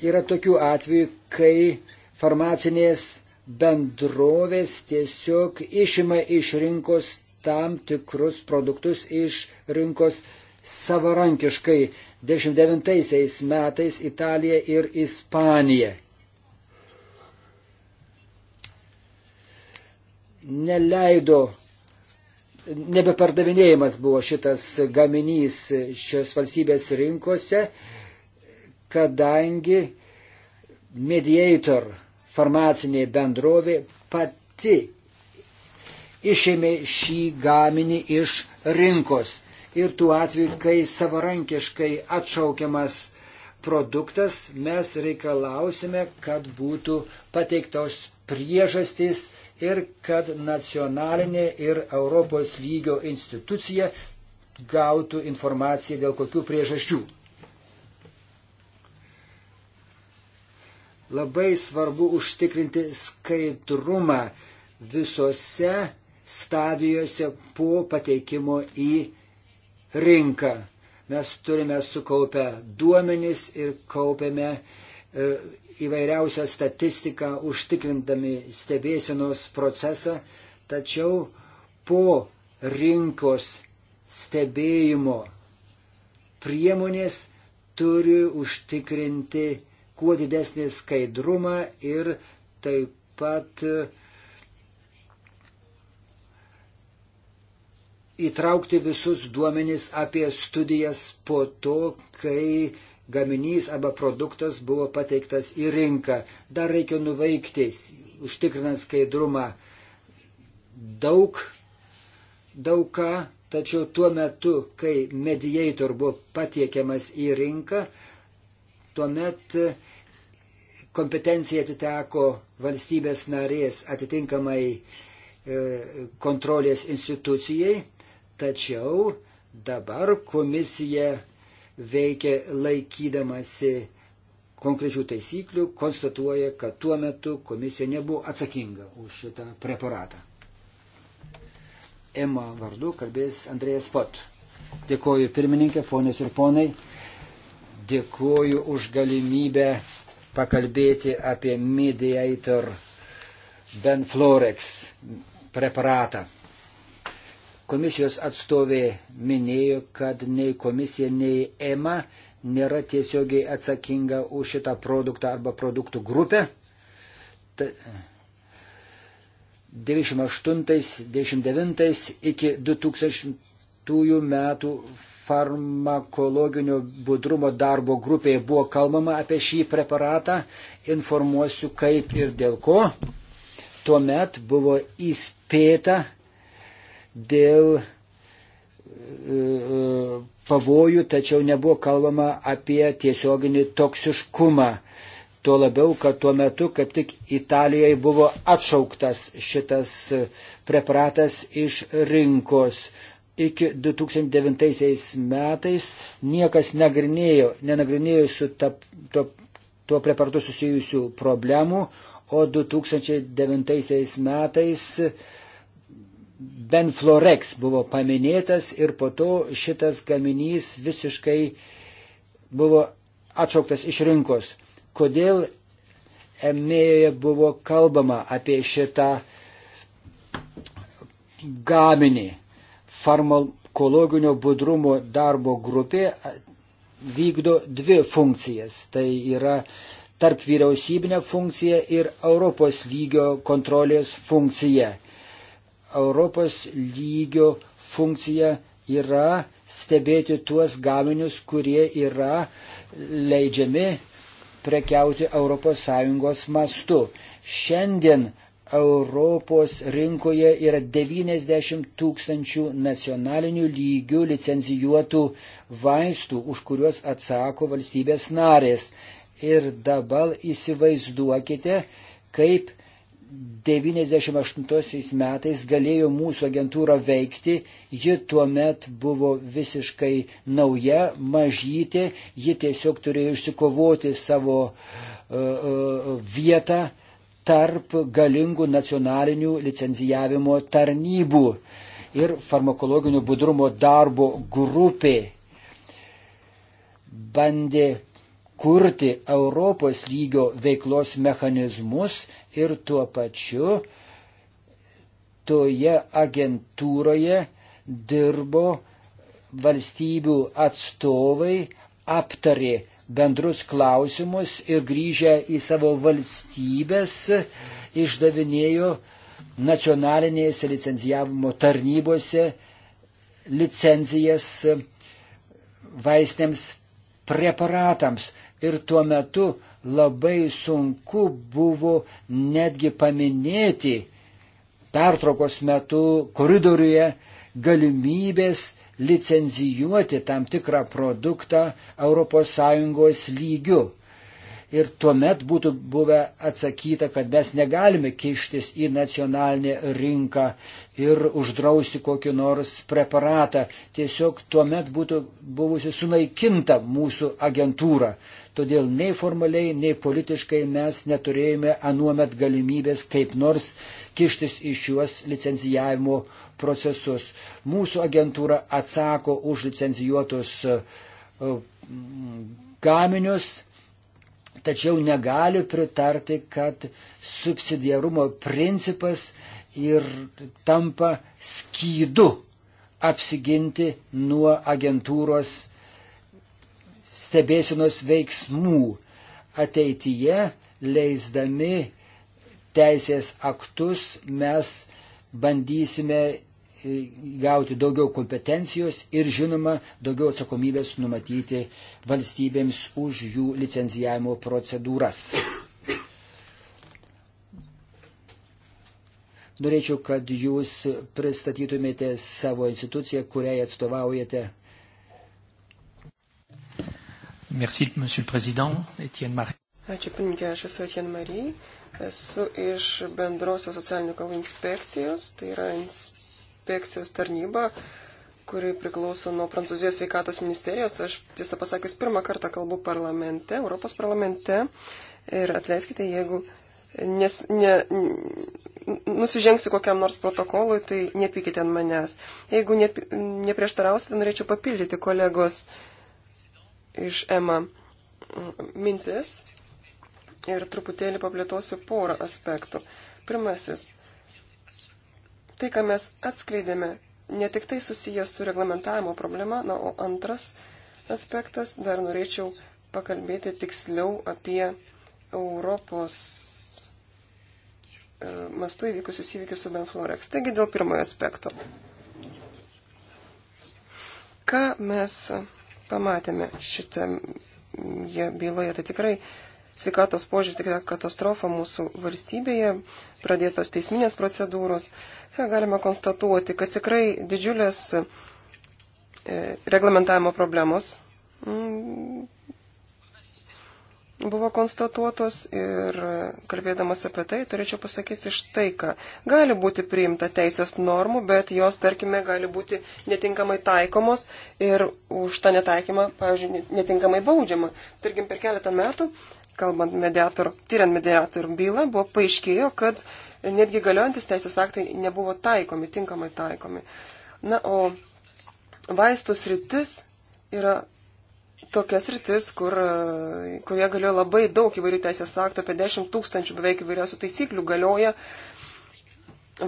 Yra tokių atvejų, kai farmacinės bendrovės tiesiog išima iš rinkos tam tikrus produktus iš rinkos savarankiškai. 1999 metais Italija ir Ispanija neleido, nebepardavinėjimas buvo šitas gaminys šios valstybės rinkose, kadangi mediator farmacinė bendrovė pati išėmė šį gaminį iš rinkos. Ir tuo atveju, kai savarankiškai atšaukiamas produktas, mes reikalausime, kad būtų pateiktos priežastys ir kad nacionalinė ir Europos lygio institucija gautų informaciją dėl kokių priežasčių. Labai svarbu užtikrinti skaidrumą visose stadijose po pateikimo į rinką. Mes turime sukaupę duomenis ir kaupiame e, įvairiausią statistiką užtikrindami stebėsienos procesą, tačiau po rinkos stebėjimo priemonės turi užtikrinti kuo didesnį skaidrumą ir taip pat e, įtraukti visus duomenis apie studijas po to, kai gaminys arba produktas buvo pateiktas į rinką. Dar reikia nuveiktis, užtikrinant skaidrumą daug, daug ką, tačiau tuo metu, kai mediator buvo patiekiamas į rinką, tuomet e, kompetencija atiteko valstybės narės atitinkamai e, kontrolės institucijai, tačiau dabar komisija veikia laikydamasi konkrečių taisyklių, konstatuoja, kad tuo metu komisija nebuvo atsakinga už šitą preparatą. Ema vardu kalbės Andrėjas Pot. Dėkoju pirmininkė, ponės ir ponai. Dėkoju už galimybę pakalbėti apie Mediator Benflorex preparatą. Komisijos atstovė minėjo, kad nei komisija, nei EMA nėra tiesiogiai atsakinga už šitą produktą arba produktų grupę. Ta, 98-99 iki 2000 metų farmakologinio budrumo darbo grupėje buvo kalbama apie šį preparatą. Informuosiu kaip ir dėl ko. Tuomet buvo įspėta dėl e, e, pavojų, tačiau nebuvo kalbama apie tiesioginį toksiškumą. Tuo labiau, kad tuo metu kaip tik Italijoje buvo atšauktas šitas e, preparatas iš rinkos. Iki 2009 metais niekas nagrinėjo, nenagrinėjo su ta, to, tuo preparatu susijusių problemų, o 2009 metais Benflorex buvo paminėtas ir po to šitas gaminys visiškai buvo atšauktas iš rinkos. Kodėl emėjoje buvo kalbama apie šitą gaminį? Farmakologinio budrumo darbo grupė vykdo dvi funkcijas. Tai yra tarp vyriausybinė funkcija ir Europos lygio kontrolės funkcija. Europos lygio funkcija yra stebėti tuos gaminius, kurie yra leidžiami prekiauti ES mastu. Šiandien Europos rinkoje yra 90 tūkstančių nacionalinių lygių licencijuotų vaistų, už kuriuos atsako valstybės narės. Ir dabar įsivaizduokite, kaip 98 metais galėjo mūsų agentūra veikti, ji tuo met buvo visiškai nauja, mažytė, ji tiesiog turėjo išsikovoti savo uh, vietą tarp galingų nacionalinių licenzijavimo tarnybų ir farmakologinio budrumo darbo grupė bandė kurti Europos lygio veiklos mechanizmus ir tuo pačiu toje agentūroje dirbo valstybių atstovai, aptarė bendrus klausimus ir grįžę į savo valstybės išdavinėjo nacionalinėse licencijavimo tarnybose licencijas vaistiniams preparatams. Ir tuo metu labai sunku buvo netgi paminėti pertraukos metu koridoriuje galimybės licenzijuoti tam tikrą produktą ES lygiu. Ir tuomet būtų buvę atsakyta, kad mes negalime kištis į nacionalinę rinką ir uždrausti kokį nors preparatą. Tiesiog tuomet būtų buvusi sunaikinta mūsų agentūra. Todėl nei formaliai, nei politiškai mes neturėjome anuomet galimybės kaip nors kištis į šiuos licencijavimo procesus. Mūsų agentūra atsako už licencijuotus e, mm, gaminius, tačiau negali pritarti, kad subsidiarumo principas ir tampa skydu apsiginti nuo agentūros stebėsinos veiksmų ateityje, leisdami teisės aktus, mes bandysime e, gauti daugiau kompetencijos ir žinoma daugiau atsakomybės numatyti valstybėms už jų licenzijavimo procedūras. Norėčiau, kad jūs pristatytumėte savo instituciją, kuriai atstovaujate Merci, Monsieur le Président. Etienne Marie. Ačiū, pininkė, aš esu Etienne Marie. Esu iš bendrosios socialinių kalų inspekcijos, tai yra inspekcijos tarnyba, kuri priklauso nuo Prancūzijos sveikatos ministerijos. Aš tiesą pasakius pirmą kartą kalbu parlamente, Europos parlamente. Ir atleiskite, jeigu nes, ne, nusižengsiu kokiam nors protokolui, tai nepykite ant manęs. Jeigu ne, neprieštarausite, tai norėčiau papildyti kolegos iš EMA mintis ir truputėlį paplėtosiu porą aspektų. Pirmasis. Tai, ką mes atskleidėme, ne tik tai susijęs su reglamentavimo problema, na, o antras aspektas, dar norėčiau pakalbėti tiksliau apie Europos e, mastu įvykusius įvykius su Benflorex. Taigi dėl pirmojo aspekto. Ką mes pamatėme šitą byloje. Tai tikrai sveikatos požiūrį tikrai katastrofa mūsų valstybėje, pradėtos teisminės procedūros. Ką galima konstatuoti, kad tikrai didžiulės e, reglamentavimo problemos buvo konstatuotos ir kalbėdamas apie tai turėčiau pasakyti štai ką. Gali būti priimta teisės normų, bet jos, tarkime, gali būti netinkamai taikomos ir už tą netaikymą, pavyzdžiui, netinkamai baudžiama. Tarkim, per keletą metų, kalbant mediator, tyriant mediatorių bylą, buvo paaiškėjo, kad netgi galiojantis teisės aktai nebuvo taikomi, tinkamai taikomi. Na, o vaistų sritis yra tokias rytis, kur, kurie galioja labai daug įvairių teisės aktų, apie 10 tūkstančių beveik įvairiausių taisyklių galioja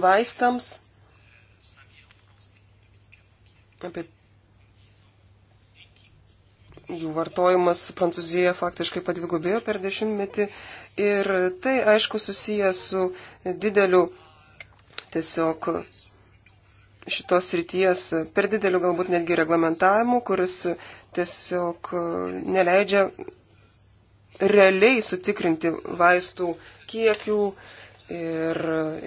vaistams, apie jų vartojimas Prancūzijoje faktiškai padvigubėjo per dešimtmetį ir tai aišku susijęs su dideliu tiesiog šitos ryties per dideliu galbūt netgi reglamentavimu, kuris tiesiog e, neleidžia realiai sutikrinti vaistų kiekių ir,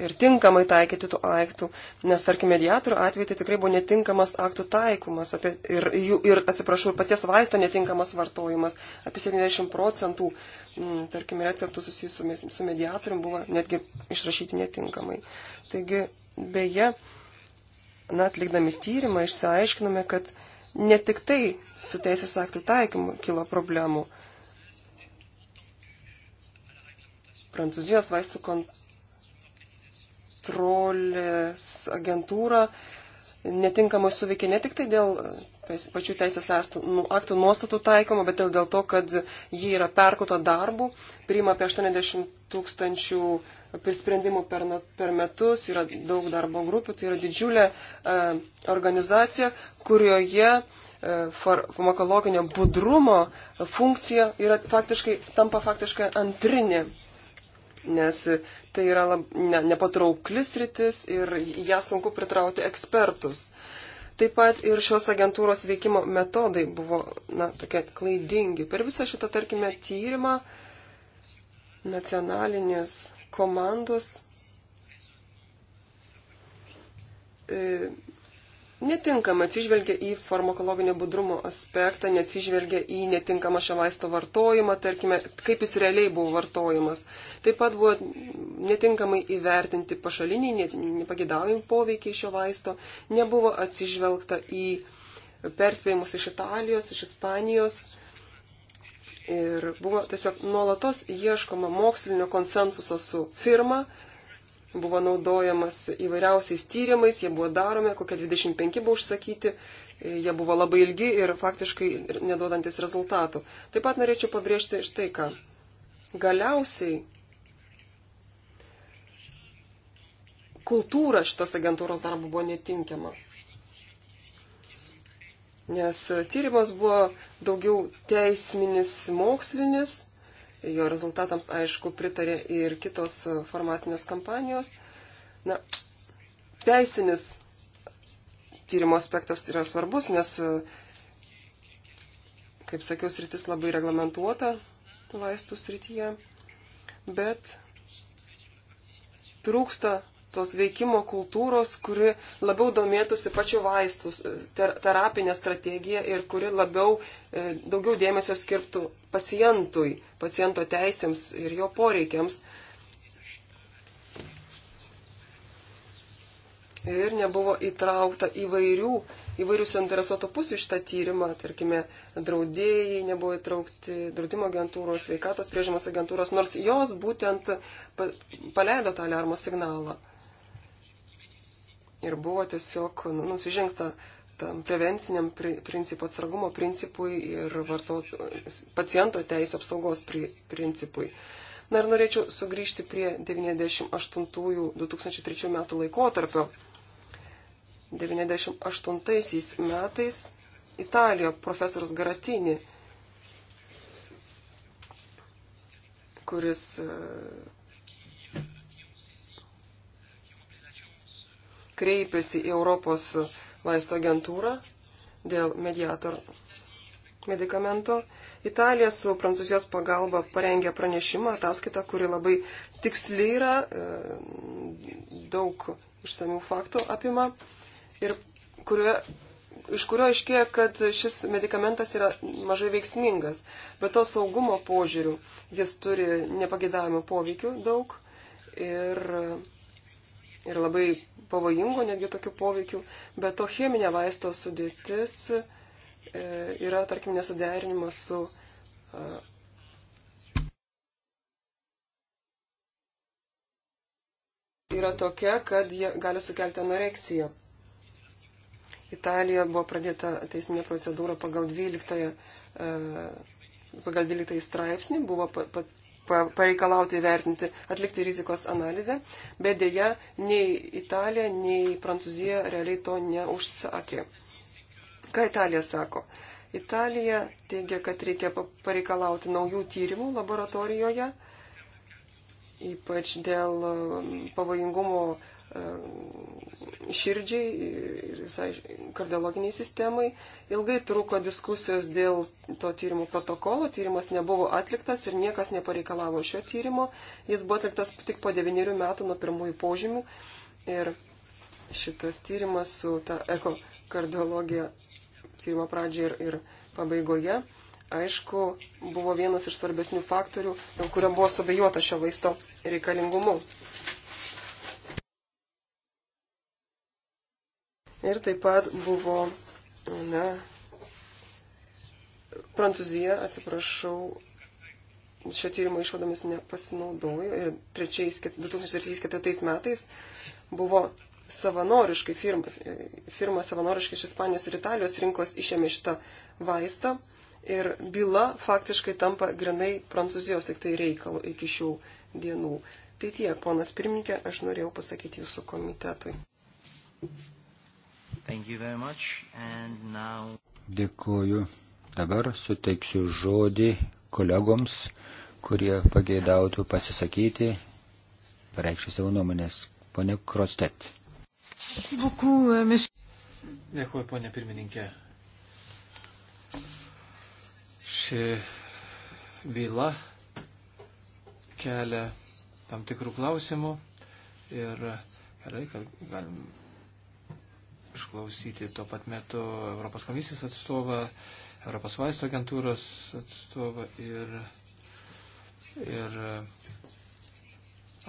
ir tinkamai taikyti tų aktų, nes tarkim mediatorių atveju tai tikrai buvo netinkamas aktų taikumas apie, ir, ir, atsiprašau, paties vaisto netinkamas vartojimas, apie 70 procentų, m, mm, tarkim, receptų susijusių su, su mediatorium buvo netgi išrašyti netinkamai. Taigi, beje, na, atlikdami tyrimą išsiaiškinome, kad ne tik tai su teisės aktų taikymu kilo problemų. Prancūzijos vaistų kontrolės agentūra netinkamai suveikė ne tik tai dėl pačių teisės aktų nu, nuostatų taikoma, bet ir dėl to, kad jie yra perkuta darbų, priima apie 80 tūkstančių sprendimų per, per metus, yra daug darbo grupių, tai yra didžiulė e, organizacija, kurioje e, farmakologinio budrumo funkcija yra faktiškai, tampa faktiškai antrinė, nes tai yra lab, ne, nepatrauklis rytis ir ją sunku pritraukti ekspertus. Taip pat ir šios agentūros veikimo metodai buvo, na, tokie klaidingi. Per visą šitą, tarkime, tyrimą nacionalinės komandos e, netinkama atsižvelgia į farmakologinio budrumo aspektą, neatsižvelgia į netinkamą šio vaisto vartojimą, tarkime, kaip jis realiai buvo vartojimas. Taip pat buvo netinkamai įvertinti pašaliniai, nepagidaujami poveikiai šio vaisto, nebuvo atsižvelgta į perspėjimus iš Italijos, iš Ispanijos Ir buvo tiesiog nuolatos ieškoma mokslinio konsensuso su firma, buvo naudojamas įvairiausiais tyrimais, jie buvo daromi, kokie 25 buvo užsakyti, jie buvo labai ilgi ir faktiškai neduodantis rezultatų. Taip pat norėčiau pabrėžti štai ką. Galiausiai kultūra šitos agentūros darbo buvo netinkiama nes tyrimas buvo daugiau teisminis, mokslinis, jo rezultatams, aišku, pritarė ir kitos formatinės kampanijos. Na, teisinis tyrimo aspektas yra svarbus, nes, kaip sakiau, sritis labai reglamentuota vaistų srityje, bet trūksta tos veikimo kultūros, kuri labiau domėtųsi pačių vaistus, ter, terapinę strategiją ir kuri labiau e, daugiau dėmesio skirtų pacientui, paciento teisėms ir jo poreikiams. Ir nebuvo įtraukta įvairių, įvairių suinteresuotų pusių šitą tyrimą, tarkime, draudėjai nebuvo įtraukti, draudimo agentūros, sveikatos priežimos agentūros, nors jos būtent paleido tą alarmo signalą ir buvo tiesiog nu, nusižengta tam prevenciniam pri, principu, atsargumo principui ir varto, paciento teisų apsaugos pri, principui. Na ir norėčiau sugrįžti prie 98-2003 metų laikotarpio. 98 metais Italijoje profesorius Garatini, kuris kreipėsi į Europos vaisto agentūrą dėl mediator medikamento. Italija su Prancūzijos pagalba parengė pranešimą, ataskaitą, kuri labai tiksli yra, e, daug išsamių faktų apima ir kurioje, iš kurio iškėja, kad šis medikamentas yra mažai veiksmingas. Bet to saugumo požiūrių jis turi nepagėdavimo poveikių daug ir ir labai pavojingų netgi tokių poveikių, bet to cheminė vaisto sudėtis e, yra, tarkim, nesuderinimas su. E, yra tokia, kad jie gali sukelti anoreksiją. Italijoje buvo pradėta teisminė procedūra pagal 12, e, pagal 12 straipsnį, buvo pat, pat, pareikalauti vertinti, atlikti rizikos analizę, bet dėja nei Italija, nei Prancūzija realiai to neužsakė. Ką Italija sako? Italija teigia, kad reikia pareikalauti naujų tyrimų laboratorijoje, ypač dėl um, pavojingumo E, širdžiai ir visai kardiologiniai sistemai. Ilgai truko diskusijos dėl to tyrimo protokolo, tyrimas nebuvo atliktas ir niekas nepareikalavo šio tyrimo. Jis buvo atliktas tik po devyniarių metų nuo pirmųjų požymių ir šitas tyrimas su ta ekokardiologija tyrimo pradžioje ir, ir pabaigoje, aišku, buvo vienas iš svarbesnių faktorių, dėl kurio buvo subejota šio vaisto reikalingumu. Ir taip pat buvo, na, Prancūzija, atsiprašau, šio tyrimo išvadomis nepasinaudojo ir 2003-2004 metais buvo savanoriškai firma, firma savanoriškai iš Ispanijos ir Italijos rinkos išėmė šitą vaistą ir byla faktiškai tampa grinai Prancūzijos tik tai reikalų iki šių dienų. Tai tiek, ponas pirmininkė, aš norėjau pasakyti jūsų komitetui. Thank you. Now... Dėkuoju. Dabar suteiksiu žodį kolegoms, kurie pageidautų pasisakyti, pareikšti savo nuomonės. Pone Krostet. Euh, Dėkuoju, ponė pirmininkė. Ši byla kelia tam tikrų klausimų ir gerai, kad galim išklausyti tuo pat metu Europos komisijos atstovą, Europos vaisto agentūros atstovą ir, ir e,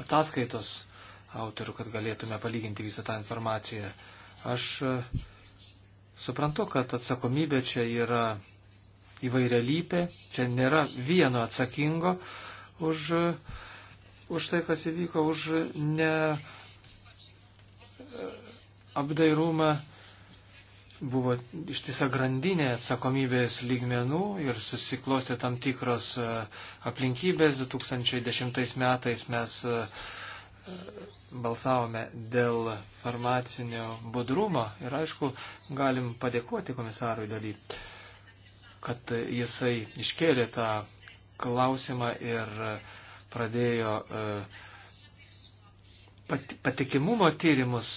ataskaitos autorių, kad galėtume palyginti visą tą informaciją. Aš e, suprantu, kad atsakomybė čia yra įvairialypė, čia nėra vieno atsakingo už, už tai, kas įvyko, už ne e, apdairumą. Buvo ištisa grandinė atsakomybės lygmenų ir susiklostė tam tikros e, aplinkybės. 2010 metais mes e, balsavome dėl farmacinio budrumo ir aišku, galim padėkoti komisarui daly, kad jisai iškėlė tą klausimą ir pradėjo e, patikimumo tyrimus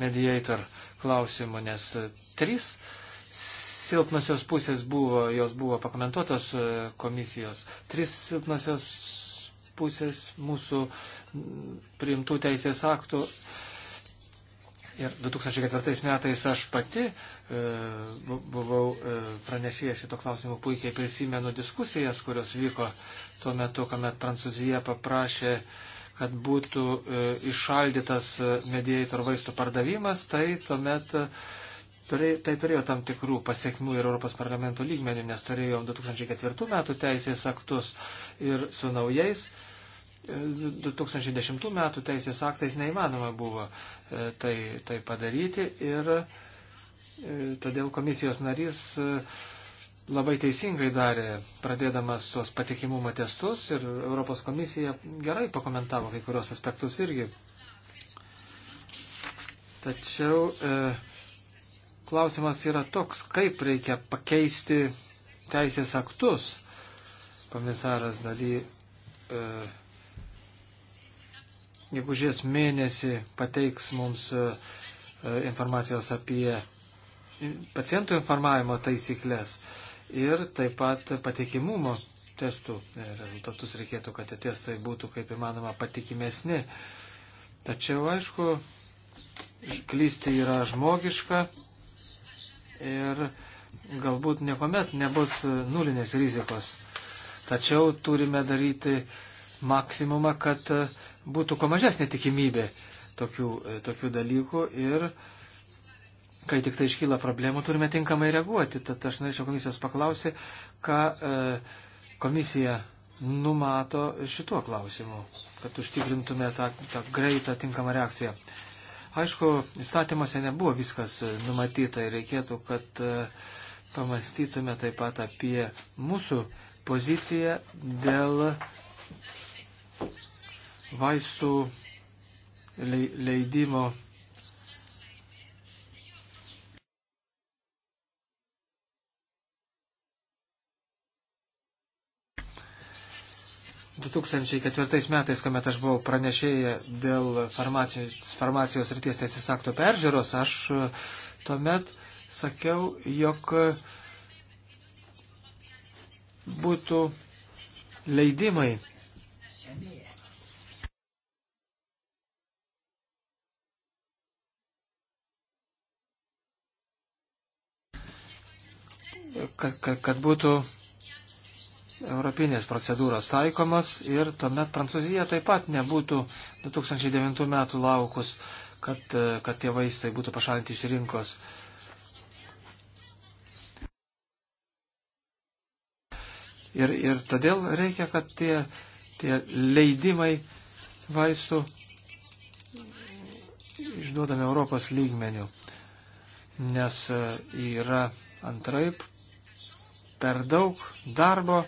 mediator klausimu, nes e, trys silpnosios pusės buvo, jos buvo pakomentuotos e, komisijos, trys silpnosios pusės mūsų priimtų teisės aktų. Ir 2004 metais aš pati e, buvau e, pranešėjęs šito klausimu, puikiai prisimenu diskusijas, kurios vyko tuo metu, kuomet Prancūzija paprašė e, kad būtų e, išaldytas e, mediator vaistų pardavimas, tai tuomet e, tai turėjo tam tikrų pasiekmių ir Europos parlamento lygmenių, nes turėjom 2004 metų teisės aktus ir su naujais 2010 metų teisės aktais neįmanoma buvo tai, tai padaryti ir todėl komisijos narys labai teisingai darė, pradėdamas tuos patikimumo testus ir Europos komisija gerai pakomentavo kai kurios aspektus irgi. Tačiau e, klausimas yra toks, kaip reikia pakeisti teisės aktus. Komisaras daly. E, gegužės mėnesį pateiks mums e, e, informacijos apie pacientų informavimo taisyklės ir taip pat patikimumo testų rezultatus reikėtų, kad tie testai būtų kaip įmanoma patikimesni. Tačiau, aišku, klysti yra žmogiška ir galbūt niekuomet nebus nulinės rizikos. Tačiau turime daryti maksimumą, kad būtų kuo mažesnė tikimybė tokių, tokių dalykų ir uh, kai tik tai iškyla problemų, turime tinkamai reaguoti. Tad aš norėčiau komisijos paklausyti, ką e, komisija numato šituo klausimu, kad užtikrintume tą, tą greitą tinkamą reakciją. Aišku, įstatymuose nebuvo viskas numatyta ir reikėtų, kad e, pamastytume taip pat apie mūsų poziciją dėl vaistų leidimo 2004 metais, kuomet aš buvau pranešėję dėl farmacijos, farmacijos ryties teisės akto peržiūros, aš e, tuomet sakiau, jog būtų leidimai. Kad, kad, kad būtų europinės procedūros taikomas ir tuomet Prancūzija taip pat nebūtų 2009 metų laukus, kad, e, kad tie vaistai būtų pašalinti iš rinkos. Ir, ir todėl reikia, kad tie, tie leidimai vaistų išduodami Europos lygmenių, nes e, yra antraip per daug darbo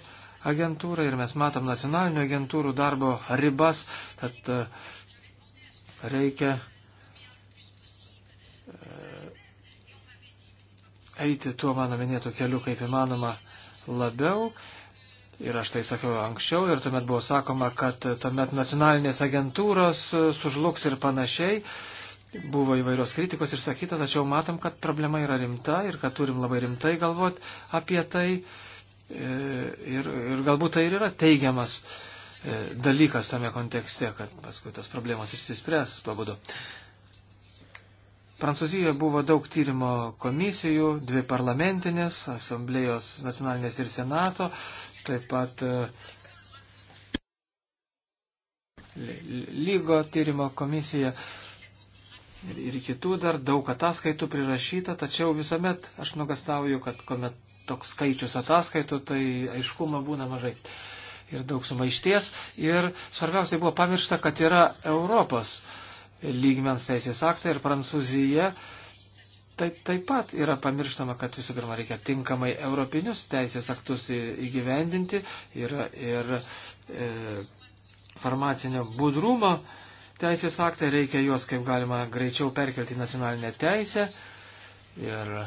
agentūrą ir mes matom nacionalinių agentūrų darbo ribas, tad e, reikia e, eiti tuo mano minėtų keliu kaip įmanoma labiau. Ir aš tai sakiau anksčiau ir tuomet buvo sakoma, kad tuomet nacionalinės agentūros e, sužlugs ir panašiai. Buvo įvairios kritikos išsakyta, tačiau matom, kad problema yra rimta ir kad turim labai rimtai galvoti apie tai. Uh, E, ir, ir galbūt tai ir yra teigiamas e, dalykas tame kontekste, kad paskui tos problemos išsispręs tuo būdu. Prancūzijoje buvo daug tyrimo komisijų, dvi parlamentinės, asamblėjos nacionalinės ir senato, taip pat e, lygo tyrimo komisija ir kitų dar daug ataskaitų prirašyta, tačiau visuomet aš nugastauju, kad kuomet toks skaičius ataskaitų, tai aiškumo būna mažai ir daug sumaišties. Ir svarbiausia buvo pamiršta, kad yra Europos lygmens teisės aktai ir Prancūzija. Tai taip pat yra pamirštama, kad visų pirma reikia tinkamai europinius teisės aktus įgyvendinti ir, ir e, farmacinio budrumo teisės aktai, reikia juos kaip galima greičiau perkelti į nacionalinę teisę. Ir e,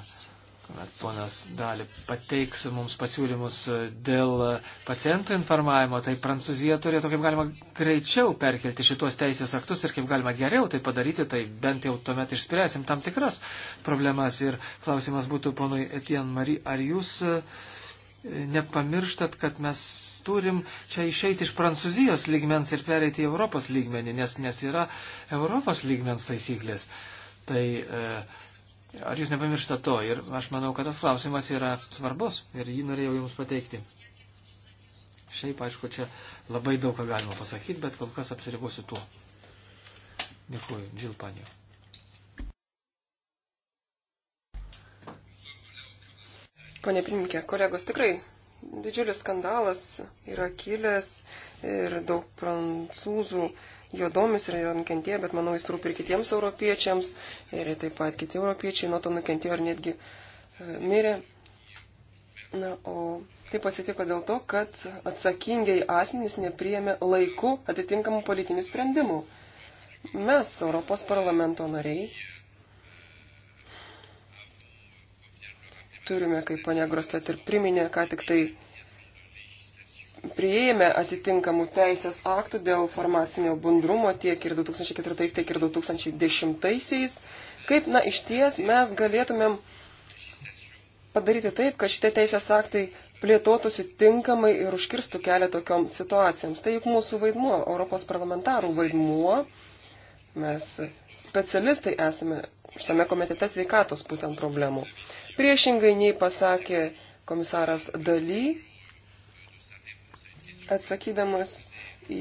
kuomet ponas Dali pateiks mums pasiūlymus e, dėl e, pacientų informavimo, tai Prancūzija turėtų kaip galima greičiau perkelti šitos teisės aktus ir kaip galima geriau tai padaryti, tai bent jau tuomet išspręsim tam tikras problemas. Ir klausimas būtų ponui Etienne Marie, ar jūs e, nepamirštat, kad mes turim čia išeiti iš Prancūzijos lygmens ir pereiti į Europos lygmenį, nes, nes yra Europos lygmens taisyklės. Tai, e, Ar jūs nepamirštate to? Ir aš manau, kad tas klausimas yra svarbus ir jį norėjau jums pateikti. Šiaip, aišku, čia labai daug ką galima pasakyti, bet kol kas apsiribosiu tuo. Dėkuoju, Džil Panijau. Pone pirmininkė, kolegos, tikrai didžiulis skandalas yra kilęs ir daug prancūzų jo domis ir yra nukentėję, bet manau jis trūp ir kitiems europiečiams ir taip pat kiti europiečiai nuo to nukentėjo ir netgi e, mirė. Na, o taip atsitiko dėl to, kad atsakingiai asmenys nepriėmė laiku atitinkamų politinių sprendimų. Mes, Europos parlamento nariai, turime, kaip ponia Grostet ir priminė, ką tik tai prieėmė atitinkamų teisės aktų dėl farmacinio bundrumo tiek ir 2004, tiek ir 2010, kaip, na, iš ties mes galėtumėm padaryti taip, kad šitie teisės aktai plėtotųsi tinkamai ir užkirstų kelią tokiom situacijoms. Tai juk mūsų vaidmuo, Europos parlamentarų vaidmuo, mes specialistai esame šitame komitete sveikatos būtent problemų. Priešingai nei pasakė komisaras Daly, atsakydamas į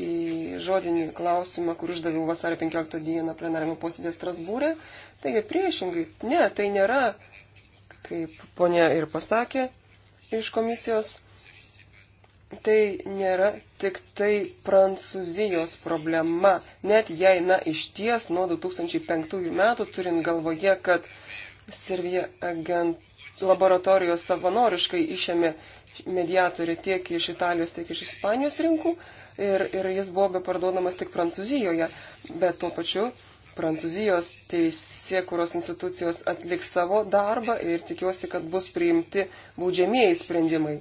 žodinį klausimą, kur uždaviau vasario 15 dieną plenarimo posėdė Strasbūrė. Taigi priešingai, ne, tai nėra, kaip ponia ir pasakė iš komisijos, tai nėra tik tai Prancūzijos problema, net jei, na, iš ties nuo 2005 metų, turint galvoje, kad Serbija agent laboratorijos savanoriškai išėmė mediatorių tiek iš Italijos, tiek iš Ispanijos rinkų ir, ir jis buvo beparduodamas tik Prancūzijoje, bet tuo pačiu Prancūzijos teisėkuros institucijos atliks savo darbą ir tikiuosi, kad bus priimti būdžiamieji sprendimai.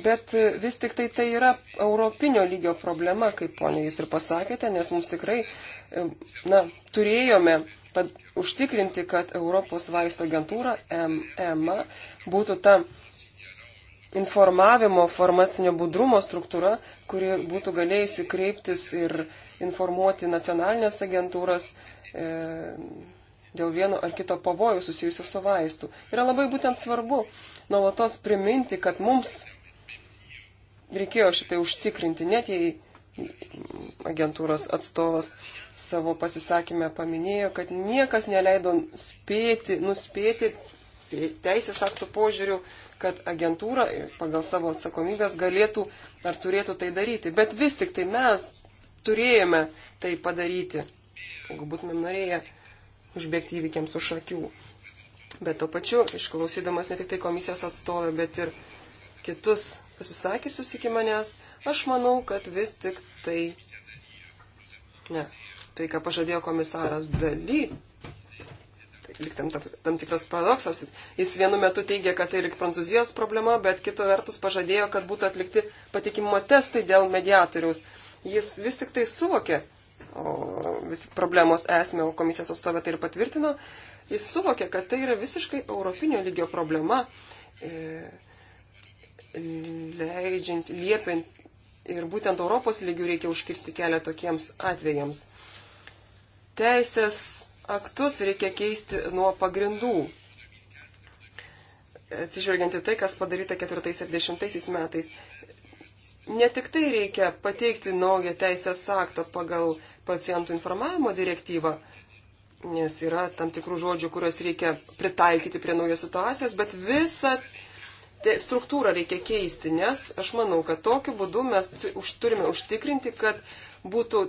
Bet vis tik tai tai yra europinio lygio problema, kaip ponia jūs ir pasakėte, nes mums tikrai, na, turėjome Tad užtikrinti, kad Europos vaisto agentūra MMA e būtų ta informavimo farmacinio budrumo struktūra, kuri būtų galėjusi kreiptis ir informuoti nacionalinės agentūras e, dėl vieno ar kito pavojų susijusio su vaistu. Yra labai būtent svarbu nuolatos priminti, kad mums reikėjo šitai užtikrinti, net jei agentūros atstovas savo pasisakymę paminėjo, kad niekas neleido spėti, nuspėti teisės aktų požiūrių, kad agentūra pagal savo atsakomybės galėtų ar turėtų tai daryti. Bet vis tik tai mes turėjome tai padaryti, jeigu būtumėm norėję užbėgti įvykiams už akių. Bet to pačiu, išklausydamas ne tik tai komisijos atstovę, bet ir kitus pasisakysius iki manęs, aš manau, kad vis tik tai. Ne, tai, ką pažadėjo komisaras daly, tai lyg tam, tam tikras paradoksas, jis vienu metu teigia, kad tai lyg Prancūzijos problema, bet kita vertus pažadėjo, kad būtų atlikti patikimumo testai dėl mediatoriaus. Jis vis tik tai suvokė, o vis tik problemos esmė, o komisijos atstovė tai ir patvirtino, jis suvokė, kad tai yra visiškai europinio lygio problema, e, leidžiant, liepiant ir būtent Europos lygių reikia užkirsti kelią tokiems atvejams teisės aktus reikia keisti nuo pagrindų. Atsižvelgiant į tai, kas padaryta 40 metais. Ne tik tai reikia pateikti naują teisės aktą pagal pacientų informavimo direktyvą, nes yra tam tikrų žodžių, kuriuos reikia pritaikyti prie naujos situacijos, bet visą struktūrą reikia keisti, nes aš manau, kad tokiu būdu mes turime užtikrinti, kad būtų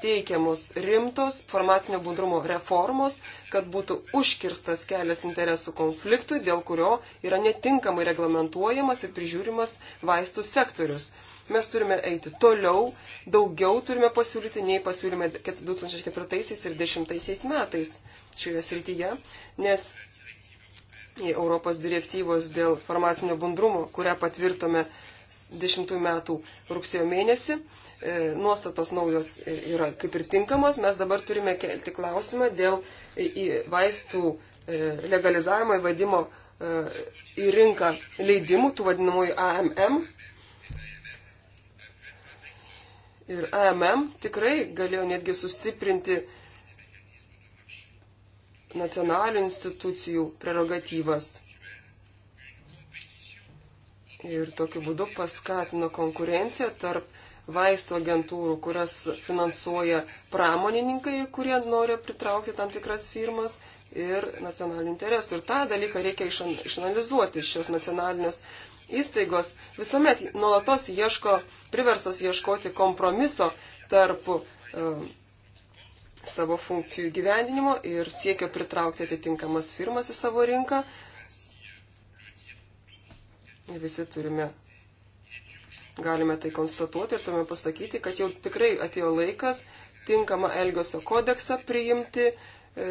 teikiamos rimtos farmacinio budrumo reformos, kad būtų užkirstas kelias interesų konfliktui, dėl kurio yra netinkamai reglamentuojamas ir prižiūrimas vaistų sektorius. Mes turime eiti toliau, daugiau turime pasiūlyti, nei pasiūlyme 2004 ir 2010 metais šioje srityje, nes Europos direktyvos dėl farmacinio bundrumo, kurią patvirtome 10 metų rugsėjo mėnesį, E, nuostatos naujos yra kaip ir tinkamos, mes dabar turime kelti klausimą dėl vaistų e, legalizavimo įvadimo e, į rinką leidimų, tų vadinamųjų AMM. Ir AMM tikrai galėjo netgi sustiprinti nacionalinių institucijų prerogatyvas. Ir tokiu būdu paskatino konkurenciją tarp vaistų agentūrų, kurias finansuoja pramonininkai, kurie nori pritraukti tam tikras firmas ir nacionalinių interesų. Ir tą dalyką reikia išanalizuoti iš šios nacionalinės įstaigos. Visuomet nuolatos ieško, priversos ieškoti kompromiso tarp uh, savo funkcijų gyvendinimo ir siekia pritraukti atitinkamas firmas į savo rinką. Visi turime Galime tai konstatuoti ir tuomet pasakyti, kad jau tikrai atėjo laikas tinkamą Elgesio kodeksą priimti, e,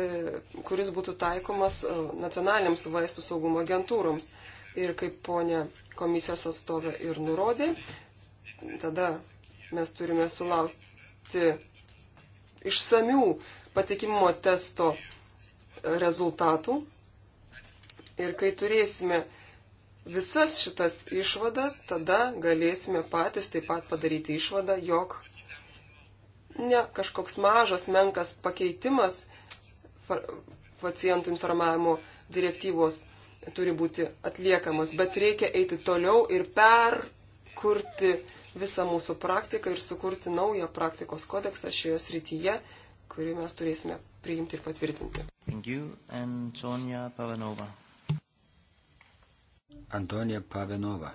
kuris būtų taikomas e, nacionaliniams vaistų saugumo agentūroms. Ir kaip ponė komisijos atstovė ir nurodė, tada mes turime sulaukti išsamių patikimumo testo rezultatų. Ir kai turėsime visas šitas išvadas, tada galėsime patys taip pat padaryti išvadą, jog ne kažkoks mažas, menkas pakeitimas pacientų informavimo direktyvos turi būti atliekamas, bet reikia eiti toliau ir perkurti visą mūsų praktiką ir sukurti naują praktikos kodeksą šioje srityje, kurį mes turėsime priimti ir patvirtinti. Thank you, Antonia Pavanova. Antonija Pavenova.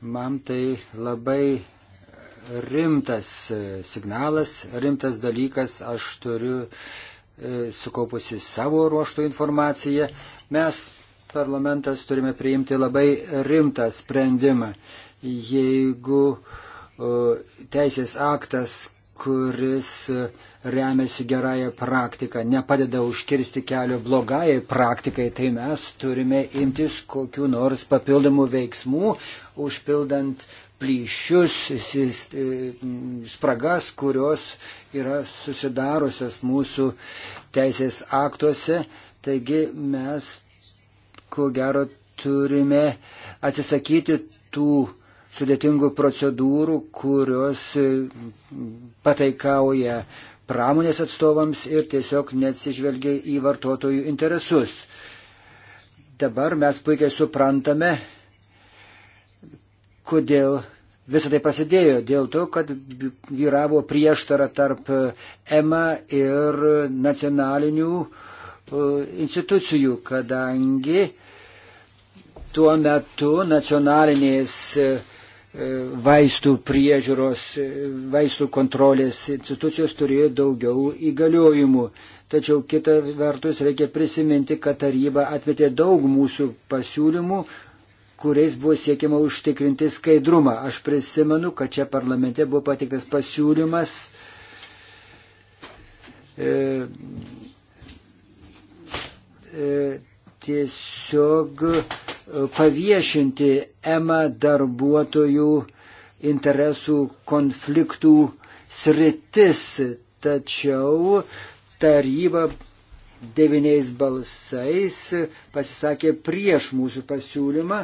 Man tai labai rimtas e, signalas, rimtas dalykas, aš turiu e, sukaupusi savo ruoštų informaciją. Mes, parlamentas, turime priimti labai rimtą sprendimą. Jeigu e, teisės aktas, kuris uh, remiasi gerąją praktiką, nepadeda užkirsti kelio blogajai praktikai, tai mes turime imtis kokiu nors papildomų veiksmų, užpildant plyšius, e, spragas, kurios yra susidarusios mūsų teisės aktuose. Taigi mes, ko gero, turime atsisakyti tų sudėtingų procedūrų, kurios e, pataikauja uh, pramonės atstovams ir tiesiog neatsižvelgia į vartotojų interesus. Dabar mes puikiai suprantame, kodėl visą tai prasidėjo. Dėl to, kad vyravo prieštara tarp EMA ir nacionalinių e, institucijų, kadangi tuo metu nacionalinės uh, E, vaistų priežiūros, e, vaistų kontrolės institucijos turėjo daugiau įgaliojimų. Tačiau kita vertus reikia prisiminti, kad taryba atmetė daug mūsų pasiūlymų, kuriais buvo siekiama užtikrinti skaidrumą. Aš prisimenu, kad čia parlamente buvo patiktas pasiūlymas e, e, tiesiog e, paviešinti EMA darbuotojų interesų konfliktų sritis, tačiau taryba devyniais balsais pasisakė prieš mūsų pasiūlymą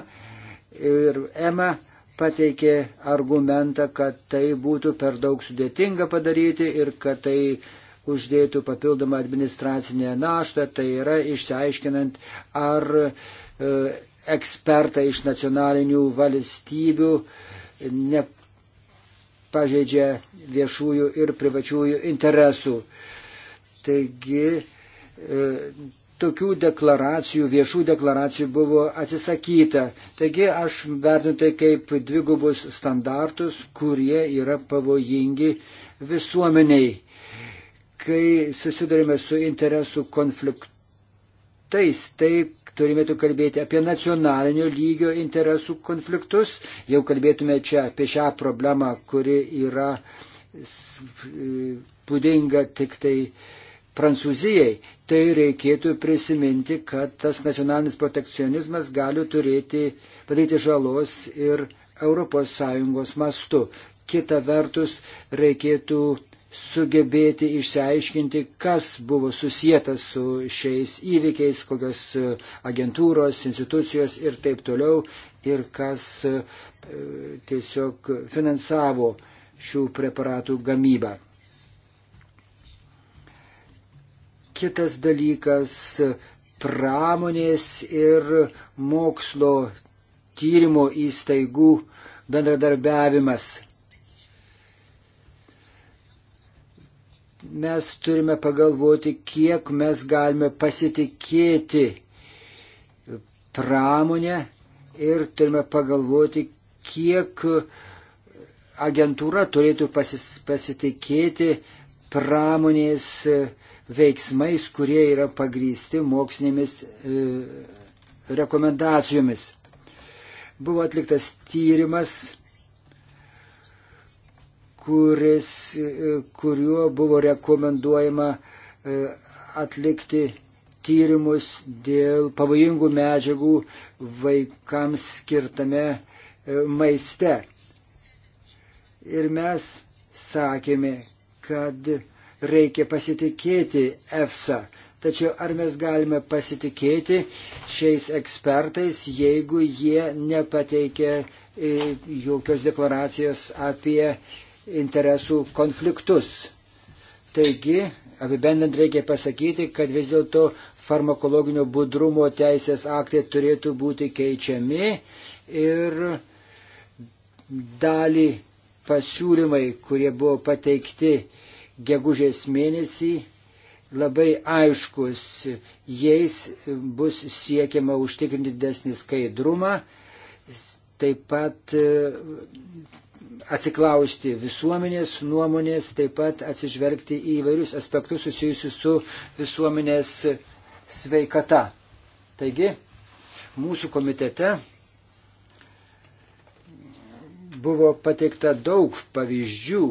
ir EMA pateikė argumentą, kad tai būtų per daug sudėtinga padaryti ir kad tai uždėtų papildomą administracinę naštą, tai yra išsiaiškinant, ar e, ekspertai iš nacionalinių valstybių nepažeidžia viešųjų ir privačiųjų interesų. Taigi e, tokių deklaracijų, viešų deklaracijų buvo atsisakyta. Taigi aš vertinu tai kaip dvigubus standartus, kurie yra pavojingi visuomeniai. Kai susidurime su interesų konfliktais, tai turėtų kalbėti apie nacionalinio lygio interesų konfliktus, jau kalbėtume čia apie šią problemą, kuri yra e, būdinga tik tai Prancūzijai, tai reikėtų prisiminti, kad tas nacionalinis protekcionizmas gali turėti, padaryti žalos ir ES mastu. Kita vertus, reikėtų sugebėti išsiaiškinti, kas buvo susijęta su šiais įvykiais, kokios e, agentūros, institucijos ir taip toliau, ir kas e, tiesiog finansavo šių preparatų gamybą. Kitas dalykas - pramonės ir mokslo tyrimo įstaigų bendradarbiavimas mes turime pagalvoti, kiek mes galime pasitikėti pramonę ir turime pagalvoti, kiek agentūra turėtų pasis, pasitikėti pramonės veiksmais, kurie yra pagrysti mokslinėmis e, rekomendacijomis. Buvo atliktas tyrimas kuris, e, kuriuo buvo rekomenduojama e, atlikti tyrimus dėl pavojingų medžiagų vaikams skirtame e, maiste. Ir mes sakėme, kad reikia pasitikėti EFSA. Tačiau ar mes galime pasitikėti šiais ekspertais, jeigu jie nepateikia jokios deklaracijos apie interesų konfliktus. Taigi, apibendrint reikia pasakyti, kad vis dėlto farmakologinio budrumo teisės aktai turėtų būti keičiami ir dalį pasiūlymai, kurie buvo pateikti gegužės mėnesį, labai aiškus, jais bus siekiama užtikrinti didesnį skaidrumą, taip pat atsiklausti visuomenės nuomonės, taip pat atsižvelgti į įvairius aspektus susijusius su visuomenės sveikata. Taigi, mūsų komitete buvo pateikta daug pavyzdžių,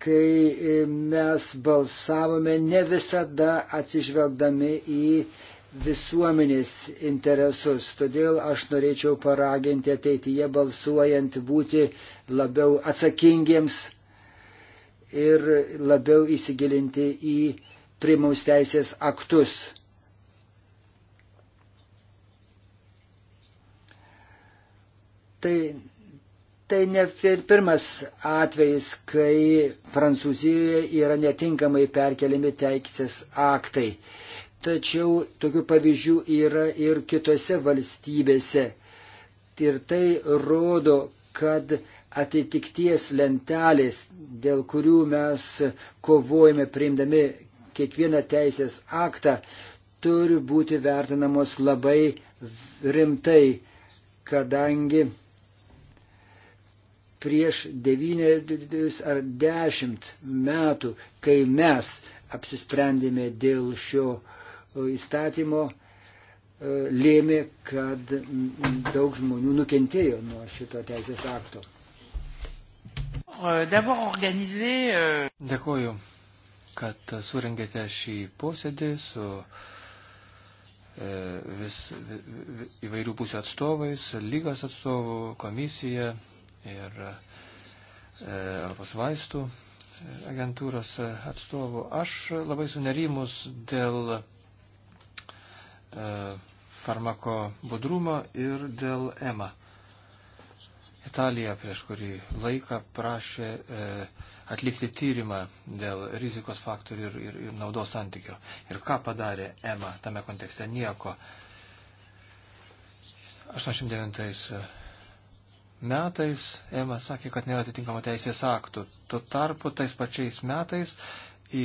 kai mes balsavome ne visada atsižvelgdami į visuomenės interesus. Todėl aš norėčiau paraginti ateityje balsuojant būti labiau atsakingiems ir labiau įsigilinti į primaus teisės aktus. Tai, tai ne pirmas atvejis, kai Prancūzijoje yra netinkamai perkeliami teisės aktai. Tačiau tokių pavyzdžių yra ir kitose valstybėse. Ir tai rodo, kad atitikties lentelės, dėl kurių mes kovojame priimdami kiekvieną teisės aktą, turi būti vertinamos labai rimtai, kadangi prieš devynerius ar dešimt metų, kai mes apsisprendėme dėl šio uh, įstatymo e, lėmė, kad daug žmonių nukentėjo nuo šito teisės akto. Euh, euh, Dėkuoju, kad surengėte šį posėdį su e, vis įvairių pusių atstovais, lygos atstovų, komisija ir e, Europos vaistų agentūros atstovų. Aš labai sunerimus dėl E, farmako budrumo ir dėl EMA. Italija prieš kurį laiką prašė e, atlikti tyrimą dėl rizikos faktorių ir, ir, ir naudos santykio. Ir ką padarė EMA tame kontekste? Nieko. 89 e, metais EMA sakė, kad nėra atitinkama teisės aktų. Tuo tarpu tais pačiais metais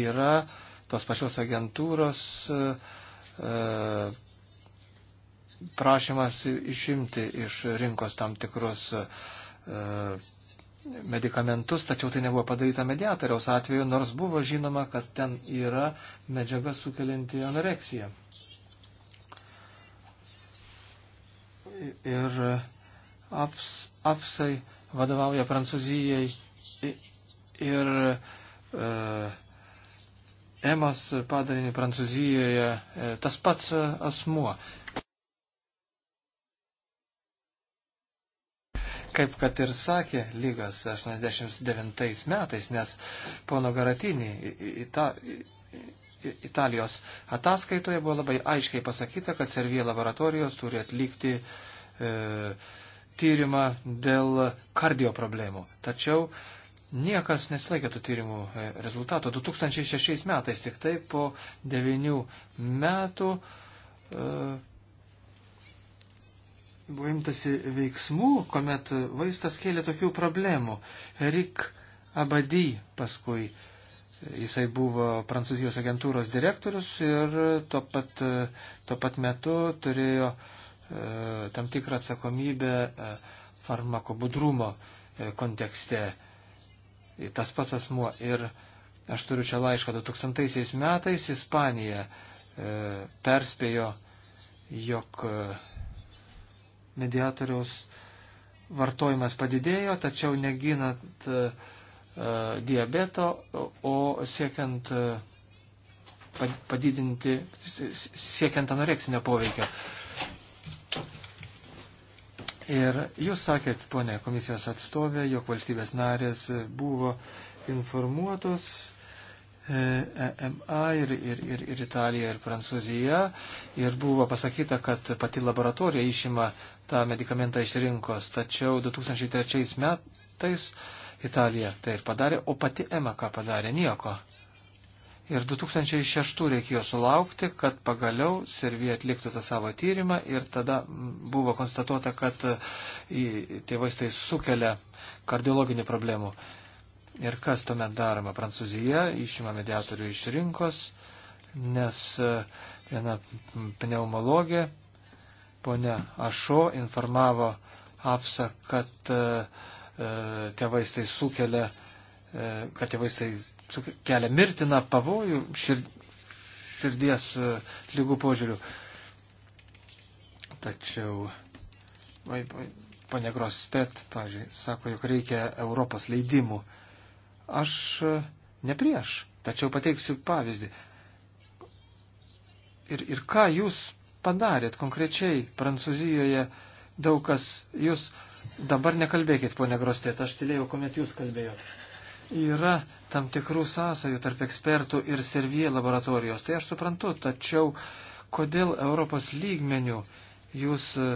yra tos pačios agentūros e, E, prašymas išimti iš rinkos tam tikrus e, medikamentus, tačiau tai nebuvo padaryta mediatoriaus atveju, nors buvo žinoma, kad ten yra medžiaga sukelianti anoreksiją. Ir aps, apsai vadovauja Prancūzijai ir e, EMAS padarinį Prancūzijoje e, tas pats e, asmuo. Kaip kad ir sakė lygas 89 metais, nes pono Garatinį ita, Italijos ataskaitoje buvo labai aiškiai pasakyta, kad Servija laboratorijos turi atlikti e, tyrimą dėl kardioproblemų. Tačiau e, Niekas nesilaikė tų tyrimų e, rezultato. 2006 metais tik tai po 9 metų uh, buvo imtasi veiksmų, kuomet vaistas kėlė tokių problemų. Rik Abadi paskui e, jisai buvo Prancūzijos agentūros direktorius ir tuo pat, tuo pat metu turėjo uh, tam tikrą atsakomybę uh, farmakobudrumo kontekste tas pats asmuo. Ir aš turiu čia laišką 2000 metais Ispanija e, perspėjo, jog e, mediatoriaus vartojimas padidėjo, tačiau neginant e, e diabeto, o siekiant e, padidinti, siekiant anoreksinio poveikio. E, Ir jūs sakėt, ponė komisijos atstovė, jog valstybės narės buvo informuotos EMA e ir, ir, ir, ir Italija ir Prancūzija ir buvo pasakyta, kad pati laboratorija išima tą medikamentą iš rinkos, tačiau 2003 metais Italija tai ir padarė, o pati EMA ką padarė? Nieko. Ir 2006 reikėjo sulaukti, kad pagaliau Servija atliktų tą savo tyrimą ir tada buvo konstatuota, kad e, tie vaistai sukelia kardiologinių problemų. Ir kas tuomet daroma? Prancūzija išima mediatorių iš rinkos, nes e, viena pneumologė, ponia Ašo, informavo apsa, e, kad tie vaistai sukelia, kad tie vaistai kelia mirtiną pavojų šird, širdies e, lygų požiūrių. Tačiau, vai, vai, ponė Grostet, pažiūrėjau, sako, jog reikia Europos leidimų. Aš e, ne prieš, tačiau pateiksiu pavyzdį. Ir, ir ką jūs padarėt konkrečiai Prancūzijoje, daug kas jūs dabar nekalbėkit, ponė Grostet, aš tylėjau, kuomet jūs kalbėjote yra tam tikrų sąsajų tarp ekspertų ir servie laboratorijos. Tai aš suprantu, tačiau kodėl Europos lygmenių jūs e,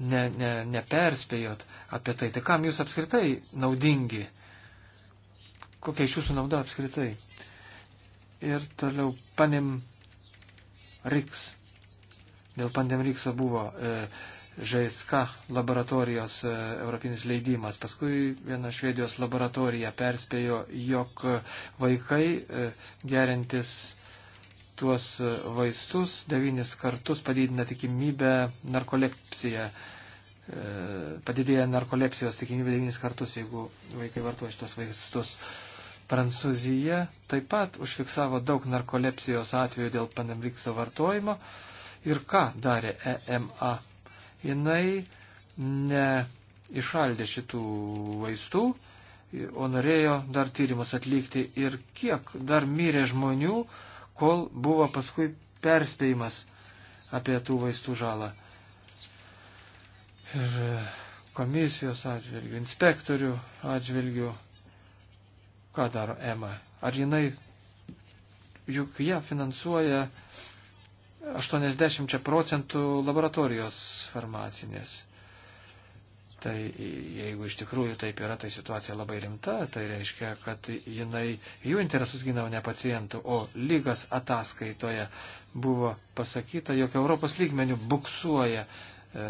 ne, ne, neperspėjot apie tai? Tai kam jūs apskritai naudingi? Kokia iš jūsų nauda apskritai? Ir toliau panim Riks. Dėl pandemrikso buvo e, ŽSK laboratorijos e, europinis leidimas. Paskui viena Švedijos laboratorija perspėjo, jog vaikai e, gerintis tuos e, vaistus devynis kartus padidina tikimybę narkolepsiją. Padidėja narkolepsijos tikimybė devynis kartus, jeigu vaikai vartoja šitos vaistus. Prancūzija taip pat užfiksavo daug narkolepsijos atvejų dėl panemrikso vartojimo. Ir ką darė EMA jinai neišaldė šitų vaistų, o norėjo dar tyrimus atlikti ir kiek dar mirė žmonių, kol buvo paskui perspėjimas apie tų vaistų žalą. Ir e, komisijos atžvilgių, inspektorių atžvilgių, ką daro EMA. Ar jinai, juk ją finansuoja uh, 80 procentų laboratorijos farmacinės. Tai jeigu iš tikrųjų taip yra, tai situacija labai rimta, tai reiškia, kad jinai jų interesus gina, o ne pacientų, o lygas ataskaitoje buvo pasakyta, jog Europos lygmenių buksuoja e,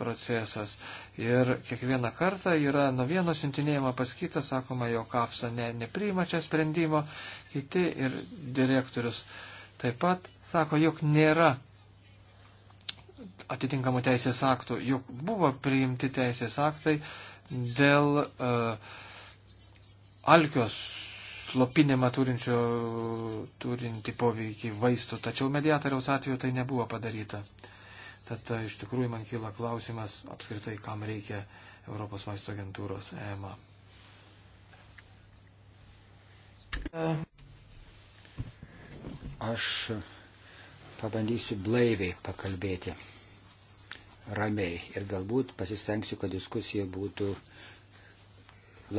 procesas ir kiekvieną kartą yra nuo vieno siuntinėjimo pas kitą, sakoma, jog apsa ne, nepriima čia sprendimo, kiti ir direktorius. E, taip pat sako, jog nėra atitinkamų teisės aktų, juk buvo priimti teisės aktai dėl uh, e, alkios slopinimą turinčio, turinti poveikį vaistų, tačiau mediatoriaus atveju tai nebuvo padaryta. Tad e, iš tikrųjų man kyla klausimas apskritai, kam reikia Europos maisto agentūros EMA. E, Aš pabandysiu blaiviai pakalbėti ramiai ir galbūt pasistengsiu, kad diskusija būtų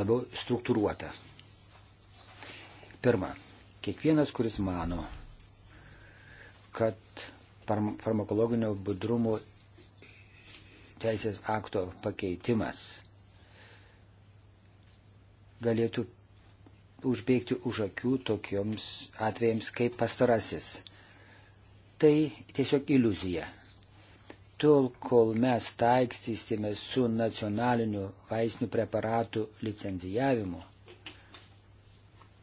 labiau struktūruota. Pirma, kiekvienas, kuris mano, kad farmakologinio budrumo teisės akto pakeitimas galėtų užbėgti už akių tokioms atvejams kaip pastarasis. Tai tiesiog iliuzija. Tol, kol mes taikstysime su nacionaliniu vaistinių preparatų licencijavimu,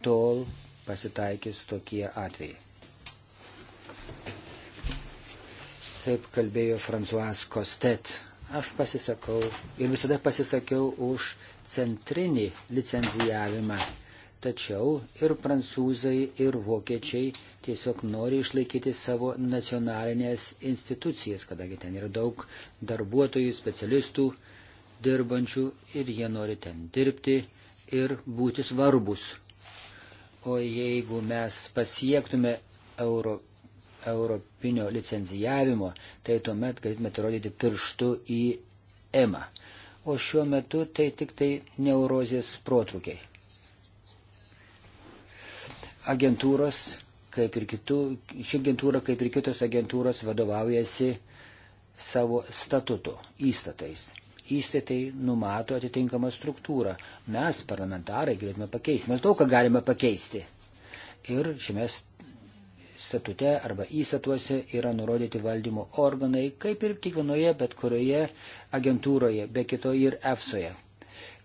tol pasitaikys tokie atvejai. Kaip kalbėjo Fransuas Kostet, aš pasisakau ir visada pasisakiau už centrinį licenzijavimą Tačiau ir prancūzai, ir vokiečiai tiesiog nori išlaikyti savo nacionalinės institucijas, kadangi ten yra daug darbuotojų, specialistų dirbančių ir jie nori ten dirbti ir būti svarbus. O jeigu mes pasiektume euro, europinio licenzijavimo, tai tuomet galėtume tai rodyti pirštu į EMA. O šiuo metu tai tik tai neurozės protrukiai agentūros, kaip ir kitų, ši agentūra, kaip ir kitos agentūros, vadovaujasi savo statutu, įstatais. Įstatai numato atitinkamą struktūrą. Mes, parlamentarai, galėtume pakeisti. Mes daug ką galime pakeisti. Ir šiame statute arba įstatuose yra nurodyti valdymo organai, kaip ir kiekvienoje, bet kurioje agentūroje, be kito ir EFSOje.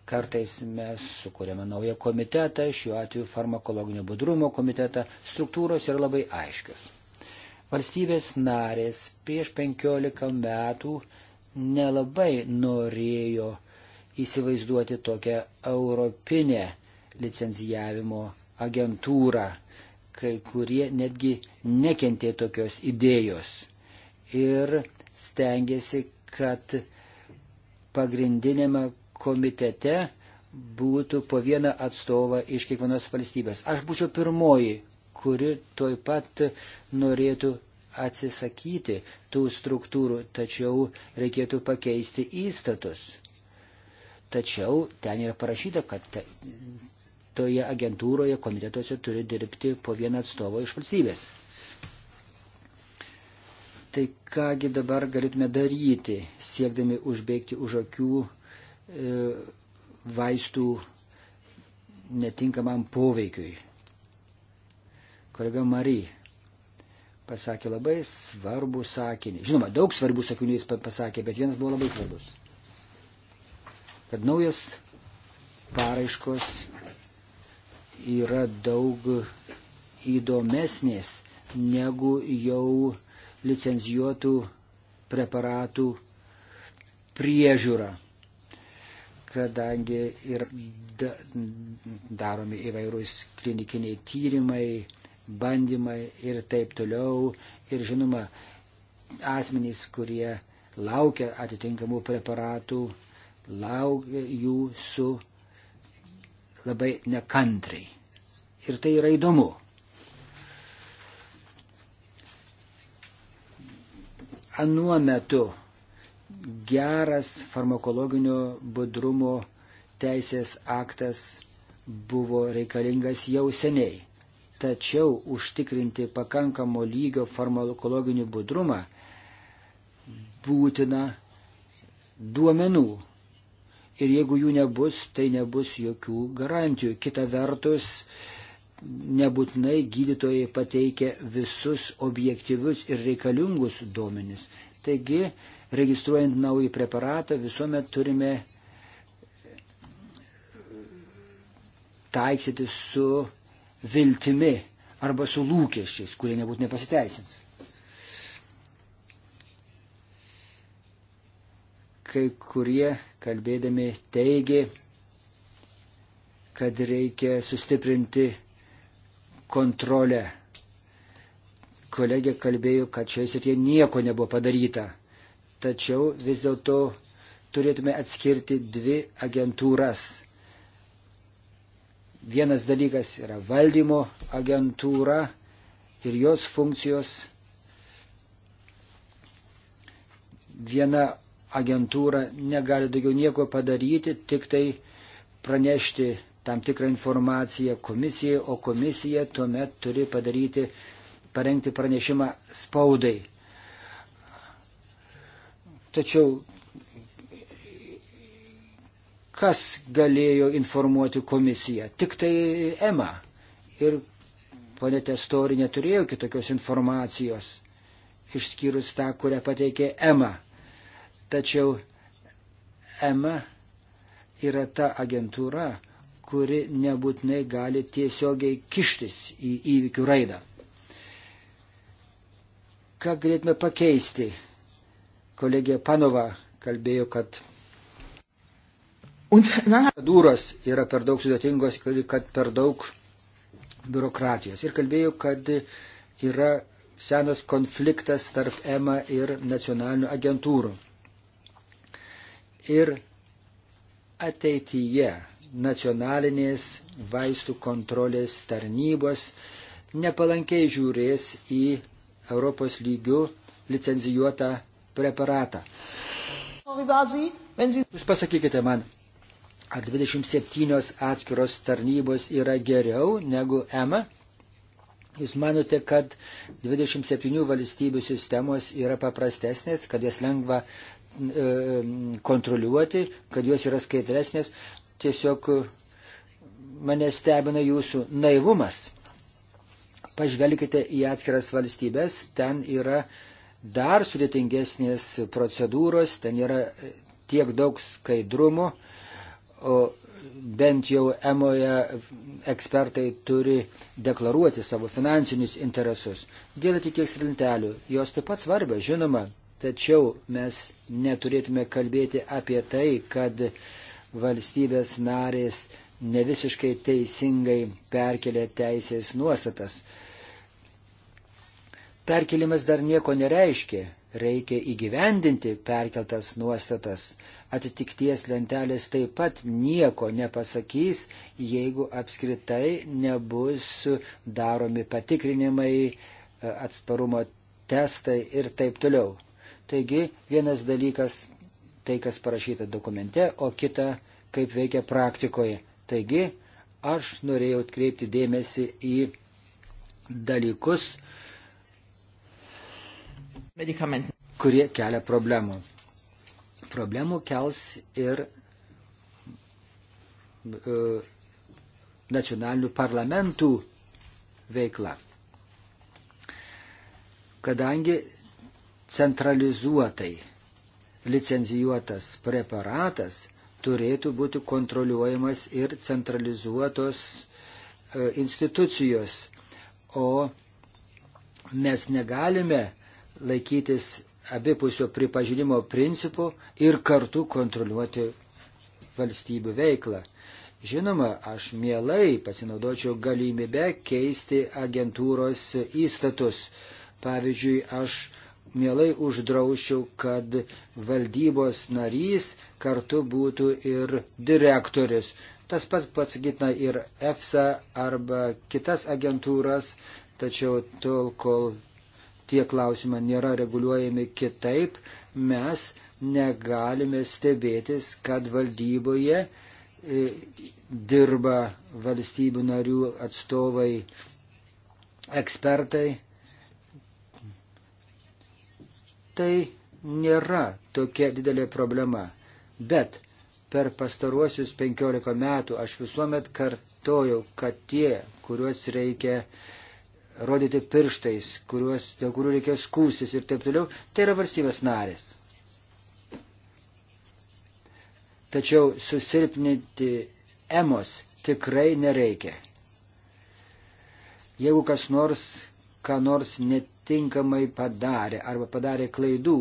Kartais mes sukūrėme naują komitetą, šiuo atveju farmakologinio budrumo komitetą, struktūros yra labai aiškios. Valstybės narės prieš 15 metų nelabai norėjo įsivaizduoti tokią europinę licenzijavimo agentūrą, kai kurie netgi nekentė tokios idėjos ir stengiasi, kad pagrindinėme komitete būtų po vieną atstovą iš kiekvienos valstybės. Aš būčiau pirmoji, kuri toj pat norėtų atsisakyti tų struktūrų, tačiau reikėtų pakeisti įstatus. Tačiau ten yra parašyta, kad toje agentūroje, komitetuose turi dirbti po vieną atstovą iš valstybės. Tai kągi dabar galėtume daryti, siekdami užbėgti už akių E, vaistų netinkamam poveikiui. Kolega Marija pasakė labai svarbų sakinį. Žinoma, daug svarbių sakinių jis pasakė, bet vienas buvo labai svarbus. Kad naujas paraiškos yra daug įdomesnės negu jau licenzijuotų preparatų priežiūra kadangi ir da, daromi įvairūs klinikiniai tyrimai, bandymai ir taip toliau. Ir žinoma, asmenys, kurie laukia atitinkamų preparatų, laukia jų su labai nekantrai. Ir tai yra įdomu. Anuo metu geras farmakologinio budrumo teisės aktas buvo reikalingas jau seniai. Tačiau užtikrinti pakankamo lygio farmakologinį budrumą būtina duomenų. Ir jeigu jų nebus, tai nebus jokių garantijų. Kita vertus, nebūtinai gydytojai pateikia visus objektyvius ir reikalingus duomenis. Taigi registruojant naują preparatą visuomet turime taiksyti su viltimi arba su lūkesčiais, kurie nebūtinai pasiteisins. Kai kurie kalbėdami teigė, kad reikia sustiprinti kontrolę. Kolegė kalbėjo, kad šioje srityje nieko nebuvo padaryta tačiau vis dėlto turėtume atskirti dvi agentūras. Vienas dalykas yra valdymo agentūra ir jos funkcijos. Viena agentūra negali daugiau nieko padaryti, tik tai pranešti tam tikrą informaciją komisijai, o komisija tuomet turi padaryti, parengti pranešimą spaudai. Tačiau kas galėjo informuoti komisiją? Tik tai EMA. Ir ponė Testori neturėjo kitokios informacijos, išskyrus tą, kurią pateikė EMA. Tačiau EMA yra ta agentūra, kuri nebūtinai gali tiesiogiai kištis į įvykių raidą. Ką galėtume pakeisti? kolegė Panova kalbėjo, kad procedūros yra per daug sudėtingos, kad per daug biurokratijos. Ir kalbėjau, kad yra senas konfliktas tarp EMA ir nacionalinių agentūrų. Ir ateityje nacionalinės vaistų kontrolės tarnybos nepalankiai žiūrės į Europos lygių licenzijuotą preparatą. Jūs pasakykite man, ar 27 atskiros tarnybos yra geriau negu EMA? Jūs manote, kad 27 valstybių sistemos yra paprastesnės, kad jas lengva e, kontroliuoti, kad jos yra skaidresnės. Tiesiog e, mane stebina jūsų naivumas. Pažvelkite į atskiras valstybės, ten yra e, dar sudėtingesnės procedūros, ten yra tiek daug skaidrumo, o bent jau emoje ekspertai turi deklaruoti savo finansinius interesus. Dėl atikės lintelių, jos taip pat svarbios, žinoma, tačiau mes neturėtume kalbėti apie tai, kad valstybės narės ne visiškai teisingai perkelia teisės nuostatas. Perkelimas dar nieko nereiškia, reikia įgyvendinti perkeltas nuostatas. Atitikties lentelės taip pat nieko nepasakys, jeigu apskritai nebus daromi patikrinimai, e, atsparumo testai ir taip toliau. Taigi vienas dalykas tai, kas parašyta dokumente, o kita, kaip veikia praktikoje. Taigi aš norėjau atkreipti dėmesį į dalykus, medikamentų, kurie kelia problemų. Problemų kels ir uh, nacionalinių parlamentų veikla. Kadangi centralizuotai licenzijuotas preparatas turėtų būti kontroliuojamas ir centralizuotos e, institucijos, o mes negalime laikytis abipusio pripažinimo principų ir kartu kontroliuoti valstybių veiklą. Žinoma, aš mielai pasinaudočiau galimybę keisti agentūros įstatus. Pavyzdžiui, aš mielai uždraušiau, kad valdybos narys kartu būtų ir direktorius. Tas pats pats gitina ir EFSA arba kitas agentūras, tačiau tol, kol tie klausimai nėra reguliuojami kitaip, mes negalime stebėtis, kad valdyboje e, dirba valstybių narių atstovai, ekspertai. Tai nėra tokia didelė problema, bet per pastaruosius 15 metų aš visuomet kartojau, kad tie, kuriuos reikia rodyti pirštais, kuriuos, dėl kurių reikės skūsis ir taip toliau, tai yra valstybės narės. Tačiau susilpninti emos tikrai nereikia. Jeigu kas nors, ką nors netinkamai padarė arba padarė klaidų,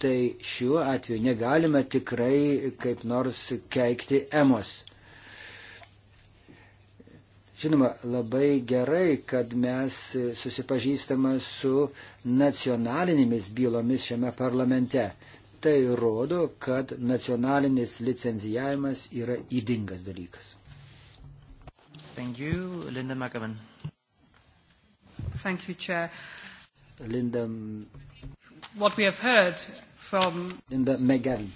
tai šiuo atveju negalime tikrai kaip nors keikti emos. Žinoma, labai gerai, kad mes susipažįstame su nacionalinėmis bylomis šiame parlamente. Tai rodo, kad nacionalinis licenzijavimas yra įdingas dalykas. Thank you, Linda McGovern. Thank you, Chair. Linda. What we have heard from. Linda McGovern.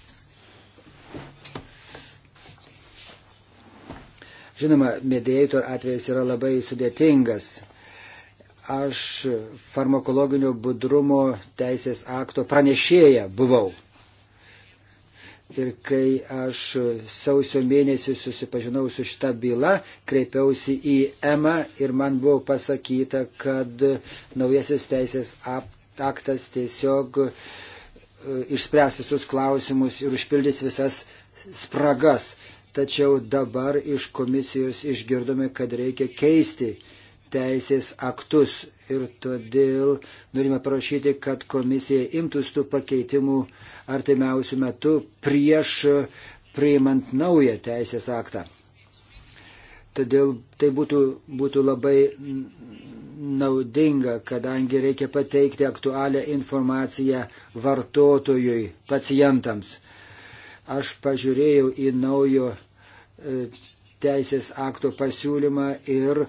Žinoma, mediator atvejas yra labai sudėtingas. Aš farmakologinio budrumo teisės akto pranešėja buvau. Ir kai aš sausio mėnesį susipažinau su šita byla, kreipiausi į EMA ir man buvo pasakyta, kad naujasis teisės aktas tiesiog e, išspręs visus klausimus ir užpildys visas spragas tačiau dabar iš komisijos išgirdome, kad reikia keisti teisės aktus ir todėl norime prašyti, kad komisija imtųsi tų pakeitimų artimiausių metų prieš priimant naują teisės aktą. Todėl tai būtų, būtų labai naudinga, kadangi reikia pateikti aktualią informaciją vartotojui, pacientams. Aš pažiūrėjau į naujo teisės akto pasiūlymą ir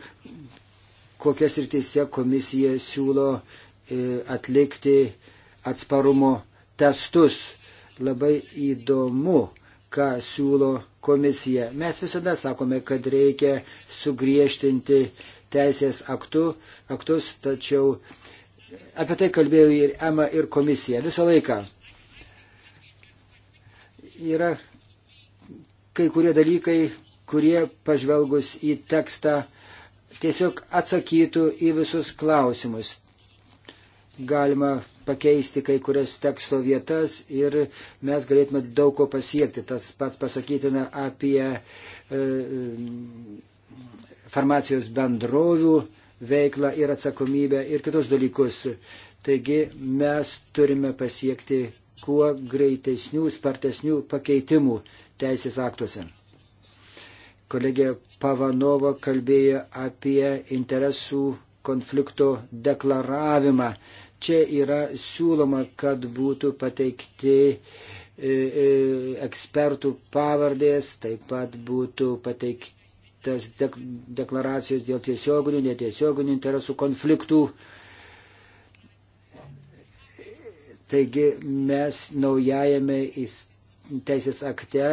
kokias rytise komisija siūlo e, atlikti atsparumo testus. Labai įdomu, ką siūlo komisija. Mes visada sakome, kad reikia sugriežtinti teisės aktu, aktus, tačiau apie tai kalbėjau ir EMA, ir komisija visą laiką. Yra kai kurie dalykai, kurie pažvelgus į tekstą tiesiog atsakytų į visus klausimus. Galima pakeisti kai kurias teksto vietas ir mes galėtume daug ko pasiekti. Tas pats pasakytina apie e, e farmacijos bendrovių veiklą ir atsakomybę ir kitus dalykus. Taigi mes turime pasiekti kuo greitesnių, spartesnių pakeitimų teisės aktuose. Kolegė Pavanova kalbėjo apie interesų konflikto deklaravimą. Čia yra siūloma, kad būtų pateikti e, e, ekspertų pavardės, taip pat būtų pateiktas deklaracijos dėl tiesioginių, netiesioginių interesų konfliktų. Taigi mes naujajame teisės akte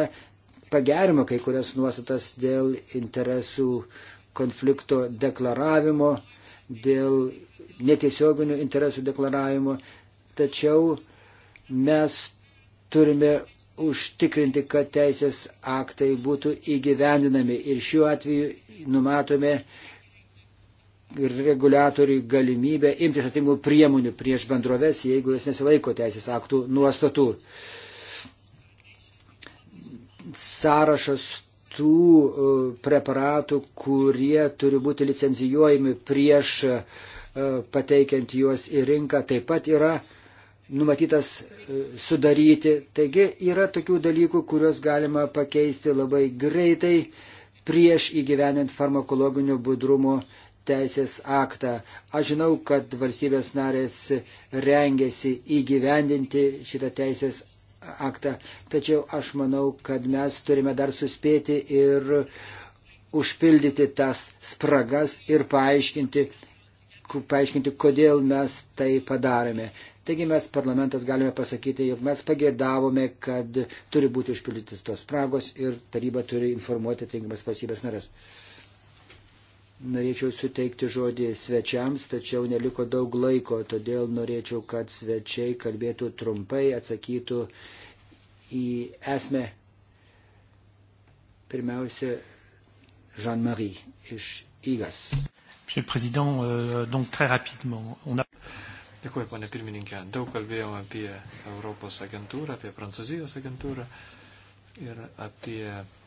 pagerimo kai kurias nuostatas dėl interesų konflikto deklaravimo, dėl netiesioginių interesų deklaravimo, tačiau mes turime užtikrinti, kad teisės aktai būtų įgyvendinami. Ir šiuo atveju numatome reguliatoriui galimybę imtis atingų priemonių prieš bendroves, jeigu jos nesilaiko teisės aktų nuostatų. Sąrašas tų e, preparatų, kurie turi būti licenzijuojami prieš e, pateikiant juos į rinką, taip pat yra numatytas e, sudaryti. Taigi yra tokių dalykų, kuriuos galima pakeisti labai greitai prieš įgyvenint farmakologinio budrumo uh, teisės aktą. Aš žinau, kad valstybės narės rengiasi įgyvendinti šitą teisės aktą, tačiau aš manau, kad mes turime dar suspėti ir užpildyti tas spragas ir paaiškinti, paaiškinti kodėl mes tai padarėme. Taigi mes parlamentas galime pasakyti, jog mes pagėdavome, kad turi būti užpildytis tos spragos ir taryba turi informuoti tinkamas valstybės narės. Norėčiau suteikti žodį svečiams, tačiau neliko daug laiko, todėl norėčiau, kad svečiai kalbėtų trumpai, atsakytų į esmę. Pirmiausia, Jean-Marie iš Igas. Euh, Dėkuoju, ponė pirmininkė. Daug kalbėjom apie Europos agentūrą, apie Prancūzijos agentūrą ir apie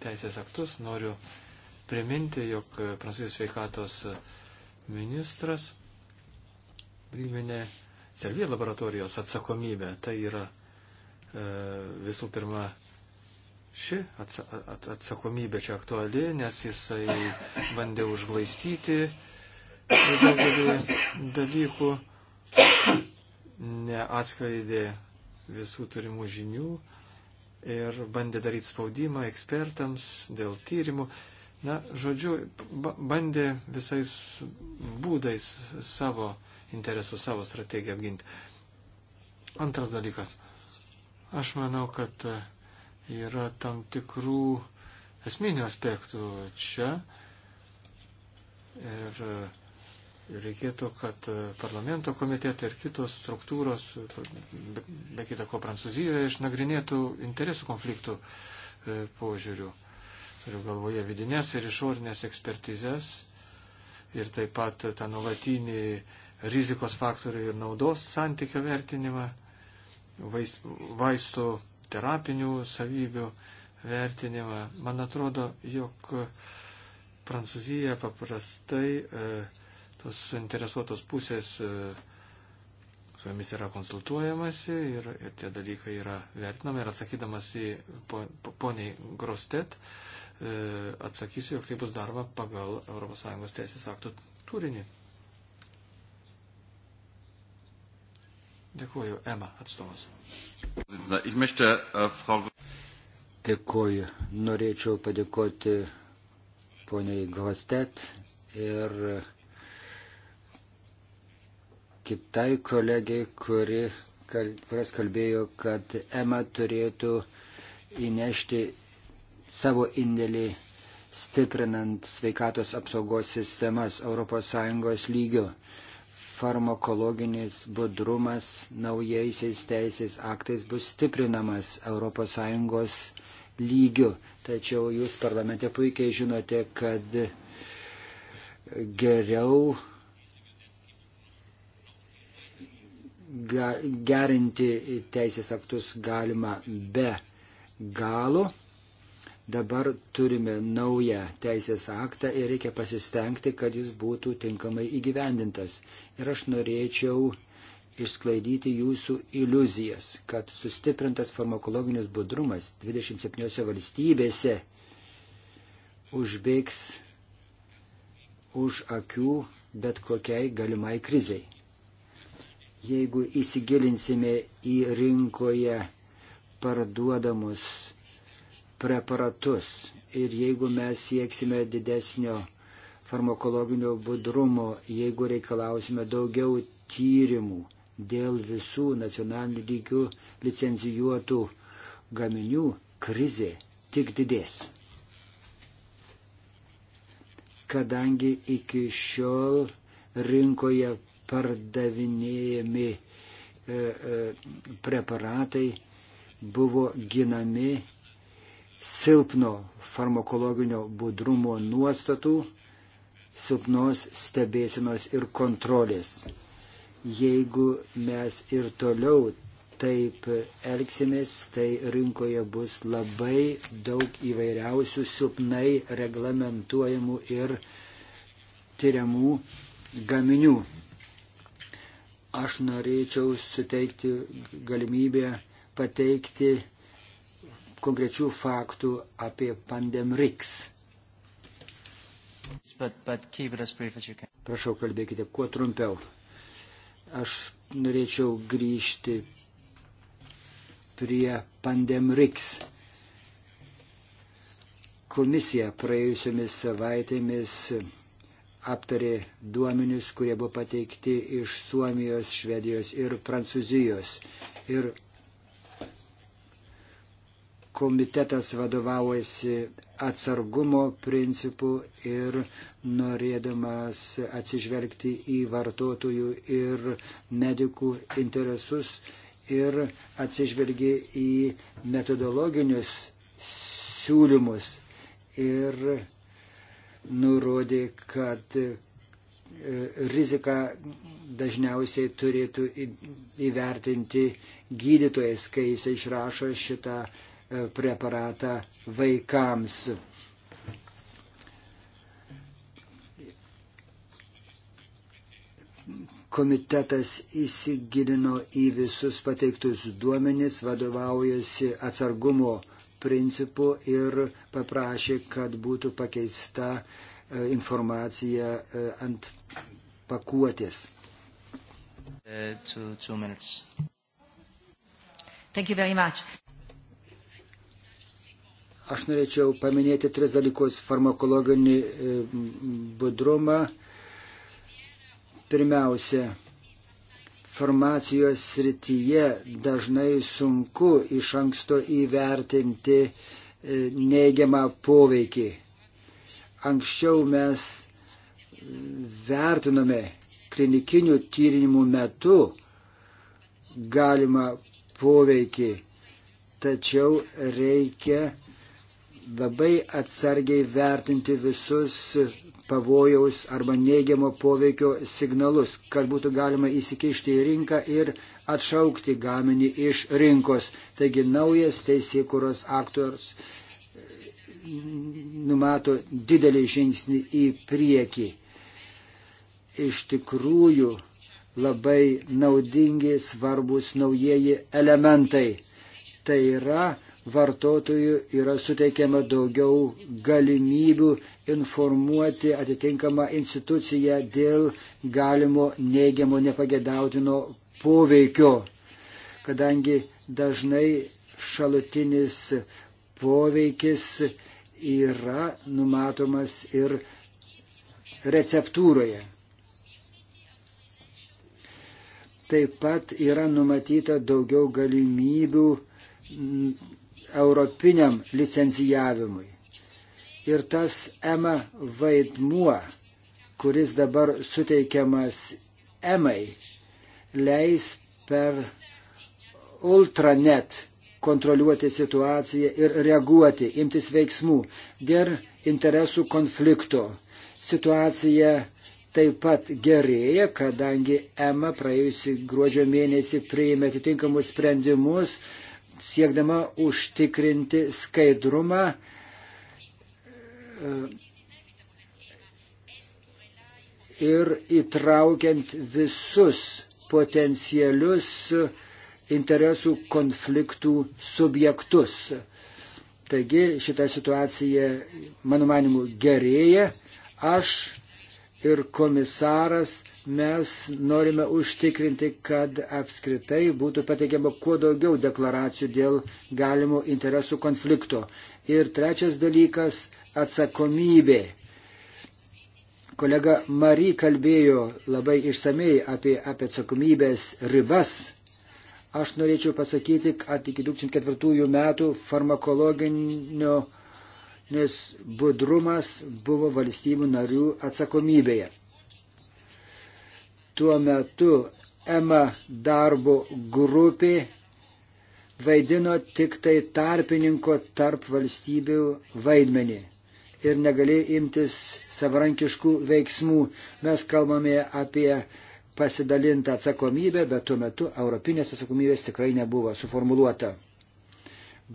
teisės aktus. Noriu uh, priminti, jog Prancūzijos sveikatos ministras priminė Servija laboratorijos atsakomybę. Tai yra e, visų pirma ši atsakomybė čia aktuali, nes jisai bandė užglaistyti daugelį dalykų, neatskleidė visų turimų žinių ir bandė daryti spaudimą ekspertams dėl tyrimų. Na, žodžiu, bandė visais būdais savo interesų, savo strategiją apginti. Antras dalykas. Aš manau, kad e, yra tam tikrų esminių aspektų čia. Ir e, reikėtų, kad e, parlamento komitetai ir kitos struktūros, be, be kita ko Prancūzijoje, išnagrinėtų interesų konfliktų požiūrių turiu galvoje vidinės ir išorinės ekspertizės ir taip pat tą nuolatinį rizikos faktorių ir naudos santykio vertinimą, vaistų terapinių savybių vertinimą. Man atrodo, jog Prancūzija paprastai e, tos suinteresuotos pusės e, su jomis yra konsultuojamasi ir, ir tie dalykai yra vertinami ir atsakydamas į po, po, poniai Grostet. E, E, atsakysiu, jog tai bus darba pagal ES teisės aktų turinį. Dėkuoju, Ema atstovas. Äh, Dėkuoju. Norėčiau padėkoti poniai Gvastet ir kitai kolegiai, kuri, kurios kalbėjo, kad Ema turėtų įnešti savo indėlį stiprinant sveikatos apsaugos sistemas ES lygio. Farmakologinis budrumas naujaisiais teisės aktais bus stiprinamas ES lygiu. Tačiau jūs parlamente puikiai žinote, kad geriau gerinti teisės aktus galima be galo Dabar turime naują teisės aktą ir reikia pasistengti, kad jis būtų tinkamai įgyvendintas. Ir aš norėčiau išsklaidyti jūsų iliuzijas, kad sustiprintas farmakologinis budrumas 27 valstybėse užbėgs už akių bet kokiai galimai kriziai. Jeigu įsigilinsime į rinkoje parduodamus preparatus. Ir jeigu mes sieksime didesnio farmakologinio budrumo, jeigu reikalausime daugiau tyrimų dėl visų nacionalinių lygių licencijuotų gaminių, krizė tik didės. Kadangi iki šiol rinkoje pardavinėjami e, e, preparatai buvo ginami silpno farmakologinio budrumo nuostatų, silpnos stebėsinos ir kontrolės. Jeigu mes ir toliau taip elgsimės, tai rinkoje bus labai daug įvairiausių silpnai reglamentuojamų ir tyriamų gaminių. Aš norėčiau suteikti galimybę pateikti konkrečių faktų apie Pandemrix. But, but as as Prašau, kalbėkite kuo trumpiau. Aš norėčiau grįžti prie Pandemrix. Komisija praėjusiomis savaitėmis aptarė duomenius, kurie buvo pateikti iš Suomijos, Švedijos ir Prancūzijos. Ir komitetas vadovaujasi atsargumo principu ir norėdamas atsižvelgti į vartotojų ir medikų interesus ir atsižvelgia į metodologinius siūlymus ir nurodė, kad e, riziką dažniausiai turėtų įvertinti gydytojas, kai jis išrašo šitą preparatą vaikams. Komitetas įsigilino į visus pateiktus duomenis, vadovaujasi atsargumo principu ir paprašė, kad būtų pakeista e, informacija e, ant pakuotės. Uh, two, two minutes. Thank you very much. Aš norėčiau paminėti tris dalykus - farmakologinį e, budrumą. Pirmiausia, farmacijos srityje dažnai sunku iš anksto įvertinti e, neigiamą poveikį. Anksčiau mes vertinome klinikinių tyrinimų metu galimą poveikį, tačiau reikia labai atsargiai vertinti visus pavojaus arba neigiamo poveikio signalus, kad būtų galima įsikišti į rinką ir atšaukti gaminį iš rinkos. Taigi naujas teisėkuros aktorius numato didelį žingsnį į priekį. Iš tikrųjų labai naudingi svarbus naujieji elementai. Tai yra vartotojų yra suteikiama daugiau galimybių informuoti atitinkamą instituciją dėl galimo neigiamo nepagėdautino poveikio, kadangi dažnai šalutinis poveikis yra numatomas ir receptūroje. Taip pat yra numatyta daugiau galimybių europiniam licencijavimui. Ir tas EMA vaidmuo, kuris dabar suteikiamas EMAI, leis per ultranet kontroliuoti situaciją ir reaguoti, imtis veiksmų dėl interesų konflikto. Situacija taip pat gerėja, kadangi EMA praėjusi gruodžio mėnesį priėmė atitinkamus sprendimus, siekdama užtikrinti skaidrumą e, ir įtraukiant visus potencialius interesų konfliktų subjektus. Taigi šita situacija, mano manimu, gerėja. Aš ir komisaras Mes norime užtikrinti, kad apskritai būtų pateikiama kuo daugiau deklaracijų dėl galimų interesų konflikto. Ir trečias dalykas - atsakomybė. Kolega Mary kalbėjo labai išsamei apie, apie atsakomybės ribas. Aš norėčiau pasakyti, kad iki 2004 metų farmakologinio nes budrumas buvo valstybių narių atsakomybėje. Tuo metu EMA darbo grupė vaidino tik tai tarpininko tarp valstybių vaidmenį ir negalėjo imtis savarankiškų veiksmų. Mes kalbame apie pasidalintą atsakomybę, bet tuo metu europinės atsakomybės tikrai nebuvo suformuluota.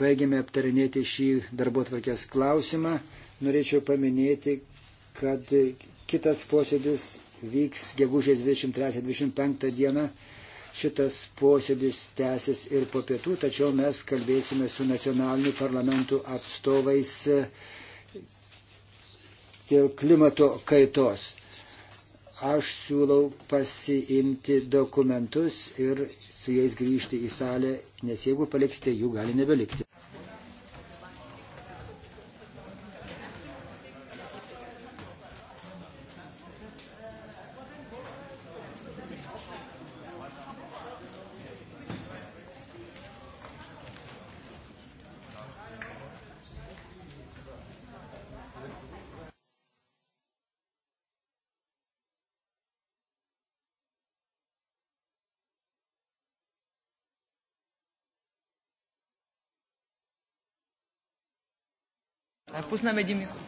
Baigėme aptarinėti šį darbo tvarkės klausimą. Norėčiau paminėti, kad kitas posėdis vyks gegužės 23-25 dieną. Šitas posėdis tęsis ir po pietų, tačiau mes kalbėsime su nacionaliniu parlamentu atstovais dėl klimato kaitos. Aš siūlau pasiimti dokumentus ir su jais grįžti į salę, nes jeigu paliksite, jų gali nebelikti. Πού να με τιμήσω.